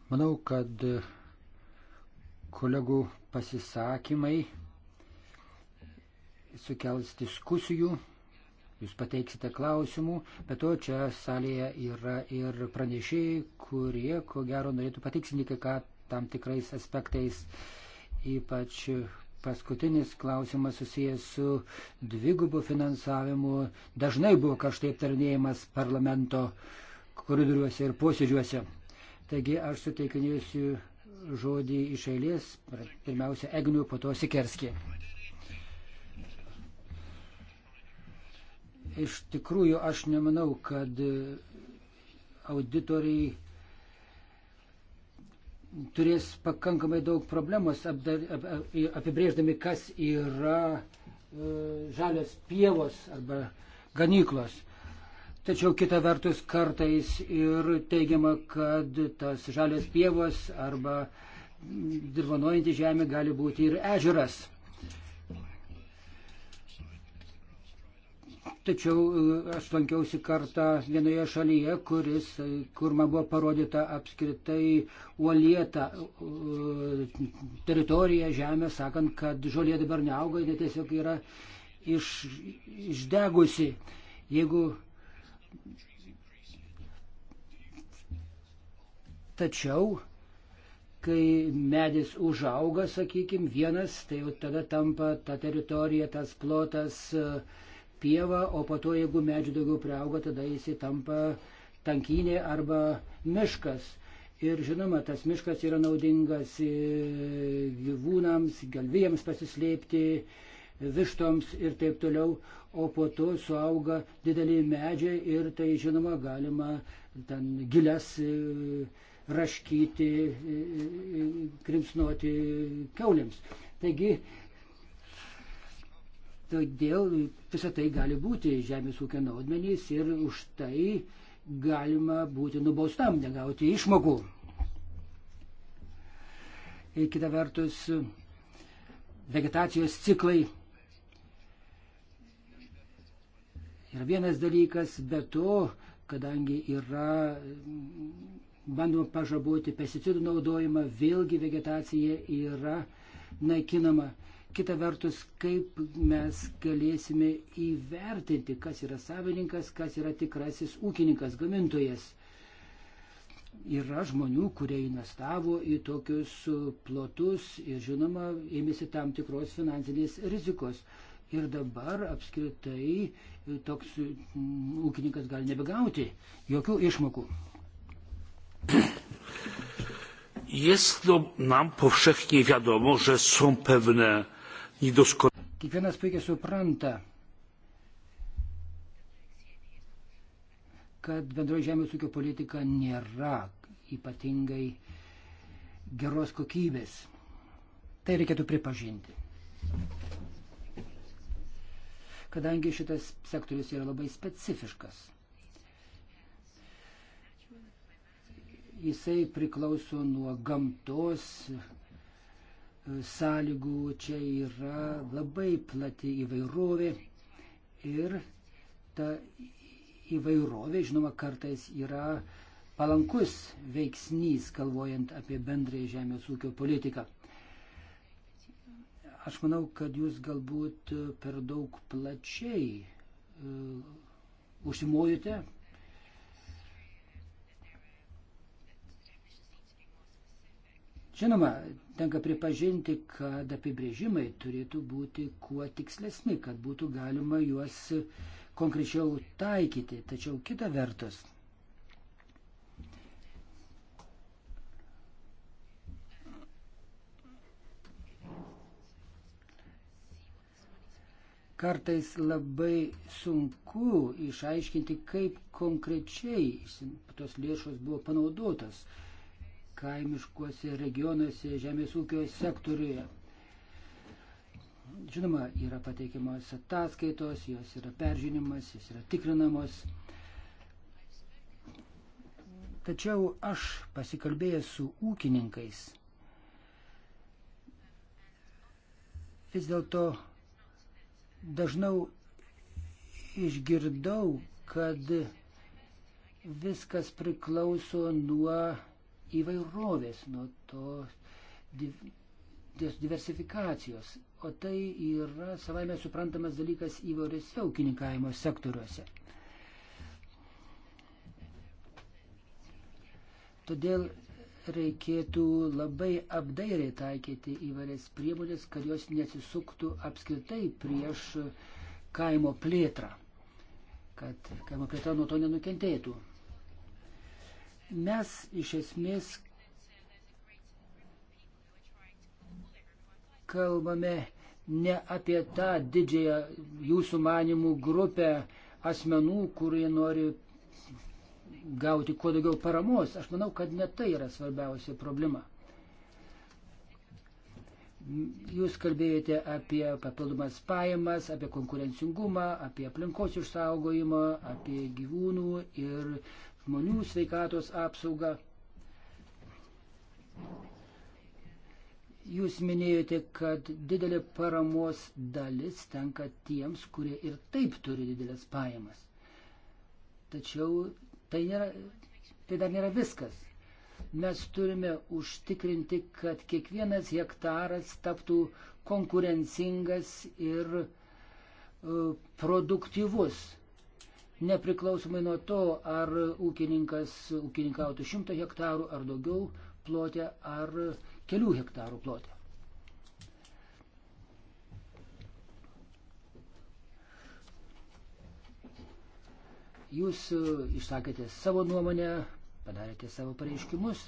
Manau, kad kolegų pasisakymai sukels diskusijų, jūs pateiksite klausimų, bet to čia salėje yra ir pranešėjai, kurie, ko gero, norėtų patiksinti, ką tam tikrais aspektais, ypač paskutinis klausimas susijęs su dvigubu finansavimu, dažnai buvo kažtai aptarnėjimas parlamento koridoriuose ir posėdžiuose. Taigi aš suteikinėsiu žodį iš eilės, pirmiausia Egnių, po to Sikerskį. Iš tikrųjų, aš nemanau, kad auditoriai turės pakankamai daug problemos apdar, ap, ap, apibrėždami, kas yra e, žalios pievos arba ganyklos. E, Tačiau kita vertus kartais ir teigiama, kad tas žalios pievos arba dirvanojanti žemė gali būti ir ežeras. Tačiau e, aš lankiausi kartą vienoje šalyje, kuris, e, kur man buvo parodyta apskritai uolieta e, teritorija, žemė, sakant, kad žolė dabar neauga, tai tiesiog yra iš, išdegusi. Jeigu Tačiau, kai medis užauga, sakykime, vienas, tai jau tada tampa ta teritorija, tas plotas e, pieva, o po to, jeigu medžių daugiau prieauga, tada jis tampa tankinė arba miškas. Ir žinoma, tas miškas yra naudingas e, gyvūnams, galvijams pasislėpti, vištoms ir taip toliau, o po to suauga dideli medžiai ir tai žinoma galima ten gilias e, raškyti, e, e, krimsnuoti keuliams. Taigi, todėl visą tai gali būti žemės ūkio naudmenys ir už tai galima būti nubaustam, negauti išmokų. Ir kita vertus, vegetacijos ciklai yra vienas dalykas, bet to, kadangi yra mm, bandoma pažaboti pesticidų naudojimą, vėlgi vegetacija yra naikinama. Kita vertus, kaip mes galėsime įvertinti, kas yra savininkas, kas yra tikrasis ūkininkas, gamintojas. Yra žmonių, kurie investavo į tokius plotus ir, žinoma, ėmėsi tam tikros finansinės rizikos. Ir dabar apskritai toks mm, ūkininkas gali nebegauti jokių išmokų. Jest no, nam powszechnie wiadomo, że są pewne niedoskonałości. Kiekvienas puikiai supranta, kad bendroji žemės ūkio politika nėra ypatingai geros kokybės. Tai reikėtų pripažinti kadangi šitas sektorius yra labai specifiškas. Jisai priklauso nuo gamtos e, sąlygų, čia yra labai plati įvairovė ir ta įvairovė, žinoma, kartais yra palankus veiksnys, kalvojant apie bendrąją žemės ūkio politiką. Aš manau, kad jūs galbūt e, per daug plačiai uh, e, užsimojate. Žinoma, tenka pripažinti, kad apibrėžimai turėtų būti kuo tikslesni, kad būtų galima juos konkrečiau taikyti. Tačiau kita vertus, kartais labai sunku išaiškinti, kaip konkrečiai tos lėšos buvo panaudotas kaimiškuose regionuose, žemės ūkio sektoriuje. Žinoma, yra pateikiamos ataskaitos, jos yra peržinimas, jos yra tikrinamos. Tačiau aš pasikalbėjęs su ūkininkais, vis dėlto dažnau išgirdau, kad viskas priklauso nuo įvairovės, nuo tos diversifikacijos. O tai yra savaime suprantamas dalykas įvairiose ūkininkavimo sektoriuose. Todėl reikėtų labai apdairiai taikyti įvairias priemonės, kad jos nesisuktų apskritai prieš kaimo plėtrą, kad kaimo plėtra nuo to nenukentėtų. Mes iš esmės kalbame ne apie tą didžiąją jūsų manimų grupę asmenų, kurie nori gauti kuo daugiau paramos. Aš manau, kad ne tai yra svarbiausia problema. Jūs kalbėjote apie papildomas pajamas, apie konkurencingumą, apie aplinkos išsaugojimą, apie gyvūnų ir žmonių sveikatos apsaugą. Jūs minėjote, kad didelė paramos dalis tenka tiems, kurie ir taip turi didelės pajamas. Tačiau Tai, nėra, tai dar nėra viskas. Mes turime užtikrinti, kad kiekvienas hektaras taptų konkurencingas ir e, produktyvus. Nepriklausomai nuo to, ar ūkininkas ūkininkautų 100 hektarų ar daugiau plotę, ar kelių hektarų plotę. Jūs e, išsakėte savo nuomonę, padarėte savo pareiškimus.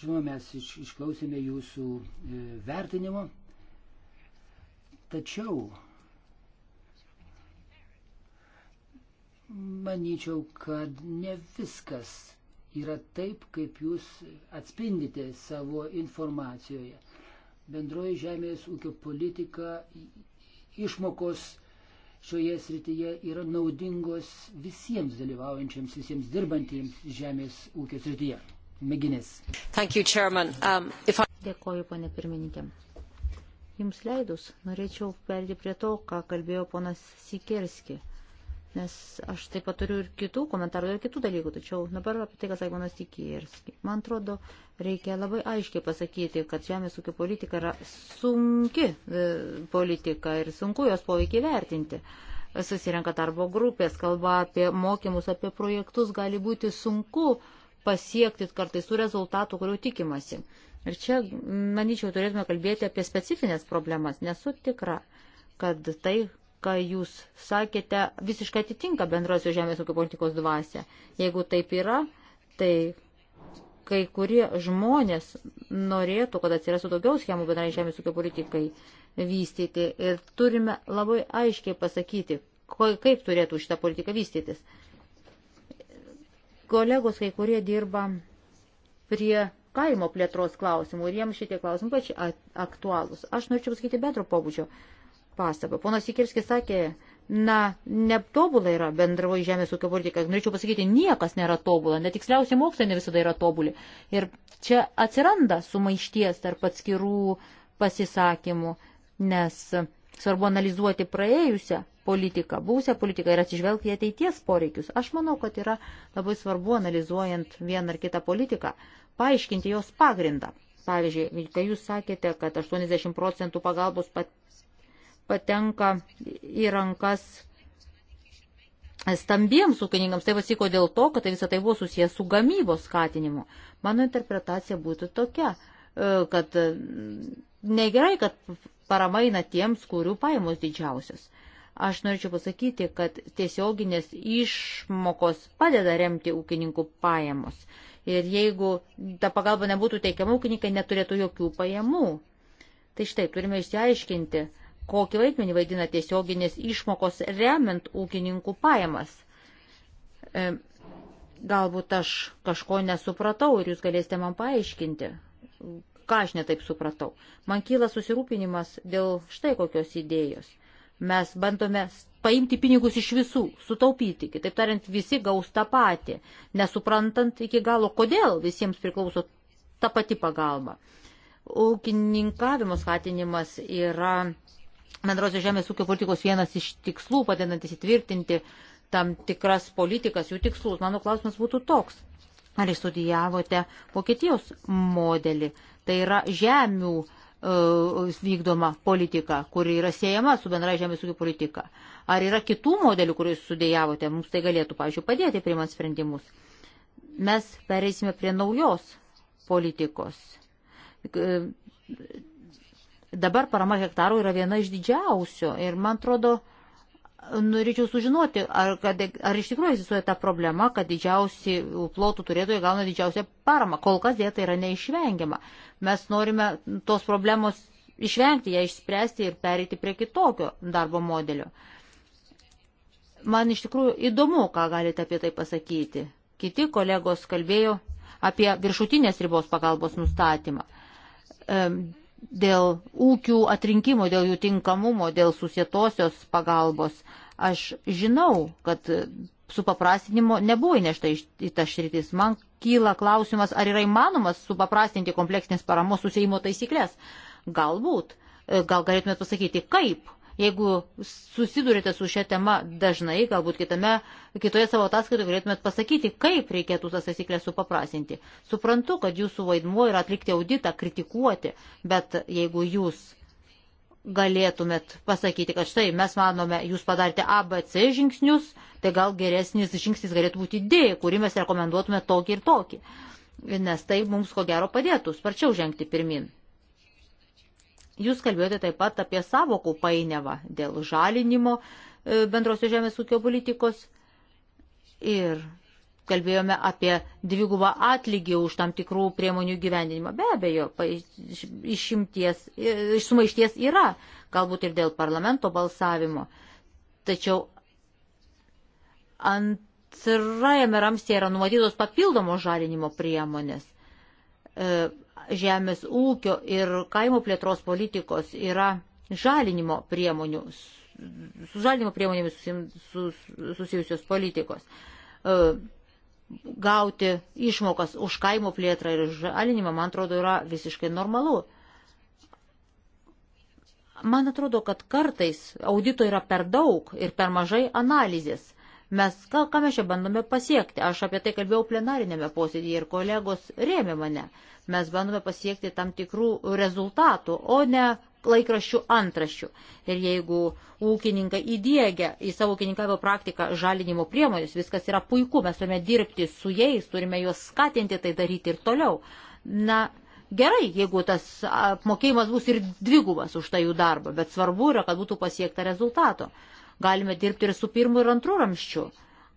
Žinoma, mes iš, išklausėme jūsų e, vertinimo, tačiau manyčiau, kad ne viskas yra taip, kaip jūs atspindite savo informacijoje. Bendroji žemės ūkio politika išmokos šioje srityje yra naudingos visiems dalyvaujančiams, visiems dirbantiems žemės ūkio srityje. Mėginės. Um, I... Dėkoju, ponė pirmininkė. Jums leidus, norėčiau perėti prie to, ką kalbėjo ponas Sikerski nes aš taip pat turiu ir kitų komentarų, ir kitų dalykų, tačiau dabar apie tai, kas sakė manas Tikierski. Man atrodo, reikia labai aiškiai pasakyti, kad žemės ūkio politika yra sunki e, politika ir sunku jos poveikį vertinti. Susirenka darbo grupės, kalba apie mokymus, apie projektus, gali būti sunku pasiekti kartais tų rezultatų, kurių tikimasi. Ir čia, manyčiau, turėtume kalbėti apie specifines problemas. Nesu tikra, kad tai, ką jūs sakėte, visiškai atitinka bendrosios žemės ūkio politikos dvasia. Jeigu taip yra, tai kai kurie žmonės norėtų, kad atsirastų daugiau schemų bendrai žemės ūkio politikai vystyti ir turime labai aiškiai pasakyti, kaip turėtų šitą politiką vystytis. Kolegos kai kurie dirba prie kaimo plėtros klausimų ir jiems šitie klausimai pačiai aktualūs. Aš norėčiau pasakyti bendro pobūdžio pastabą. Ponas Sikirskis sakė, na, netobula yra bendroji žemės ūkio politika. Norėčiau pasakyti, niekas nėra tobula, netiksliausiai mokslai ne visada yra tobuli. Ir čia atsiranda sumaišties tarp atskirų pasisakymų, nes svarbu analizuoti praėjusią politiką, būsią politiką ir atsižvelgti į ateities poreikius. Aš manau, kad yra labai svarbu analizuojant vieną ar kitą politiką, paaiškinti jos pagrindą. Pavyzdžiui, kai jūs sakėte, kad 80 procentų pagalbos patenka į rankas stambiems ūkininkams. Tai vasiko dėl to, kad tai visą tai buvo susijęs su gamybos skatinimu. Mano interpretacija būtų tokia, e, kad negerai, kad parama eina tiems, kurių pajamos didžiausios. Aš norėčiau pasakyti, kad tiesioginės išmokos padeda remti ūkininkų pajamos. Ir jeigu ta pagalba nebūtų teikiama, ūkininkai neturėtų jokių pajamų. Tai štai turime išsiaiškinti, kokį vaidmenį vaidina tiesioginės išmokos remiant ūkininkų pajamas. E, galbūt aš kažko nesupratau ir jūs galėsite man paaiškinti, ką aš netaip supratau. Man kyla susirūpinimas dėl štai kokios idėjos. Mes bandome paimti pinigus iš visų, sutaupyti, kitaip tariant, visi gaus tą patį, nesuprantant iki galo, kodėl visiems priklauso ta pati pagalba ūkininkavimo skatinimas yra bendrosios žemės ūkio politikos vienas iš tikslų, padedantis įtvirtinti tam tikras politikas, jų tikslus. Mano klausimas būtų toks. Ar studijavote Vokietijos modelį? Tai yra žemių uh, vykdoma politika, kuri yra siejama su bendra žemės ūkio politika. Ar yra kitų modelių, kuriuos studijavote? Mums tai galėtų, pavyzdžiui, padėti priimant sprendimus. Mes pereisime prie naujos politikos. Uh, Dabar parama hektarų yra viena iš didžiausių ir man atrodo, norėčiau sužinoti, ar, kad, ar iš tikrųjų egzistuoja ta problema, kad didžiausi plotų turėtojai gauna didžiausią paramą. Kol kas dėta yra neišvengiama. Mes norime tos problemos išvengti, ją išspręsti ir pereiti prie kitokio darbo modelio. Man iš tikrųjų įdomu, ką galite apie tai pasakyti. Kiti kolegos kalbėjo apie viršutinės ribos pagalbos nustatymą dėl ūkių atrinkimo, dėl jų tinkamumo, dėl susietosios pagalbos. Aš žinau, kad supaprastinimo nebuvo įnešta į tą šritis. Man kyla klausimas, ar yra įmanomas supaprastinti kompleksinės paramos susėjimo taisyklės. Galbūt. Gal galėtumėt pasakyti, kaip? Jeigu susidurite su šia tema dažnai, galbūt kitame, kitoje savo ataskaitoje galėtumėt pasakyti, kaip reikėtų tas taisyklės supaprasinti. Suprantu, kad jūsų vaidmuo yra atlikti auditą, kritikuoti, bet jeigu jūs galėtumėt pasakyti, kad štai mes manome, jūs padarėte ABC žingsnius, tai gal geresnis žingsnis galėtų būti D, kurį mes rekomenduotume tokį ir tokį. Nes tai mums ko gero padėtų sparčiau žengti pirmin. Jūs kalbėjote taip pat apie savokų painiavą dėl žalinimo e, bendrosios žemės ūkio politikos ir kalbėjome apie dvigubą atlygį už tam tikrų priemonių gyvendinimą. Be abejo, išimties, e, iš sumaišties yra, galbūt ir dėl parlamento balsavimo. Tačiau antrajame ramstėje yra numatytos papildomos žalinimo priemonės. E, žemės ūkio ir kaimo plėtros politikos yra žalinimo priemonių, su žalinimo priemonėmis susijusios politikos. E, gauti išmokas už kaimo plėtrą ir žalinimą, man atrodo, yra visiškai normalu. Man atrodo, kad kartais audito yra per daug ir per mažai analizės. Mes, ką, ką mes čia bandome pasiekti? Aš apie tai kalbėjau plenarinėme posėdėje ir kolegos rėmė mane. Mes bandome pasiekti tam tikrų rezultatų, o ne laikraščių antraščių. Ir jeigu ūkininkai įdėgia į savo ūkininkavimo praktiką žalinimo priemonės, viskas yra puiku, mes turime dirbti su jais, turime juos skatinti tai daryti ir toliau. Na, gerai, jeigu tas apmokėjimas bus ir dvigubas už tą jų darbą, bet svarbu yra, kad būtų pasiekta rezultato. Galime dirbti ir su pirmu ir antru ramščiu.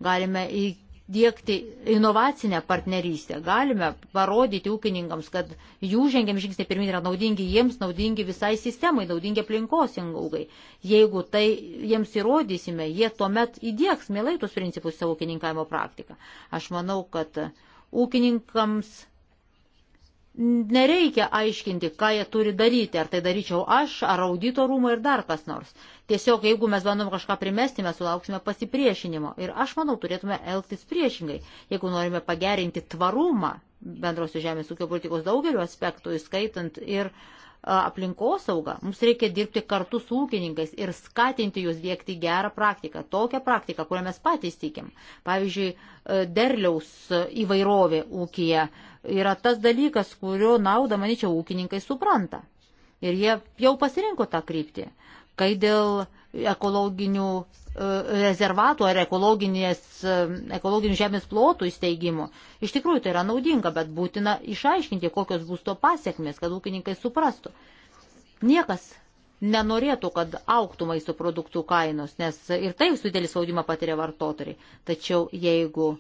Galime įdėkti inovacinę partnerystę. Galime parodyti ūkininkams, kad jų žengiam žingsnį pirmin yra naudingi jiems, naudingi visai sistemai, naudingi aplinkos ingaugai. Jeigu tai jiems įrodysime, jie tuomet įdėks mielai tus principus savo ūkininkavimo praktiką. Aš manau, kad ūkininkams nereikia aiškinti, ką jie turi daryti, ar tai daryčiau aš, ar audito rūmai ir dar kas nors. Tiesiog, jeigu mes bandom kažką primesti, mes sulauksime pasipriešinimo. Ir aš manau, turėtume elgtis priešingai. Jeigu norime pagerinti tvarumą bendrosios žemės ūkio politikos daugeliu aspektų, įskaitant ir uh, aplinkosaugą, mums reikia dirbti kartu su ūkininkais ir skatinti juos dėkti gerą praktiką, tokią praktiką, kurią mes patys tikim. Pavyzdžiui, derliaus įvairovė ūkija yra tas dalykas, kurio naudą, manyčiau, ūkininkai supranta. Ir jie jau pasirinko tą kryptį kai dėl ekologinių e, rezervatų ar e, ekologinių žemės plotų įsteigimo. Iš tikrųjų tai yra naudinga, bet būtina išaiškinti, kokios bus to pasiekmes, kad ūkininkai suprastų. Niekas nenorėtų, kad auktų maisto produktų kainos, nes ir tai sudėlį spaudimą patiria vartotojai. Tačiau jeigu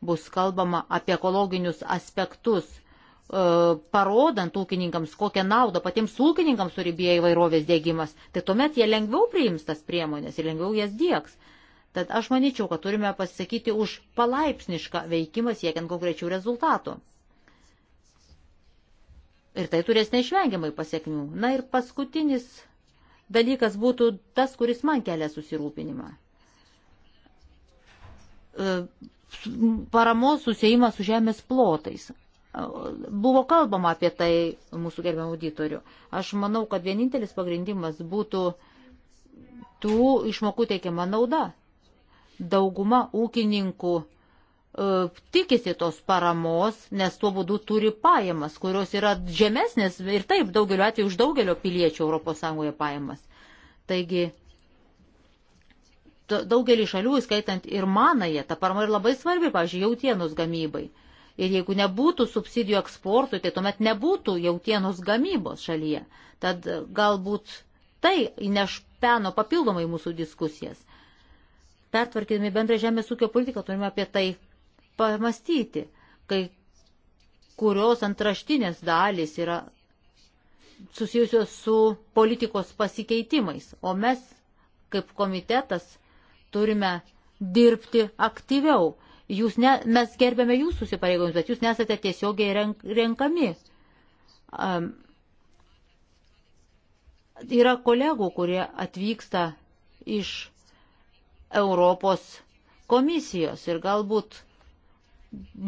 bus kalbama apie ekologinius aspektus E, parodant ūkininkams, kokią naudą patiems ūkininkams turi bėja įvairovės dėgymas, tai tuomet jie lengviau priims tas priemonės ir lengviau jas dėks. Tad aš manyčiau, kad turime pasisakyti už palaipsnišką veikimą siekiant konkrečių rezultatų. Ir tai turės neišvengiamai pasiekmių. Na ir paskutinis dalykas būtų tas, kuris man kelia susirūpinimą. E, paramos susijimas su žemės plotais. Buvo kalbama apie tai mūsų gerbiamų auditorių. Aš manau, kad vienintelis pagrindimas būtų tų išmokų teikiama nauda. Dauguma ūkininkų e, tikisi tos paramos, nes tuo būdu turi pajamas, kurios yra žemesnės ir taip daugeliu atveju už daugelio piliečių ES pajamas. Taigi daugelį šalių, skaitant ir manąją, ta parama ir labai svarbi, pažiūrėjau, jautienos gamybai. E, Ir jeigu nebūtų subsidijų eksportui, tai tuomet nebūtų jautienos gamybos šalyje. Tad e, galbūt tai įneš peno papildomai mūsų diskusijas. Pertvarkydami bendrą žemės ūkio politiką turime apie tai pamastyti, kai kurios antraštinės dalys yra susijusios su politikos pasikeitimais, o mes kaip komitetas turime dirbti aktyviau Jūs ne, mes gerbėme jūsų įsipareigojimus, bet jūs nesate tiesiogiai renk, renkami. Um, yra kolegų, kurie atvyksta iš Europos komisijos ir galbūt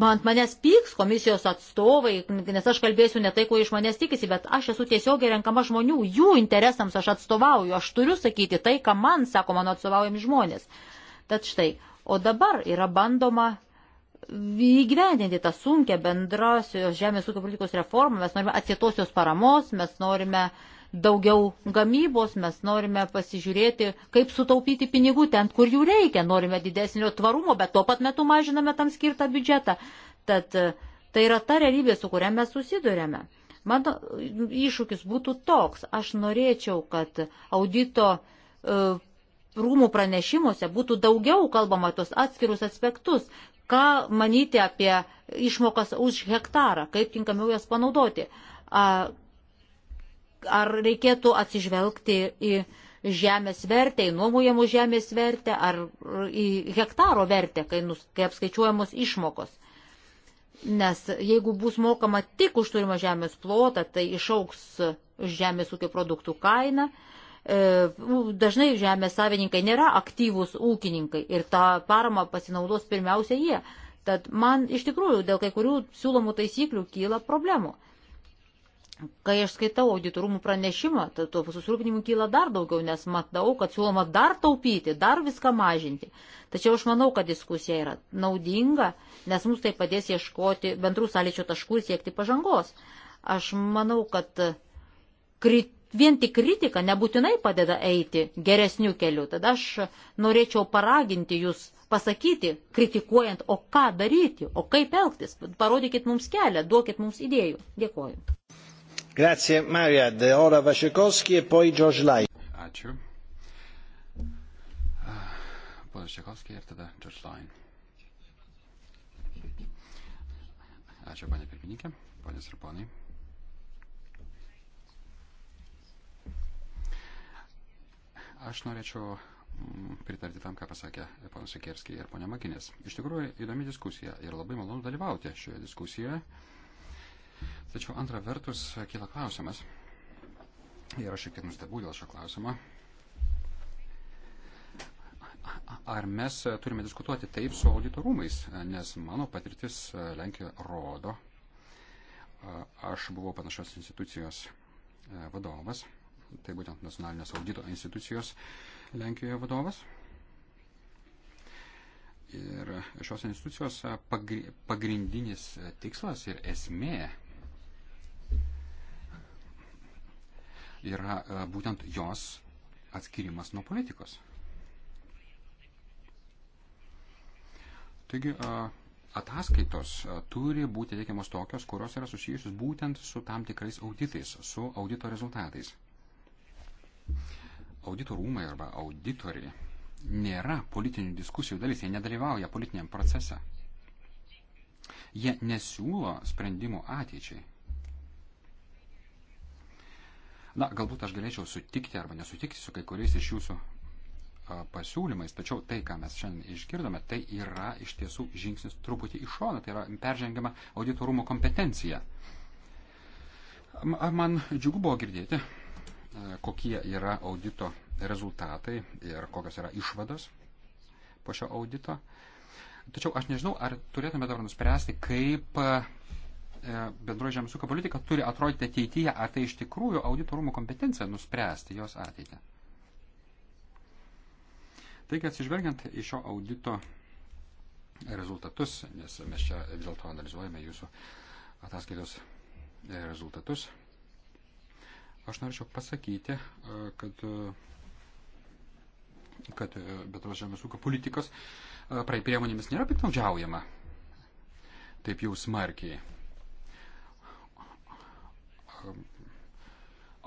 man manęs pyks komisijos atstovai, nes aš kalbėsiu ne tai, ko iš manęs tikisi, bet aš esu tiesiogiai renkama žmonių, jų interesams aš atstovauju, aš turiu sakyti tai, ką man sako mano atstovaujami žmonės. Tad štai, O dabar yra bandoma įgyvendinti tą sunkę bendrosios žemės ūkio politikos reformą. Mes norime atsietosios paramos, mes norime daugiau gamybos, mes norime pasižiūrėti, kaip sutaupyti pinigų ten, kur jų reikia. Norime didesnio tvarumo, bet tuo pat metu mažiname tam skirtą biudžetą. Tad e, tai yra ta realybė, su kuria mes susidurėme. Mano iššūkis būtų toks. Aš norėčiau, kad audito e, rūmų pranešimuose būtų daugiau kalbama tos atskirus aspektus, ką manyti apie išmokas už hektarą, kaip tinkamiau jas panaudoti. Ar reikėtų atsižvelgti į žemės vertę, į nuomojamų žemės vertę, ar į hektaro vertę, kai, nus, kai apskaičiuojamos išmokos. Nes jeigu bus mokama tik už turimą žemės plotą, tai išauks žemės ūkio produktų kaina, uh, E, dažnai žemės savininkai nėra aktyvūs ūkininkai ir tą paramą pasinaudos pirmiausia jie. Tad man iš tikrųjų dėl kai kurių siūlomų taisyklių kyla problemų. Kai aš skaitau auditorumų pranešimą, tai tuo susirūpinimu kyla dar daugiau, nes matau, kad siūloma dar taupyti, dar viską mažinti. Tačiau aš manau, kad diskusija yra naudinga, nes mums tai padės ieškoti bendrų sąlyčio taškų ir siekti pažangos. Aš manau, kad krit Vien tik kritika nebūtinai padeda eiti geresnių kelių. Tad aš norėčiau paraginti jūs pasakyti, kritikuojant, o ką daryti, o kaip elgtis. Parodykit mums kelią, duokit mums idėjų. Dėkoju. Grazie, Marija. Deora Vašekovski, poi George Lai. Ačiū. Ponas Šekovski ir tada George Lai. Ačiū, panė pirmininkė, ponės ir ponai. Aš norėčiau mm, pritarti tam, ką pasakė ponas Sikerskis ir ponia Makinės. Iš tikrųjų, įdomi diskusija ir labai malonu dalyvauti šioje diskusijoje. Tačiau antra vertus kyla klausimas. Ir aš šiek tiek nustebu dėl šio klausimo. Ar mes turime diskutuoti taip su auditorumais, nes mano patirtis Lenkijoje rodo, aš buvau panašios institucijos vadovas tai būtent nacionalinės audito institucijos Lenkijoje vadovas. Ir šios institucijos pagri, pagrindinis tikslas ir esmė yra e, būtent jos atskirimas nuo politikos. Taigi e, ataskaitos e, turi būti teikiamos tokios, kurios yra susijusios būtent su tam tikrais auditais, su audito rezultatais. Audito rūmai arba auditoriai nėra politinių diskusijų dalis, jie nedalyvauja politiniam procese. Jie nesiūlo sprendimų ateičiai. Na, galbūt aš galėčiau sutikti arba nesutikti su kai kuriais iš jūsų pasiūlymais, tačiau tai, ką mes šiandien išgirdome, tai yra iš tiesų žingsnis truputį į šoną, tai yra peržengiama auditorumo kompetencija. Man džiugu buvo girdėti, kokie yra audito rezultatai ir kokios yra išvados po šio audito. Tačiau aš nežinau, ar turėtume dabar nuspręsti, kaip e, bendroji žemės ūkio politika turi atrodyti ateityje, ar tai iš tikrųjų auditorumų kompetencija nuspręsti jos ateitį. Taigi atsižvelgiant į šio audito rezultatus, nes mes čia vis dėlto analizuojame jūsų ataskaitos rezultatus, Aš norėčiau pasakyti, e, kad, e, kad Lietuvos žemės ūkio politikos e, praei priemonėmis nėra piknaudžiaujama taip jau smarkiai.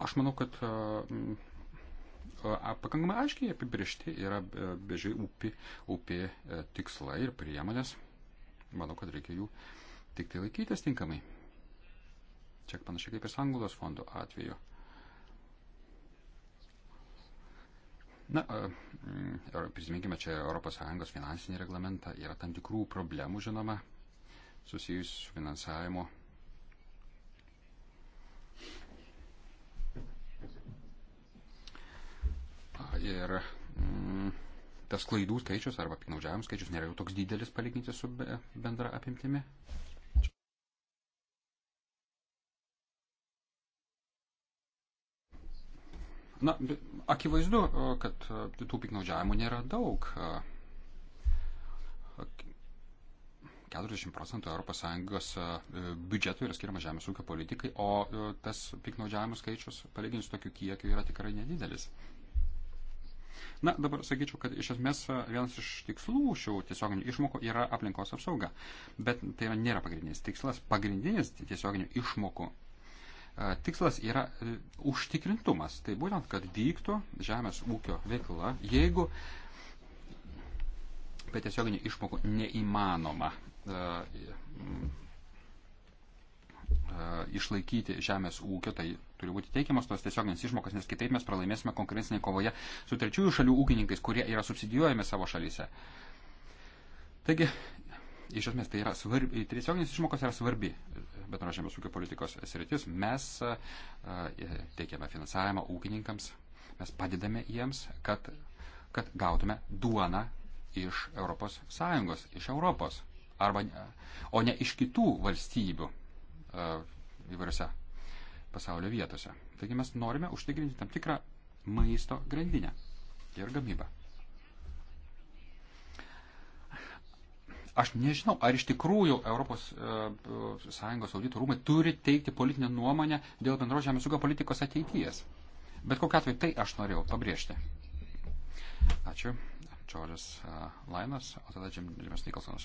Aš manau, kad pakankamai aiškiai apibriešti yra bežiai upi, upi tikslai ir priemonės. Manau, kad reikia jų tik tai laikytis tinkamai. Čia panašiai kaip ir Sangulos fondo atveju. Na, mm, prisiminkime čia ES finansinį reglamentą, yra tam tikrų problemų, žinoma, susijusių su finansavimu. Ir mm, tas klaidų skaičius arba piknaudžiavimų skaičius nėra jau toks didelis palyginti su be, bendra apimtimi. Na, akivaizdu, kad tų piknaudžiavimų nėra daug. 40 procentų ES biudžeto yra skiriama žemės ūkio politikai, o tas piknaudžiavimų skaičius, palyginus tokiu kiekiu, yra tikrai nedidelis. Na, dabar sakyčiau, kad iš esmės vienas iš tikslų šių tiesioginių išmokų yra aplinkos apsauga. Bet tai yra, nėra pagrindinis tikslas. Pagrindinis tiesioginių išmokų Tikslas yra e, užtikrintumas. Tai būtent, kad vyktų žemės ūkio veikla, jeigu be tiesioginių išmokų neįmanoma e, e, išlaikyti žemės ūkio, tai turi būti teikiamas tos tiesioginės išmokas, nes kitaip mes pralaimėsime konkurencinėje kovoje su trečiųjų šalių ūkininkais, kurie yra subsidijuojami savo šalyse. Taigi iš esmės tai yra svarbi, tiesioginės išmokos yra svarbi bendro žemės ūkio politikos sritis. Mes e, teikiame finansavimą ūkininkams, mes padedame jiems, kad, kad gautume duoną iš ES, iš Europos, arba, o ne iš kitų valstybių e, įvairiose pasaulio vietose. Taigi mes norime užtikrinti tam tikrą maisto grandinę ir gamybą. Aš nežinau, ar iš tikrųjų ES e, audito rūmai turi teikti politinę nuomonę dėl bendro žemės ūkio politikos ateities. Bet kokia atveju tai aš norėjau pabrėžti. Ačiū. Džordžas e, Lainas, o tada Džimis Nikolsonas.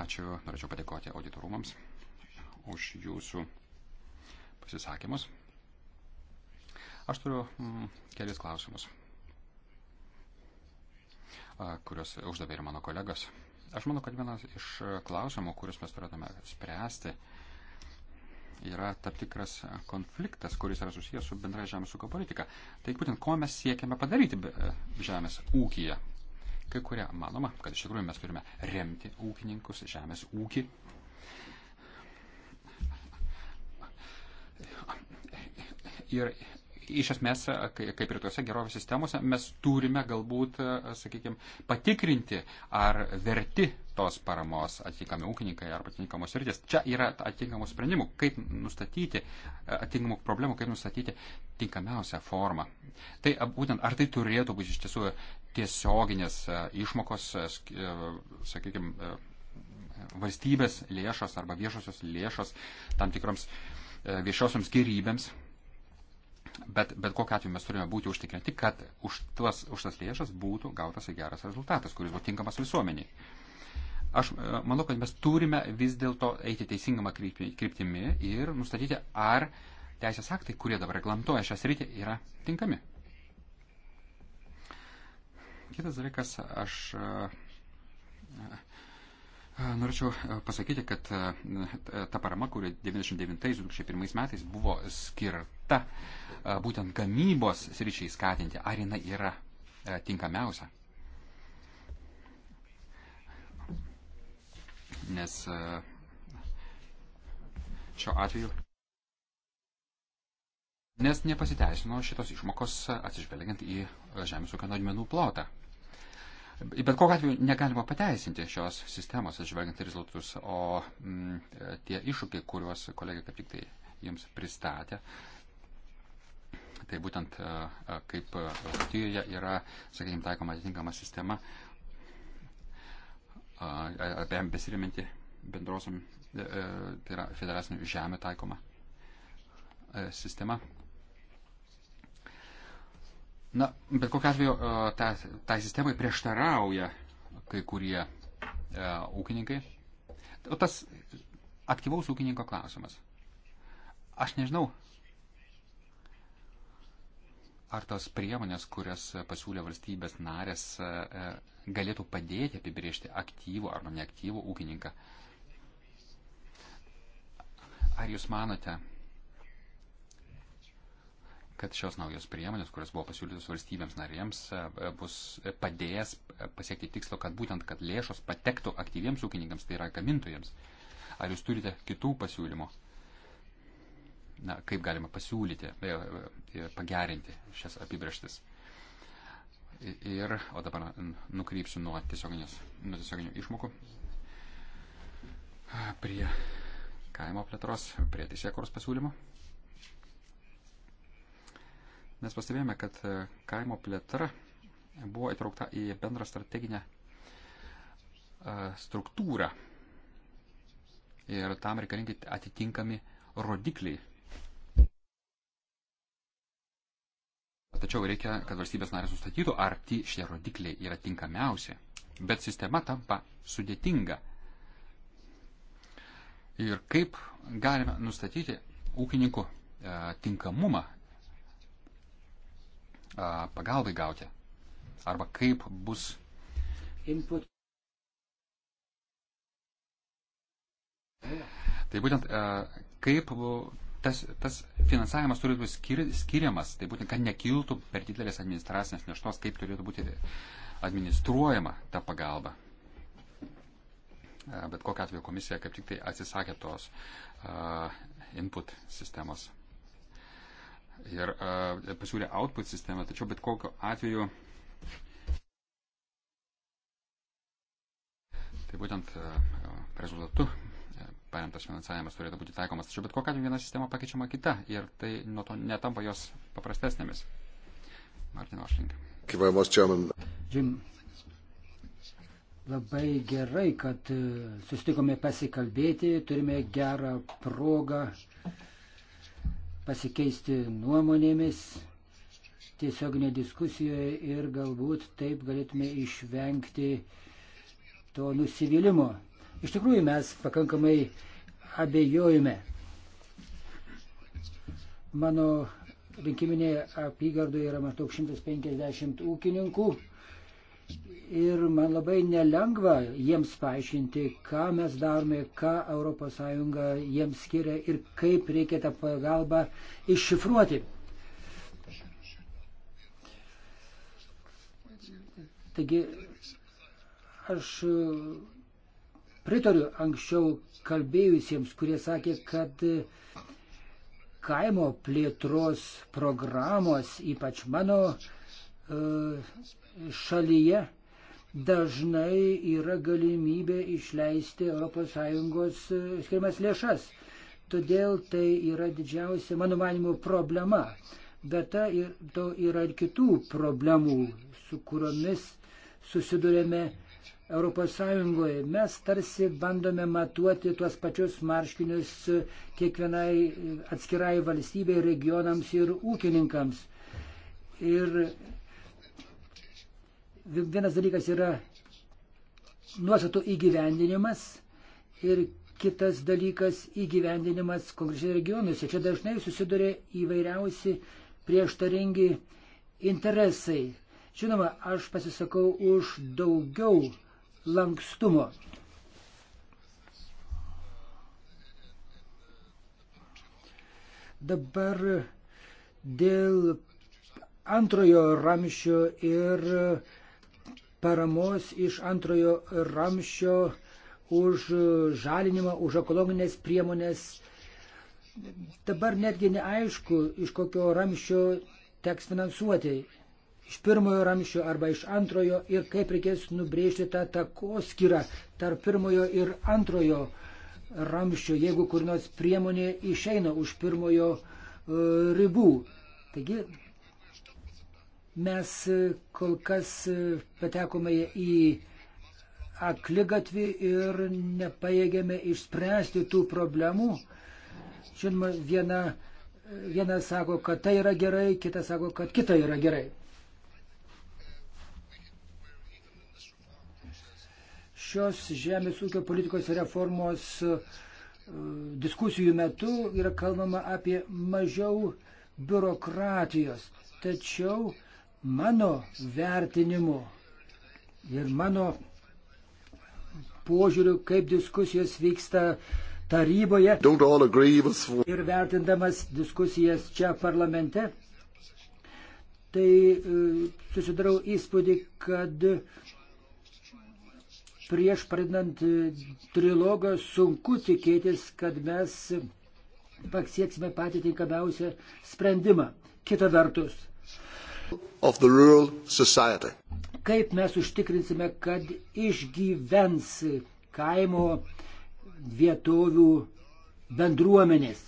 Ačiū. Norėčiau padėkoti auditorumams už jūsų pasisakymus. Aš turiu mm, kelis klausimus kuriuos uždavė ir mano kolegos. Aš manau, kad vienas iš klausimų, kuriuos mes turėtume spręsti, yra tam tikras konfliktas, kuris yra susijęs su bendra žemės ūkio politika. Tai būtent, ko mes siekiame padaryti e, žemės ūkija. Kai kurie manoma, kad iš tikrųjų mes turime remti ūkininkus, žemės ūkį. Ir iš esmės, kaip ir tuose gerovės sistemose, mes turime galbūt, sakykime, patikrinti, ar verti tos paramos atitinkami ūkininkai arba atitinkamos rytis. Čia yra atitinkamų sprendimų, kaip nustatyti, atitinkamų problemų, kaip nustatyti tinkamiausią formą. Tai būtent, ar tai turėtų būti iš tiesų tiesioginės išmokos, sakykime, valstybės lėšos arba viešosios lėšos tam tikroms viešosioms gerybėms Bet, bet kokiu atveju mes turime būti užtikrinti, kad už, tuos, už tas lėšas būtų gautas geras rezultatas, kuris būtų tinkamas visuomeniai. Aš e, manau, kad mes turime vis dėlto eiti teisingamą kryptimį ir nustatyti, ar teisės aktai, kurie dabar reglamentoja šią sritį, yra tinkami. Kitas dalykas, aš e, Norėčiau e, pasakyti, kad e, e, ta parama, kuri 99-2001 metais buvo skirta būtent gamybos sričiai skatinti, ar jinai yra tinkamiausia? Nes šiuo atveju. Nes nepasiteisino šitos išmokos atsižvelgiant į žemės ūkio naudmenų plotą. Bet kokiu atveju negalima pateisinti šios sistemos, žvelgiant į rezultatus, o m, mm, tie iššūkiai, kuriuos kolegė kaip tik tai jums pristatė, tai būtent kaip Vokietijoje yra, sakykime, taikoma atitinkama sistema, apie besiriminti bendrosiam, e, e, tai yra federacinių žemė taikoma e, sistema, Na, bet kokiu atveju tą, e, tą tai sistemai prieštarauja kai kurie e, ūkininkai. O tas aktyvaus ūkininko klausimas. Aš nežinau, ar tos priemonės, kurias pasiūlė valstybės narės, e, e, galėtų padėti apibriežti aktyvų arba neaktyvų ūkininką. Ar jūs manote, kad šios naujos priemonės, kurios buvo pasiūlytos valstybėms narėms, e, e, bus e, padėjęs pasiekti tikslo, kad būtent, kad lėšos patektų aktyviems ūkininkams, tai yra gamintojams. Ar jūs turite kitų pasiūlymų? Na, kaip galima pasiūlyti, pagerinti šias apibrieštis? Ir, o dabar nukrypsiu nuo tiesioginių nuo išmokų prie kaimo plėtros, prie teisėkuros pasiūlymo. Mes pastebėjome, kad e, kaimo plėtra buvo įtraukta į bendrą strateginę e, struktūrą ir tam reikalingi atitinkami rodikliai. Tačiau reikia, kad valstybės narės nustatytų, ar tie šie rodikliai yra tinkamiausi. Bet sistema tampa sudėtinga. Ir kaip galime nustatyti ūkininkų e, tinkamumą pagalbai gauti? Arba kaip bus. Input. Tai būtent kaip tas, tas finansavimas turi būti skir, skiriamas, tai būtent, kad nekiltų per didelės administracinės neštos, kaip turėtų būti administruojama ta pagalba. Bet kokia atveju komisija kaip tik tai atsisakė tos uh, input sistemos ir uh, pasiūlė output sistemą, tačiau bet kokiu atveju tai būtent uh, rezultatu uh, paremtas finansavimas turėtų būti taikomas, tačiau bet kokiu atveju viena sistema pakeičiama kita ir tai nuo to netampa jos paprastesnėmis. Martin Ošling. Jim, labai gerai, kad e, susitikome pasikalbėti, turime gerą progą uh, pasikeisti nuomonėmis tiesioginė diskusijoje ir galbūt taip galėtume išvengti to nusivylimų. Iš tikrųjų mes pakankamai abejojame. Mano rinkiminėje apygardoje yra maždaug 150 ūkininkų ir man labai nelengva jiems paaiškinti, ką mes darome, ką ES jiems skiria ir kaip reikia tą pagalbą iššifruoti. Taigi aš pritariu anksčiau kalbėjusiems, kurie sakė, kad kaimo plėtros programos, ypač mano e, šalyje, dažnai yra galimybė išleisti ES skiriamas lėšas. Todėl tai yra didžiausia, mano manimo, problema. Bet ta, ir, to yra ir kitų problemų, su kuriomis susidurėme ES. Mes tarsi bandome matuoti tuos pačius marškinius kiekvienai atskirai valstybei, regionams ir ūkininkams. Ir vienas dalykas yra nuostatų įgyvendinimas ir kitas dalykas įgyvendinimas konkrečiai regionuose. Čia dažnai susiduria įvairiausi prieštaringi interesai. Žinoma, aš pasisakau už daugiau lankstumo. Dabar dėl antrojo ramščio ir uh, paramos iš antrojo ramščio už žalinimą, už ekologinės priemonės. Dabar netgi neaišku, iš kokio ramščio teks finansuoti. Iš pirmojo ramščio arba iš antrojo ir kaip reikės nubrėžti tą takoskirą tarp pirmojo ir antrojo ramščio, jeigu kur nors priemonė išeina už pirmojo e, ribų. Taigi Mes kol kas patekome į akligatvį ir nepaėgėme išspręsti tų problemų. Žinoma, viena, viena sako, kad tai yra gerai, kita sako, kad kita yra gerai. Šios žemės ūkio politikos reformos e, diskusijų metu yra kalbama apie mažiau biurokratijos. Tačiau Mano vertinimu ir mano požiūriu, kaip diskusijos vyksta taryboje ir vertindamas diskusijas čia parlamente, tai e, susidarau įspūdį, kad prieš pradant e, trilogą sunku tikėtis, kad mes pasieksime patį tinkamiausią sprendimą. Kita vertus, Kaip mes užtikrinsime, kad išgyvens kaimo vietovių bendruomenės?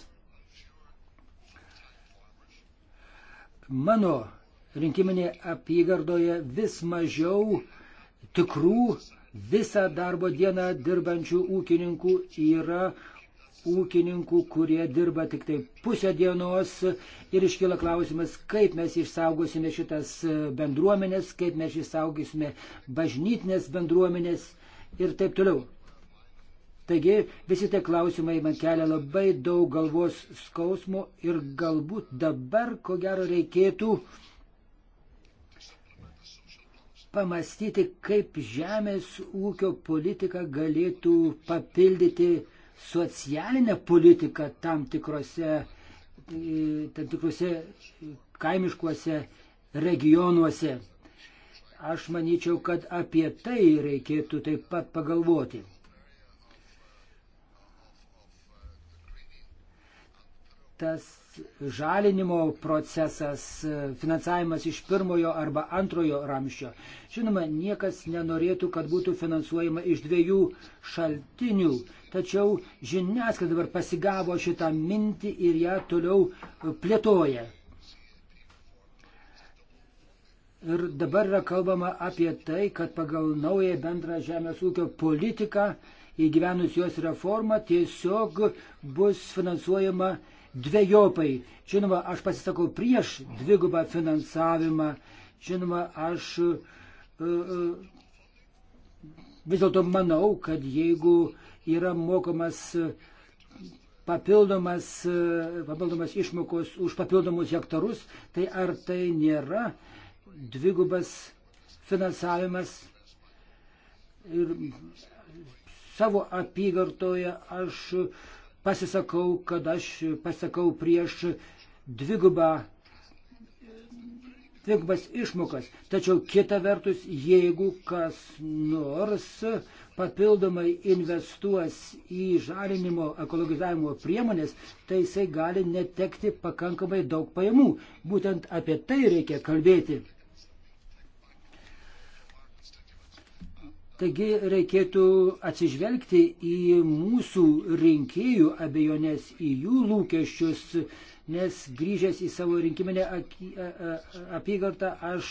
Mano rinkiminėje apygardoje vis mažiau tikrų visą darbo dieną dirbančių ūkininkų yra ūkininkų, kurie dirba tik tai pusę dienos ir iškyla klausimas, kaip mes išsaugosime šitas e, bendruomenės, kaip mes išsaugosime bažnytinės bendruomenės ir taip toliau. Taigi visi tie klausimai man kelia labai daug galvos skausmo ir galbūt dabar, ko gero, reikėtų pamastyti, kaip žemės ūkio politika galėtų papildyti socialinę politiką tam tikrose, tam tikrose kaimiškuose regionuose. Aš manyčiau, kad apie tai reikėtų taip pat pagalvoti. tas žalinimo procesas, finansavimas iš pirmojo arba antrojo ramščio. Žinoma, niekas nenorėtų, kad būtų finansuojama iš dviejų šaltinių, tačiau žiniasklaida dabar pasigavo šitą mintį ir ją toliau plėtoja. Ir dabar yra kalbama apie tai, kad pagal naują bendrą žemės ūkio politiką įgyvenus jos reformą tiesiog bus finansuojama dviejopai. Žinoma, aš pasisakau prieš dvigubą finansavimą. Žinoma, aš e, e, vis dėlto manau, kad jeigu yra mokamas papildomas, e, papildomas išmokos už papildomus hektarus, tai ar tai nėra dvigubas finansavimas ir savo apygartoje aš pasisakau, kad aš pasakau prieš dvigubą dvigubas išmokas. Tačiau kita vertus, jeigu kas nors papildomai investuos į žalinimo ekologizavimo priemonės, tai jisai gali netekti pakankamai daug pajamų. Būtent apie tai reikia kalbėti. Taigi reikėtų atsižvelgti į mūsų rinkėjų abejonės, į jų lūkesčius, nes grįžęs į savo rinkiminę apygardą aš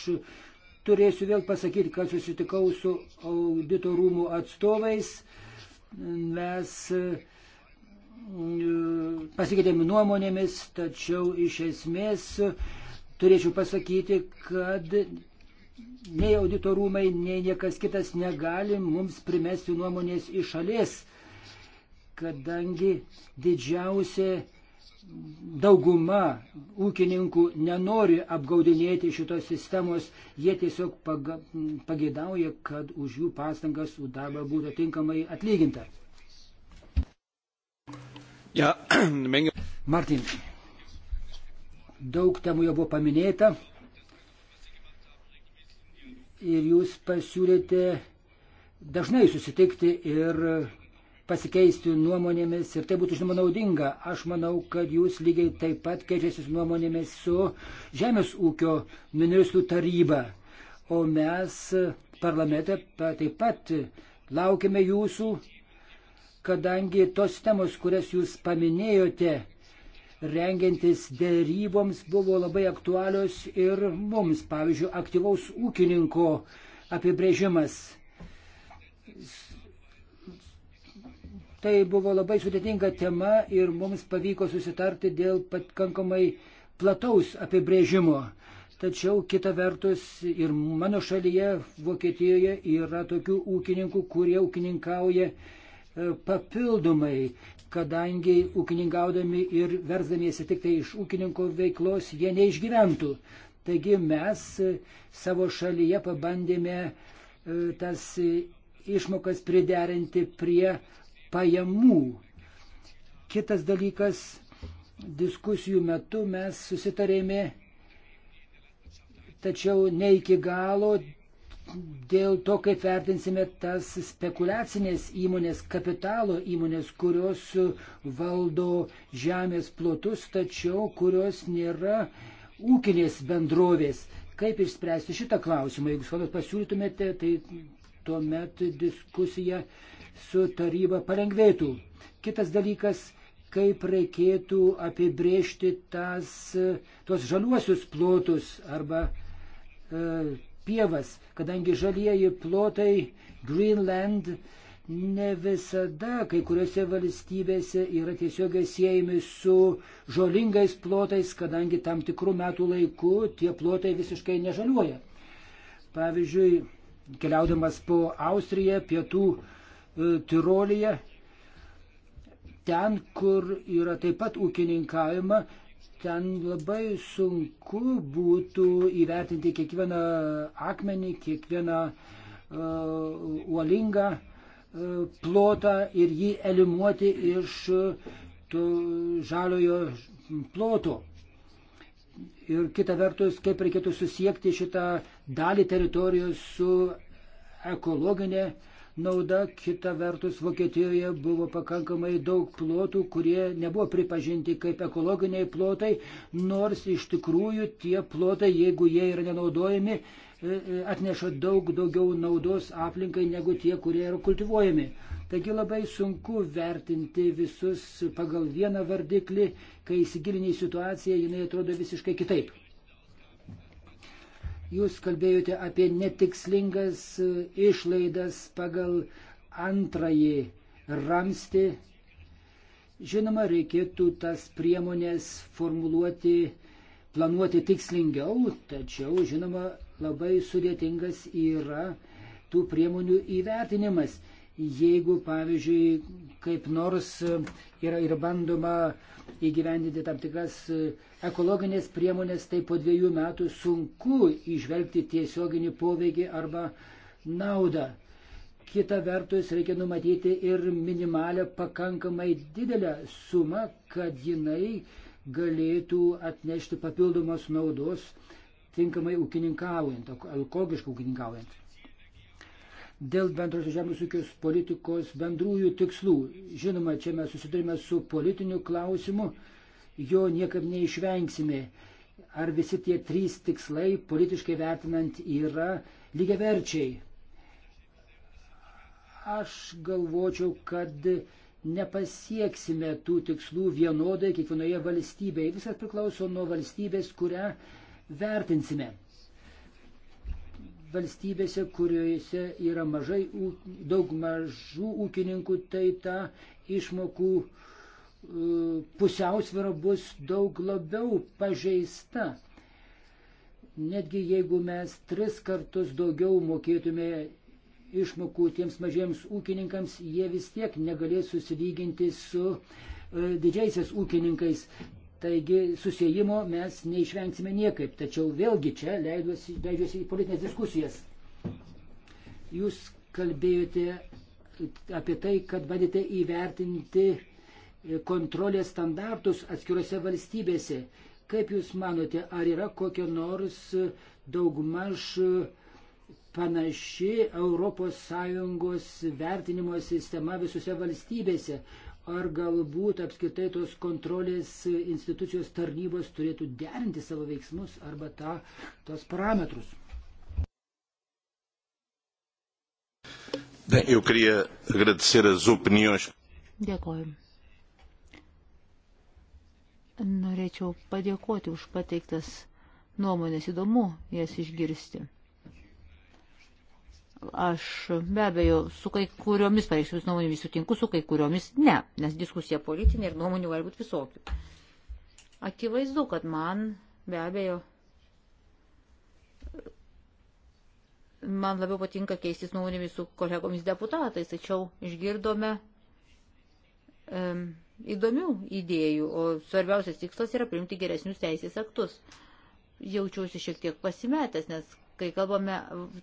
turėsiu vėl pasakyti, kad susitikau su auditorumų atstovais. Mes mm, pasikeitėme nuomonėmis, tačiau iš esmės turėčiau pasakyti, kad nei auditorumai, nei niekas kitas negali mums primesti nuomonės iš šalies, kadangi didžiausia dauguma ūkininkų nenori apgaudinėti šitos sistemos, jie tiesiog pagėdauja, kad už jų pastangas, už darbą būtų tinkamai atlyginta. Ja, (clears throat) Martin, daug temų jau buvo paminėta ir jūs pasiūlėte dažnai susitikti ir pasikeisti nuomonėmis ir tai būtų žinoma naudinga. Aš manau, kad jūs lygiai taip pat keičiasi nuomonėmis su Žemės ūkio ministrų taryba. O mes parlamente taip pat laukiame jūsų, kadangi tos temos, kurias jūs paminėjote, rengiantis dėryboms buvo labai aktualios ir mums, pavyzdžiui, aktyvaus ūkininko apibrėžimas. Tai buvo labai sudėtinga tema ir mums pavyko susitarti dėl pakankamai plataus apibrėžimo. Tačiau kita vertus ir mano šalyje, Vokietijoje, yra tokių ūkininkų, kurie ūkininkauja e, papildomai kadangi ūkininkaudami ir versdamiesi tik tai iš ūkininko veiklos jie neišgyventų. Taigi mes e, savo šalyje pabandėme e, tas e, išmokas priderinti prie pajamų. Kitas dalykas, diskusijų metu mes susitarėme, tačiau ne iki galo dėl to, kaip vertinsime tas spekulacinės įmonės, kapitalo įmonės, kurios valdo žemės plotus, tačiau kurios nėra ūkinės bendrovės. Kaip išspręsti šitą klausimą? Jeigu jūs pasiūlytumėte, tai tuomet diskusija su taryba palengvėtų. Kitas dalykas, kaip reikėtų apibriežti tas, tuos žaliuosius plotus arba e, pievas, kadangi žalieji plotai Greenland ne visada kai kuriuose valstybėse yra tiesiogiai siejami su žolingais plotais, kadangi tam tikrų metų laiku tie plotai visiškai nežaliuoja. Pavyzdžiui, keliaudamas po Austriją, pietų e, Tirolyje, ten, kur yra taip pat ūkininkavima, ten labai sunku būtų įvertinti kiekvieną akmenį, kiekvieną uh, uolingą uh, plotą ir jį elimuoti iš to žaliojo ploto. Ir kita vertus, kaip reikėtų susiekti šitą dalį teritorijos su ekologinė uh, nauda, kita vertus Vokietijoje buvo pakankamai daug plotų, kurie nebuvo pripažinti kaip ekologiniai plotai, nors iš tikrųjų tie plotai, jeigu jie yra nenaudojami, e, e, atneša daug daugiau naudos aplinkai negu tie, kurie yra kultivuojami. Taigi labai sunku vertinti visus pagal vieną vardiklį, kai įsigilini į situaciją, jinai atrodo visiškai kitaip. Jūs kalbėjote apie netikslingas e, išlaidas pagal antrąjį ramsti. Žinoma, reikėtų tas priemonės formuluoti, planuoti tikslingiau, tačiau, žinoma, labai sudėtingas yra tų priemonių įvertinimas. Jeigu, pavyzdžiui, kaip nors e, yra ir bandoma įgyvendinti tam tikras e, ekologinės priemonės, tai po dviejų metų sunku išvelgti tiesioginį poveikį arba naudą. Kita vertus, reikia numatyti ir minimalę pakankamai didelę sumą, kad jinai galėtų atnešti papildomos naudos tinkamai ūkininkaujant, ekologiškai ūkininkaujant dėl bendros žemės ūkios politikos bendrųjų tikslų. Žinoma, čia mes susidurime su politiniu klausimu, jo niekam neišvengsime. Ar visi tie trys tikslai, politiškai vertinant, yra lygiaverčiai? Aš galvočiau, kad nepasieksime tų tikslų vienodai kiekvienoje valstybėje. Viskas priklauso nuo valstybės, kurią vertinsime valstybėse, kuriuose yra mažai, daug mažų ūkininkų, tai ta išmokų e, pusiausvėra bus daug labiau pažeista. Netgi jeigu mes tris kartus daugiau mokėtume išmokų tiems mažiems ūkininkams, jie vis tiek negalės susilyginti su e, didžiaisiais ūkininkais. Taigi susijimo mes neišvengsime niekaip, tačiau vėlgi čia leiduosi, leidžiuosi į politinės diskusijas. Jūs kalbėjote apie tai, kad bandėte įvertinti e, kontrolės standartus atskiruose valstybėse. Kaip Jūs manote, ar yra kokia nors daugmaž panaši ES vertinimo sistema visose valstybėse? ar galbūt apskritai tos kontrolės institucijos tarnybos turėtų derinti savo veiksmus arba tą, tos parametrus. Eu queria agradecer as opiniões. Dėkoju. Norėčiau padėkoti už pateiktas nuomonės įdomu jas išgirsti. Aš be abejo su kai kuriomis pareikštomis nuomonėmis sutinku, su kai kuriomis ne, nes diskusija politinė ir nuomonių gali būti visokių. Akivaizdu, kad man be abejo man labiau patinka keistis nuomonėmis su kolegomis deputatais, tačiau išgirdome um, įdomių idėjų, o svarbiausias tikslas yra priimti geresnius teisės aktus. Jaučiausi šiek tiek pasimetęs, nes kai kalbame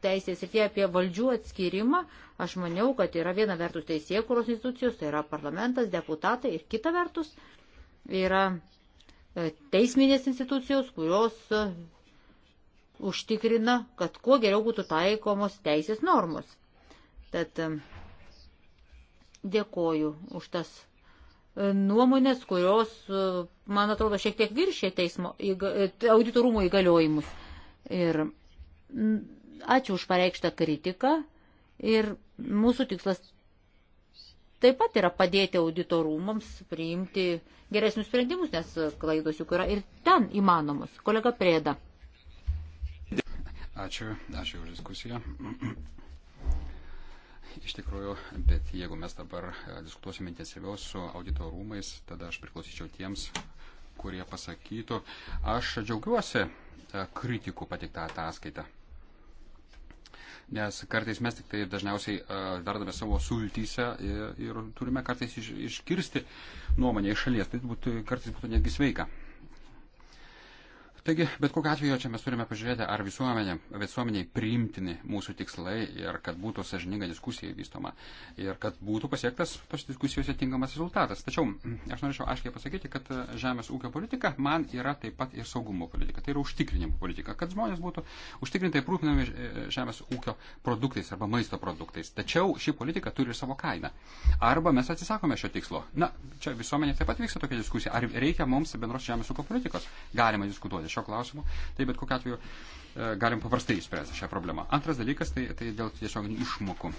teisės ir tie apie valdžių atskirimą, aš maniau, kad yra viena vertus teisėkuros institucijos, tai yra parlamentas, deputatai ir kita vertus yra e, teisminės institucijos, kurios e, užtikrina, kad kuo geriau būtų taikomos teisės normos. Tad e, dėkoju už tas nuomonės, kurios, man atrodo, šiek tiek viršė teismo auditorumų įgaliojimus. Ir Ačiū už pareikštą kritiką ir mūsų tikslas taip pat yra padėti auditorumams priimti geresnius sprendimus, nes klaidos juk yra ir ten įmanomos. Kolega Prėda. Ačiū, ačiū už diskusiją. Iš tikrųjų, bet jeigu mes dabar e, diskutuosime intensyviau su audito rūmais, tada aš priklausyčiau tiems, kurie pasakytų, aš džiaugiuosi e, kritikų patiktą ataskaitą nes kartais mes tik tai dažniausiai verdame savo sultyse ir, ir turime kartais iš, iškirsti nuomonę iš šalies. Tai būtų, kartais būtų netgi sveika. Taigi, bet kokiu atveju čia mes turime pažiūrėti, ar visuomenė, visuomeniai priimtini mūsų tikslai ir kad būtų sažininga diskusija vystoma ir kad būtų pasiektas tos diskusijos atinkamas rezultatas. Tačiau (clears throat) aš norėčiau aiškiai pasakyti, kad e, žemės ūkio politika man yra taip pat ir saugumo politika, tai yra užtikrinimo politika, kad žmonės būtų užtikrintai aprūpinami e, žemės ūkio produktais arba maisto produktais. Tačiau ši politika turi ir savo kainą. Arba mes atsisakome šio tikslo. Na, čia visuomenė taip pat vyksta tokia diskusija, ar reikia mums bendros žemės ūkio politikos. Galima diskutuoti šio klausimo, tai bet kokiu atveju e, galim paprastai išspręsti šią problemą. Antras dalykas, tai, tai dėl tiesioginių išmokų.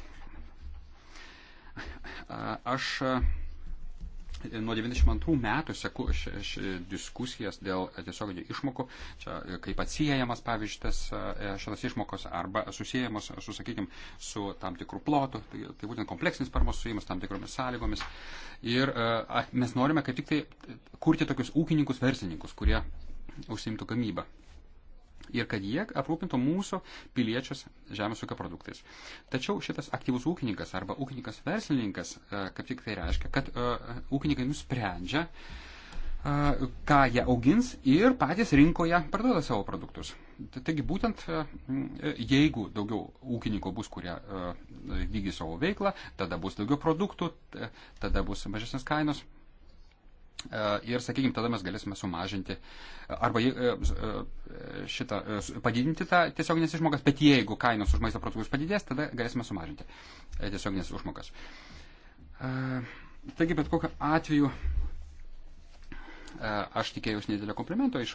Aš e, nuo 92 metų seku š, š, diskusijas dėl tiesioginių išmokų, čia e, kaip atsiejamas, pavyzdžiui, tas, šitas išmokos arba susijęjamas su, sakykime, su tam tikrų plotų, tai, tai būtent kompleksinis paramos sujimas tam tikromis sąlygomis. Ir a, mes norime kaip tik tai kurti tokius ūkininkus, verslininkus, kurie užsimtų gamybą. Ir kad jie aprūpintų mūsų piliečius žemės ūkio produktais. Tačiau šitas aktyvus ūkininkas arba ūkininkas verslininkas, e, kaip tik tai reiškia, kad e, ūkininkai nusprendžia, e, ką jie augins ir patys rinkoje parduoda savo produktus. Taigi būtent jeigu daugiau ūkininko bus, kurie vykdys savo veiklą, tada bus daugiau produktų, tada bus mažesnės kainos E, ir, sakykime, tada mes galėsime sumažinti e, arba e, šitą, padidinti tą tiesioginės išmokas, bet jeigu kainos už maisto produktus padidės, tada galėsime sumažinti tiesioginės išmokas. Taigi, bet kokiu atveju aš tikėjausi nedėlio komplimento iš,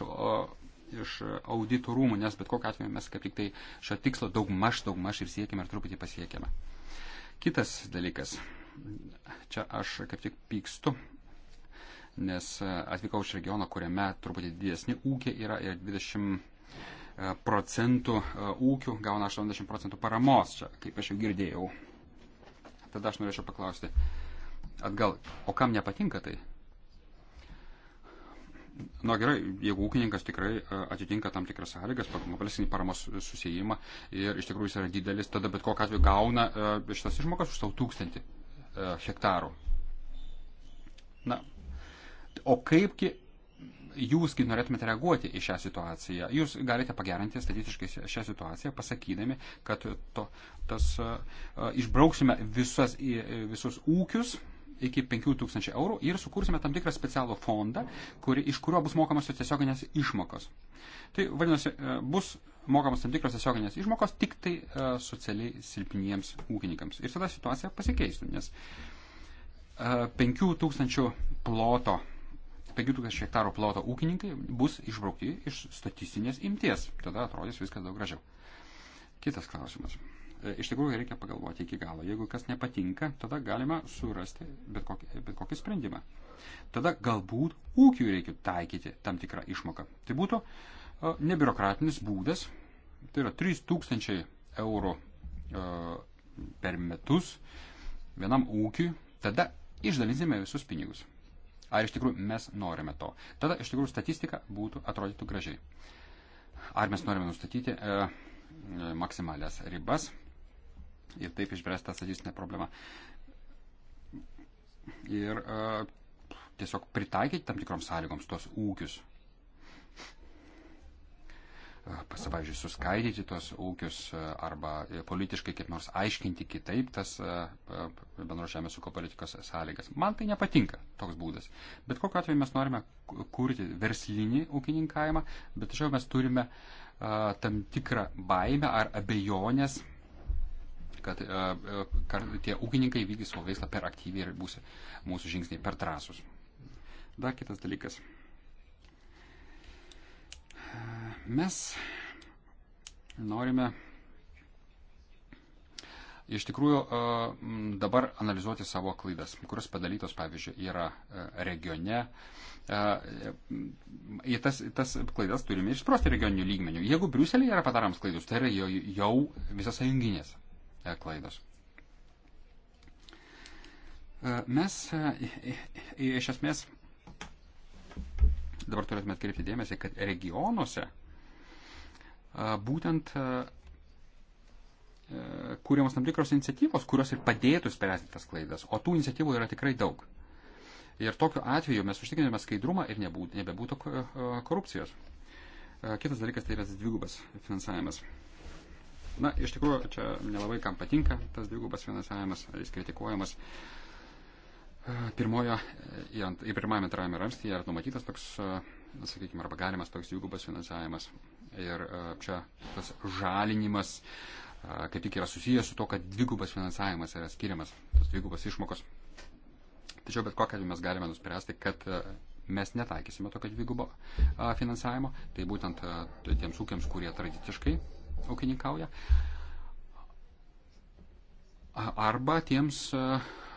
iš auditų rūmų, nes bet kokiu atveju mes kaip tik tai šio tikslo daug maž, daug maž ir siekime ir truputį pasiekime. Kitas dalykas. Čia aš kaip tik pykstu nes e, atvykau iš regiono, kuriame truputį didesni ūkiai yra ir 20 e, procentų e, ūkių gauna 80 procentų paramos čia, kaip aš jau girdėjau. Tada aš norėčiau paklausti atgal, o kam nepatinka tai? Na gerai, jeigu ūkininkas tikrai atitinka tam tikras sąlygas, mokestinį paramos susijimą ir iš tikrųjų jis yra didelis, tada bet kokiu atveju gauna šitas išmokas už savo tūkstantį hektarų. Na, O kaipgi jūsgi norėtumėte reaguoti į šią situaciją? Jūs galite pagerinti statistiškai šią situaciją, pasakydami, kad to, tas, išbrauksime visas, e, visus ūkius iki 5000 eurų ir sukursime tam tikrą specialų fondą, kuri, iš kurio bus mokamos tiesioginės išmokos. Tai vadinasi, e, bus mokamos tam tikros tiesioginės išmokos tik tai e, socialiai silpniems ūkininkams. Ir tada situacija pasikeistų, nes 5000 ploto 5000 hektarų ploto ūkininkai bus išbraukti iš statistinės imties. Tada atrodys viskas daug gražiau. Kitas klausimas. E, iš tikrųjų reikia pagalvoti iki galo. Jeigu kas nepatinka, tada galima surasti bet kokį, bet kokį sprendimą. Tada galbūt ūkiui reikia taikyti tam tikrą išmoką. Tai būtų e, nebiurokratinis būdas, tai yra 3000 eurų e, per metus vienam ūkiui, tada išdalinsime visus pinigus. Ar iš tikrųjų mes norime to? Tada iš tikrųjų statistika būtų atrodytų gražiai. Ar mes norime nustatyti e, e maksimalės ribas ir taip išbręsti tą statistinę problemą. Ir e, tiesiog pritaikyti tam tikroms sąlygoms tos ūkius, pavyzdžiui, suskaidyti tos ūkius arba e, politiškai kaip nors aiškinti kitaip tas bendro žemės ūkio politikos sąlygas. Man tai nepatinka toks būdas. Bet kokiu atveju mes norime kurti verslinį ūkininkavimą, bet tačiau mes turime tam tikrą baimę ar abejonės, kad tie ūkininkai vykdys savo veislą per aktyviai ir bus mūsų žingsniai per trasus. Dar kitas dalykas. Mes norime iš tikrųjų dabar analizuoti savo klaidas, kurios padalytos, pavyzdžiui, yra e, regione. Į tas, tas klaidas turime išsprosti regioninių lygmenių. Jeigu Briuselėje yra padarams klaidus, tai yra jau, jau visas sąjunginės e, klaidos. Mes iš esmės dabar turėtume atkreipti dėmesį, kad regionuose būtent e, kūriamos tam tikros iniciatyvos, kurios ir padėtų spręsti tas klaidas, o tų iniciatyvų yra tikrai daug. Ir tokiu atveju mes užtikrinėme skaidrumą ir nebūtų, nebebūtų korupcijos. Kitas dalykas tai yra dvigubas finansavimas. Na, iš tikrųjų, čia nelabai kam patinka tas dvigubas finansavimas, jis kritikuojamas. Pirmojo ir, ant, ir pirmajame antrajame ramstyje yra numatytas toks, sakykime, arba galimas toks dvigubas finansavimas. Ir e, čia tas žalinimas e, kaip tik yra susijęs su to, kad dvigubas finansavimas yra skiriamas, tas dvigubas išmokos. Tačiau bet kokią mes galime nuspręsti, kad e, mes netaikysime tokio dvigubo finansavimo, tai būtent tiems ūkiams, kurie tradiciškai ūkininkauja, arba tiems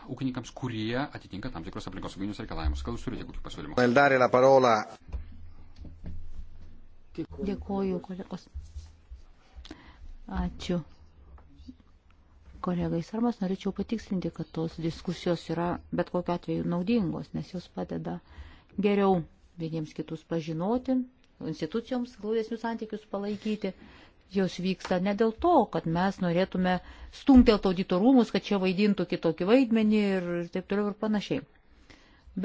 ūkininkams, kurie atitinka tam tikrus aplinkosauginius reikalavimus. Gal jūs turite kokių pasiūlymų? Dėkuoju, kolegos. Ačiū. Kolegai Sarmas, norėčiau patikslinti, kad tos diskusijos yra bet kokiu atveju naudingos, nes jos padeda geriau vieniems kitus pažinoti, institucijoms glaudesnius santykius palaikyti. Jos vyksta ne dėl to, kad mes norėtume stumtelt auditorumus, kad čia vaidintų kitokį vaidmenį ir taip toliau ir panašiai.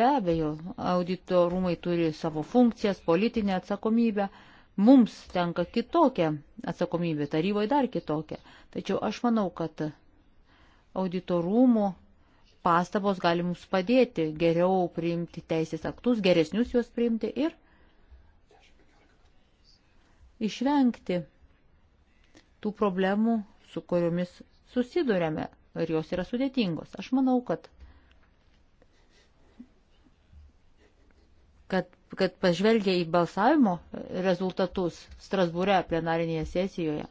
Be abejo, auditorumai turi savo funkcijas, politinę atsakomybę, Mums tenka kitokia atsakomybė, taryboje dar kitokia. Tačiau aš manau, kad auditorumų pastabos gali mums padėti geriau priimti teisės aktus, geresnius juos priimti ir išvengti tų problemų, su kuriomis susidurėme ir jos yra sudėtingos. Aš manau, kad kad, kad pažvelgia į balsavimo rezultatus Strasbūre plenarinėje sesijoje,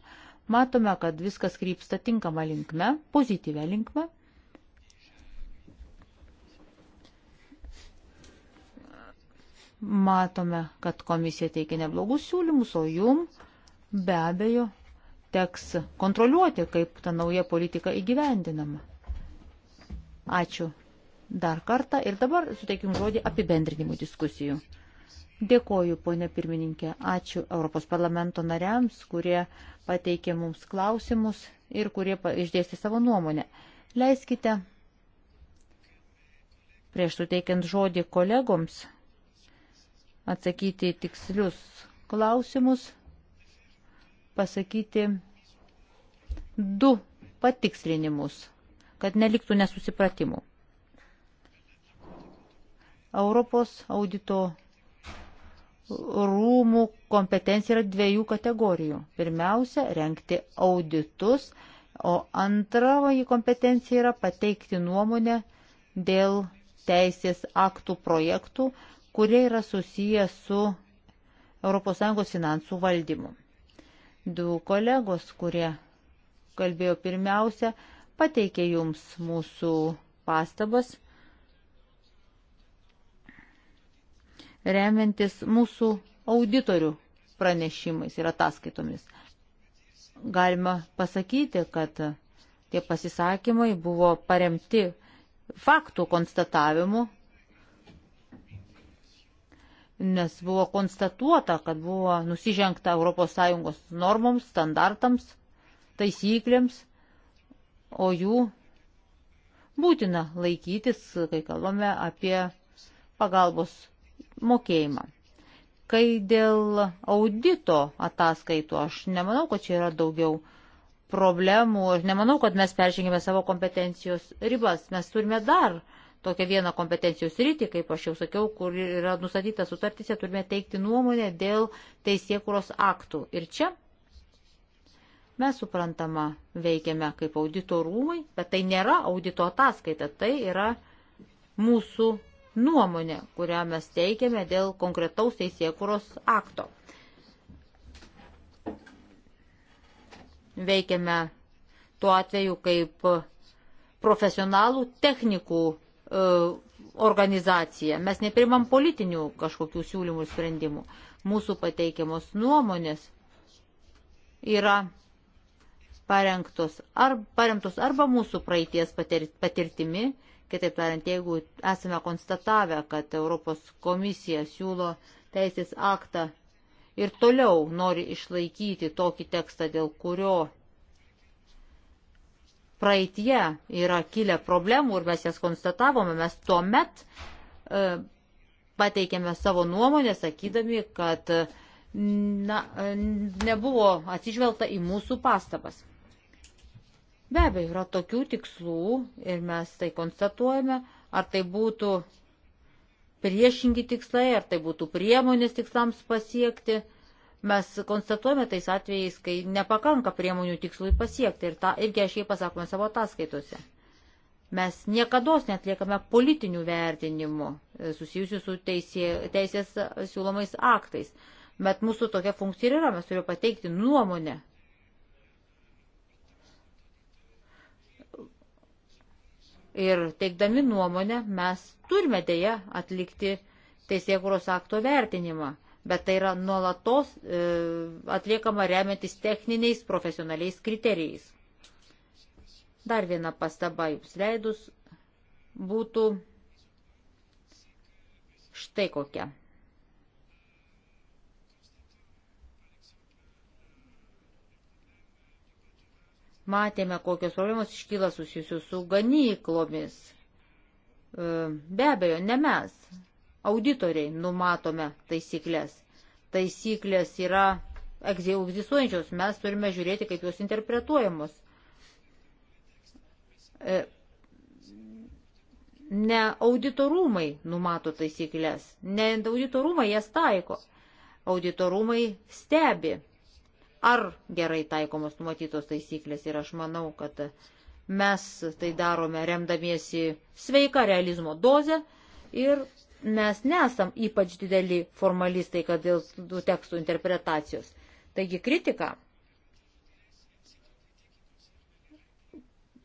matome, kad viskas krypsta tinkama linkme, pozityvę linkme. Matome, kad komisija teikia neblogus siūlymus, o jum be abejo teks kontroliuoti, kaip ta nauja politika įgyvendinama. Ačiū dar kartą ir dabar suteikim žodį apibendrinimų diskusijų. Dėkoju, ponė pirmininkė, ačiū Europos parlamento nariams, kurie pateikė mums klausimus ir kurie išdėstė savo nuomonę. Leiskite, prieš suteikiant žodį kolegoms, atsakyti tikslius klausimus, pasakyti du patikslinimus, kad neliktų nesusipratimų. Europos audito rūmų kompetencija yra dviejų kategorijų. Pirmiausia, renkti auditus, o antroji kompetencija yra pateikti nuomonę dėl teisės aktų projektų, kurie yra susiję su ES finansų valdymu. Du kolegos, kurie kalbėjo pirmiausia, pateikė jums mūsų pastabas remiantis mūsų auditorių pranešimais ir ataskaitomis. Galima pasakyti, kad tie pasisakymai buvo paremti faktų konstatavimu, nes buvo konstatuota, kad buvo nusižengta ES normoms, standartams, taisyklėms, o jų būtina laikytis, kai kalbame apie pagalbos mokėjimą. Kai dėl audito ataskaitų, aš nemanau, kad čia yra daugiau problemų, aš nemanau, kad mes peržengėme savo kompetencijos ribas, mes turime dar tokią vieną kompetencijos rytį, kaip aš jau sakiau, kur yra nustatyta sutartysė, turime teikti nuomonę dėl teisėkuros aktų. Ir čia mes suprantama veikiame kaip audito rūmai, bet tai nėra audito ataskaita, tai yra mūsų nuomonę, kurią mes teikiame dėl konkretaus teisėkuros akto. Veikiame tuo atveju kaip profesionalų technikų e, organizacija. Mes neprimam politinių kažkokių siūlymų ir sprendimų. Mūsų pateikiamos nuomonės yra parengtos ar, paremtos arba mūsų praeities patirtimi, Kitaip tariant, jeigu esame konstatavę, kad Europos komisija siūlo teisės aktą ir toliau nori išlaikyti tokį tekstą, dėl kurio praeitie yra kilę problemų ir mes jas konstatavome, mes tuomet e, pateikėme savo nuomonę, sakydami, kad na, nebuvo atsižvelgta į mūsų pastabas. Be abejo, yra tokių tikslų ir mes tai konstatuojame, ar tai būtų priešingi tikslai, ar tai būtų priemonės tikslams pasiekti. Mes konstatuojame tais atvejais, kai nepakanka priemonių tikslui pasiekti ir tą irgi aiškiai pasakome savo ataskaitose. Mes niekada netliekame politinių vertinimų e, susijusių su teisė, teisės siūlomais aktais, bet mūsų tokia funkcija yra, mes turime pateikti nuomonę Ir teikdami nuomonę mes turime dėja atlikti teisėkuros akto vertinimą, bet tai yra nuolatos e, atliekama remiantis techniniais profesionaliais kriterijais. Dar viena pastaba jums leidus būtų štai kokia. Matėme, kokios problemos iškyla susijusius su ganyklomis. E, be abejo, ne mes, auditoriai, numatome taisyklės. Taisyklės yra egzistuojančios, mes turime žiūrėti, kaip jos interpretuojamos. E, ne auditorumai numato taisyklės, ne auditorumai jas taiko. Auditorumai stebi ar gerai taikomos numatytos taisyklės. Ir aš manau, kad mes tai darome remdamiesi sveiką realizmo dozę ir mes nesam ypač dideli formalistai, kad dėl tų tekstų interpretacijos. Taigi kritika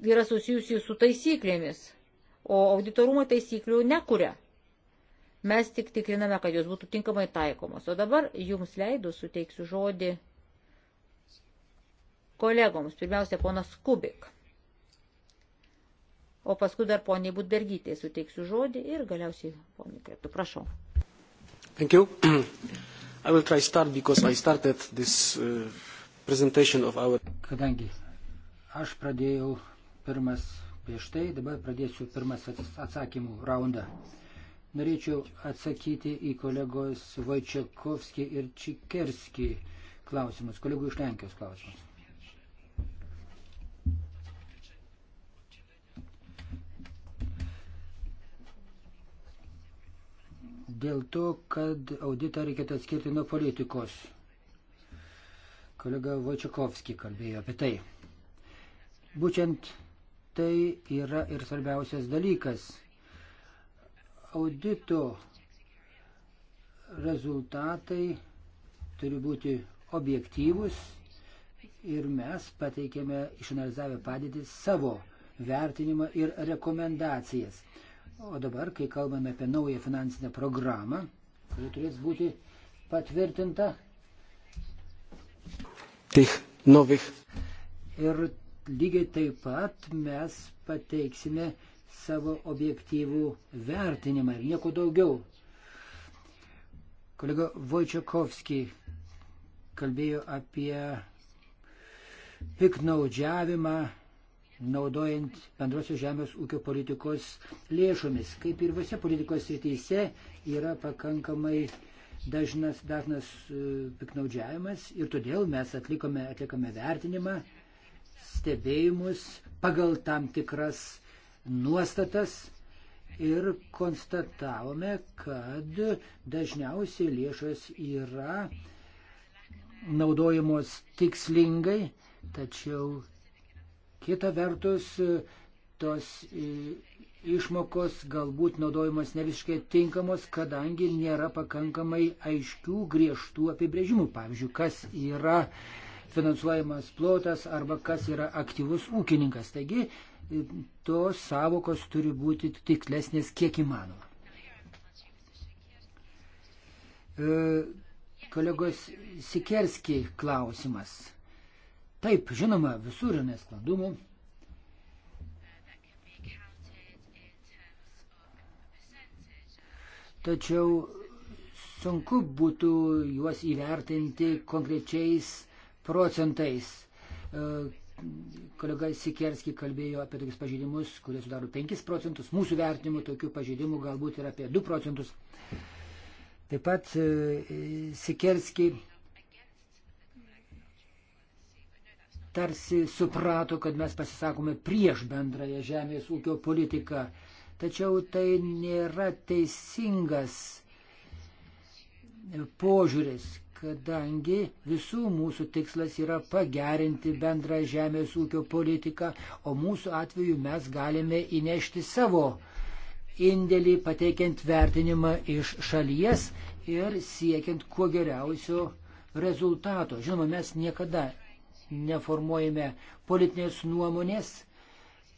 yra susijusi su taisyklėmis, o auditorumai taisyklių nekuria. Mes tik tikriname, kad jos būtų tinkamai taikomos. O dabar jums leidus suteiksiu žodį kolegoms. Pirmiausia, ponas Kubik. O paskui dar poniai Budbergytė suteiksiu žodį ir galiausiai poniai Kretų. Prašau. Thank you. (clears throat) I will try start because I started this uh, presentation of our... Kadangi aš pradėjau pirmas prieš tai, dabar pradėsiu pirmas atsakymų raundą. Norėčiau atsakyti į kolegos Vojčiakovskį ir Čikerskį klausimus, kolegų iš Lenkijos klausimus. dėl to, kad auditą reikėtų atskirti nuo politikos. Kolega Vojčiakovski kalbėjo apie tai. Būtent tai yra ir svarbiausias dalykas. Audito rezultatai turi būti objektyvus ir mes pateikėme išanalizavę padėtį savo vertinimą ir rekomendacijas. O dabar, kai kalbame apie naują finansinę programą, kuri turės būti patvirtinta. Tich, novich. Ir lygiai taip pat mes pateiksime savo objektyvų vertinimą ir nieko daugiau. Kolega Vojčiakovski kalbėjo apie piknaudžiavimą naudojant bendrosios žemės ūkio politikos lėšomis. Kaip ir visose politikos srityse yra pakankamai dažnas, dažnas e, piknaudžiavimas ir todėl mes atlikome, atlikome vertinimą, stebėjimus pagal tam tikras nuostatas ir konstatavome, kad dažniausiai lėšos yra naudojamos tikslingai, tačiau Kita vertus, tos e, išmokos galbūt naudojimas ne visiškai tinkamos, kadangi nėra pakankamai aiškių, griežtų apibrėžimų. Pavyzdžiui, kas yra finansuojamas plotas arba kas yra aktyvus ūkininkas. Taigi, e, tos savokos turi būti tikslesnės kiek įmanoma. E, kolegos Sikerski klausimas. Taip, žinoma, visur yra nesklandumų. Tačiau sunku būtų juos įvertinti konkrečiais procentais. E, kolega Sikerski kalbėjo apie tokius pažeidimus, kurie sudaro 5 procentus. Mūsų vertinimu tokių pažeidimų galbūt yra apie 2 procentus. Taip pat e, Sikerski tarsi suprato, kad mes pasisakome prieš bendrąją žemės ūkio politiką. Tačiau tai nėra teisingas požiūris, kadangi visų mūsų tikslas yra pagerinti bendrą žemės ūkio politiką, o mūsų atveju mes galime įnešti savo indėlį, pateikiant vertinimą iš šalies ir siekiant kuo geriausio rezultato. Žinoma, mes niekada neformuojame politinės nuomonės,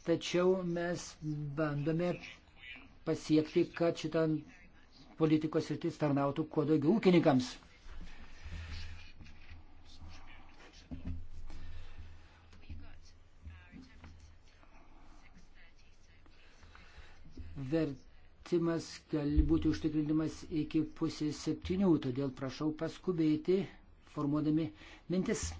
tačiau mes bandome pasiekti, kad šitą politikos rytis tarnautų kuo daugiau ūkininkams. Vertimas gali būti užtikrinimas iki pusės septynių, todėl prašau paskubėti formuodami mintis.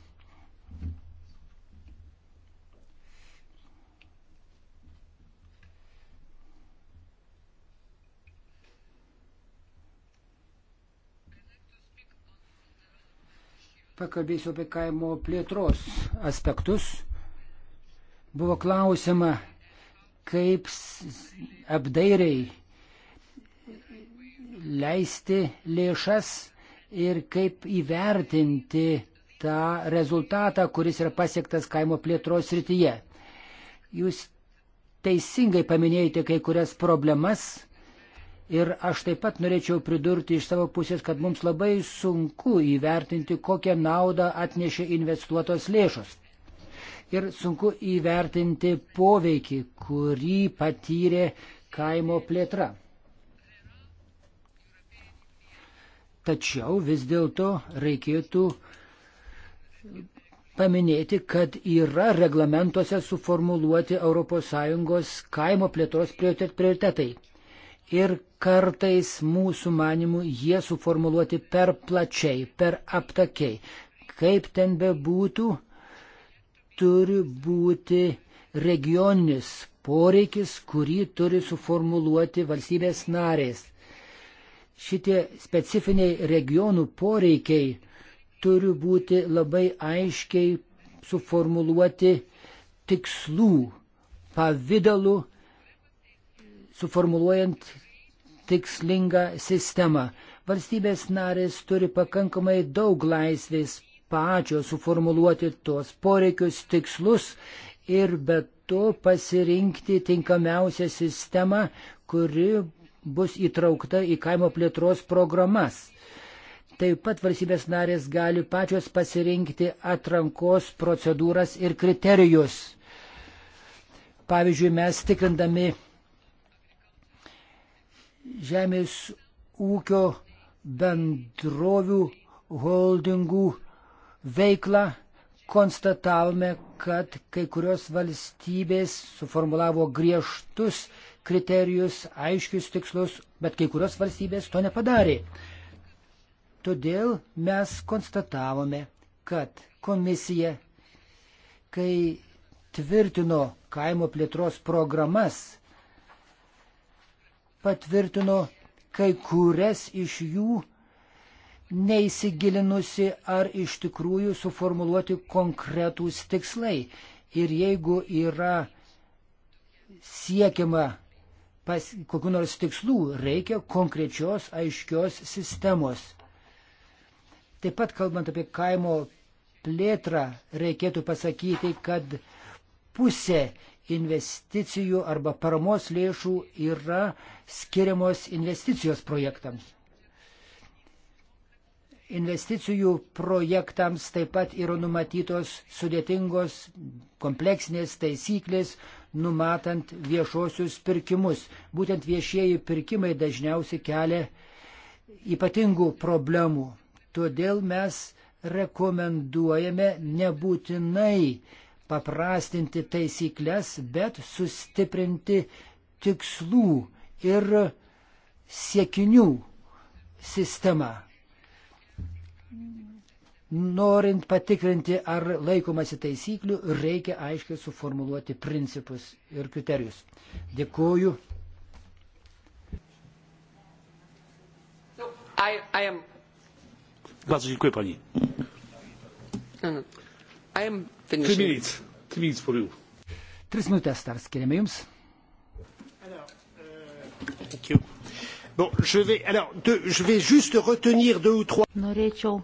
pakalbėsiu apie kaimo plėtros aspektus. Buvo klausima, kaip apdairiai leisti lėšas ir kaip įvertinti tą rezultatą, kuris yra pasiektas kaimo plėtros srityje. Jūs teisingai paminėjote kai kurias problemas, Ir aš taip pat norėčiau pridurti iš savo pusės, kad mums labai sunku įvertinti, kokią naudą atnešė investuotos lėšos. Ir sunku įvertinti poveikį, kurį patyrė kaimo plėtra. Tačiau vis dėlto reikėtų paminėti, kad yra reglamentuose suformuluoti ES kaimo plėtros prioritetai ir kartais mūsų manimų jie suformuluoti per plačiai, per aptakiai. Kaip ten bebūtų, turi būti regioninis poreikis, kurį turi suformuluoti valstybės narės. Šitie specifiniai regionų poreikiai turi būti labai aiškiai suformuluoti tikslų pavydalu suformuluojant tikslingą sistemą. Valstybės narės turi pakankamai daug laisvės pačios suformuluoti tuos poreikius, tikslus ir be to pasirinkti tinkamiausią sistemą, kuri bus įtraukta į kaimo plėtros programas. Taip pat valstybės narės gali pačios pasirinkti atrankos procedūras ir kriterijus. Pavyzdžiui, mes tikrindami žemės ūkio bendrovių holdingų veiklą, konstatavome, kad kai kurios valstybės suformulavo griežtus kriterijus, aiškius tikslus, bet kai kurios valstybės to nepadarė. Todėl mes konstatavome, kad komisija, kai tvirtino kaimo plėtros programas, patvirtino kai kurias iš jų, neįsigilinusi, ar iš tikrųjų suformuluoti konkretūs tikslai. Ir jeigu yra siekiama pas, kokiu nors tikslu, reikia konkrečios aiškios sistemos. Taip pat kalbant apie kaimo plėtrą, reikėtų pasakyti, kad pusė investicijų arba paramos lėšų yra skiriamos investicijos projektams. Investicijų projektams taip pat yra numatytos sudėtingos kompleksinės taisyklės, numatant viešuosius pirkimus. Būtent viešieji pirkimai dažniausiai kelia ypatingų problemų. Todėl mes rekomenduojame nebūtinai paprastinti taisyklės, bet sustiprinti tikslų ir siekinių sistemą. Norint patikrinti, ar laikomasi taisyklių, reikia aiškiai suformuluoti principus ir kriterijus. Dėkuoju. I, I am... Bardzo dziękuję pani. I am finishing. Three minutes. Three minutes for you. Tris minutės dar skiriame jums. Euh, thank you. Bon, je vais, alors, deux, je vais juste retenir deux ou trois. Norėčiau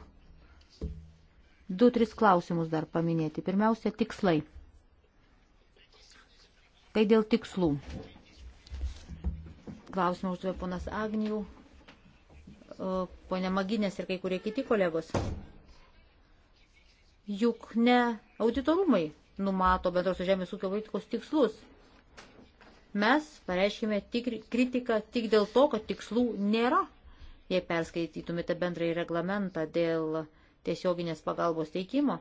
du, tris klausimus dar paminėti. Pirmiausia, tikslai. Tai dėl tikslų. Klausimą užduoja ponas Agnijų, e, ponė Maginės ir kai kurie kiti kolegos. Juk ne auditorumai numato bendros žemės ūkio politikos tikslus. Mes pareiškime tik, kritiką tik dėl to, kad tikslų nėra. Jei perskaitytumėte bendrąjį reglamentą dėl tiesioginės pagalbos teikimo,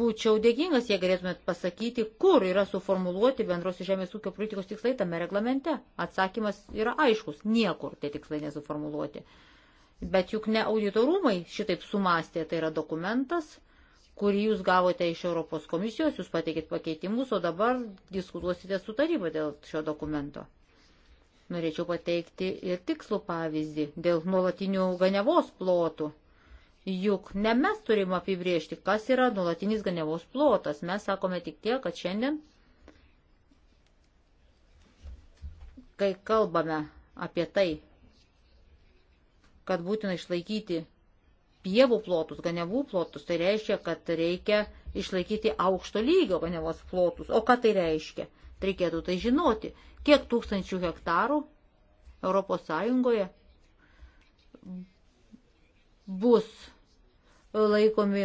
būčiau dėkingas, jei galėtumėt pasakyti, kur yra suformuluoti bendros žemės ūkio politikos tikslai tame reglamente. Atsakymas yra aiškus - niekur tie tikslai nesuformuluoti. Uh, Bet juk ne auditorumai šitaip sumastė, tai yra dokumentas, kurį jūs gavote iš Europos komisijos, jūs pateikit pakeitimus, o dabar diskutuosite su taryba dėl šio dokumento. Norėčiau pateikti ir tikslų pavyzdį dėl nuolatinių ganiavos plotų. Juk ne mes turim apibriežti, kas yra nuolatinis ganiavos plotas. Mes sakome tik tiek, kad šiandien, kai kalbame apie tai, kad būtina išlaikyti pievų plotus, ganevų plotus, tai reiškia, kad reikia išlaikyti aukšto lygio ganevos plotus. O ką tai reiškia? Tai reikėtų tai žinoti, kiek tūkstančių hektarų Europos Sąjungoje bus laikomi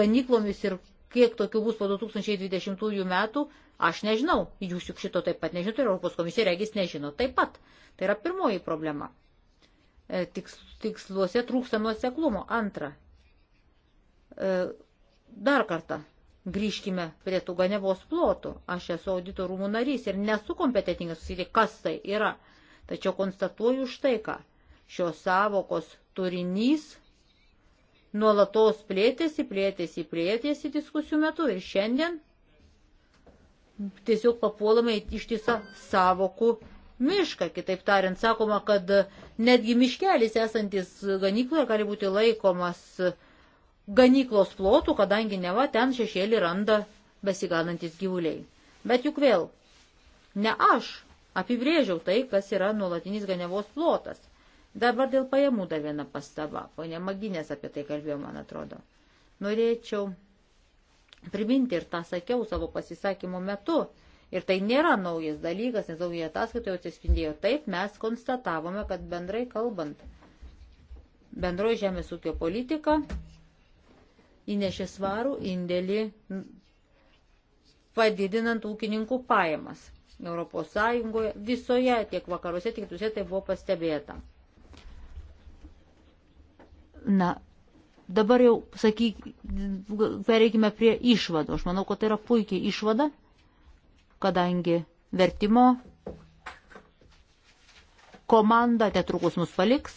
ganyklomis ir kiek tokių bus po 2020 metų, aš nežinau. Jūs juk šito taip pat nežinote, Europos komisija regis nežino taip pat. Tai yra pirmoji problema. E, tiksluose trūksta nuoseklumo. Antra, e, dar kartą grįžkime prie tų ganevos plotų. Aš esu audito rūmų narys ir nesu kompetitingas susirinkti, kas tai yra. Tačiau konstatuoju štai ką. Šios savokos turinys nuolatos plėtėsi, plėtėsi, plėtėsi diskusijų metu ir šiandien tiesiog papuolame ištisą savokų mišką. Kitaip tariant, sakoma, kad netgi miškelis esantis ganykloje gali būti laikomas ganyklos plotų, kadangi neva ten šešėlį randa besigalantis gyvuliai. Bet juk vėl, ne aš apibrėžiau tai, kas yra nuolatinis ganevos plotas. Dabar dėl pajamų dar viena pastaba. Pone Maginės apie tai kalbėjo, man atrodo. Norėčiau priminti ir tą sakiau savo pasisakymo metu Ir tai nėra naujas dalykas, nes daugelį ataskaitų jau atsispindėjo. Taip mes konstatavome, kad bendrai kalbant, bendroji žemės ūkio politika įnešė svarų indėlį padidinant ūkininkų pajamas. Europos Sąjungoje visoje, tiek vakaruose, tiek tuose tai buvo pastebėta. Na, dabar jau, sakyk, pereikime prie išvadų. Aš manau, kad tai yra puikiai išvada kadangi vertimo komanda netrukus mus paliks.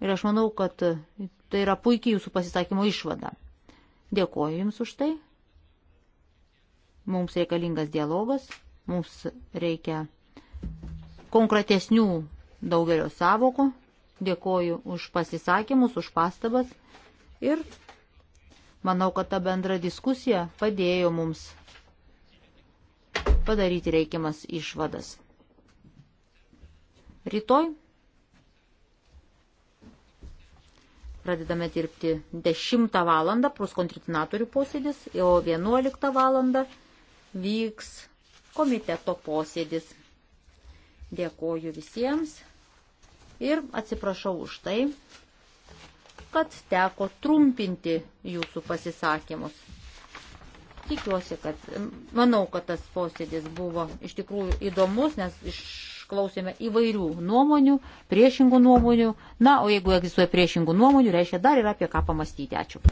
Ir aš manau, kad tai yra puikiai jūsų pasisakymo išvada. Dėkoju Jums už tai. Mums reikalingas dialogas, mums reikia konkretesnių daugelio savokų. Dėkoju už pasisakymus, už pastabas ir manau, kad ta bendra diskusija padėjo mums padaryti reikiamas išvadas. Rytoj pradedame dirbti 10 valandą, proskontrinatorių posėdis, o 11 valandą vyks komiteto posėdis. Dėkoju visiems ir atsiprašau už tai, kad teko trumpinti jūsų pasisakymus. Tikiuosi, kad manau, kad tas posėdis buvo iš tikrųjų įdomus, nes išklausėme įvairių nuomonių, priešingų nuomonių. Na, o jeigu egzistuoja priešingų nuomonių, reiškia dar yra apie ką pamastyti. Ačiū.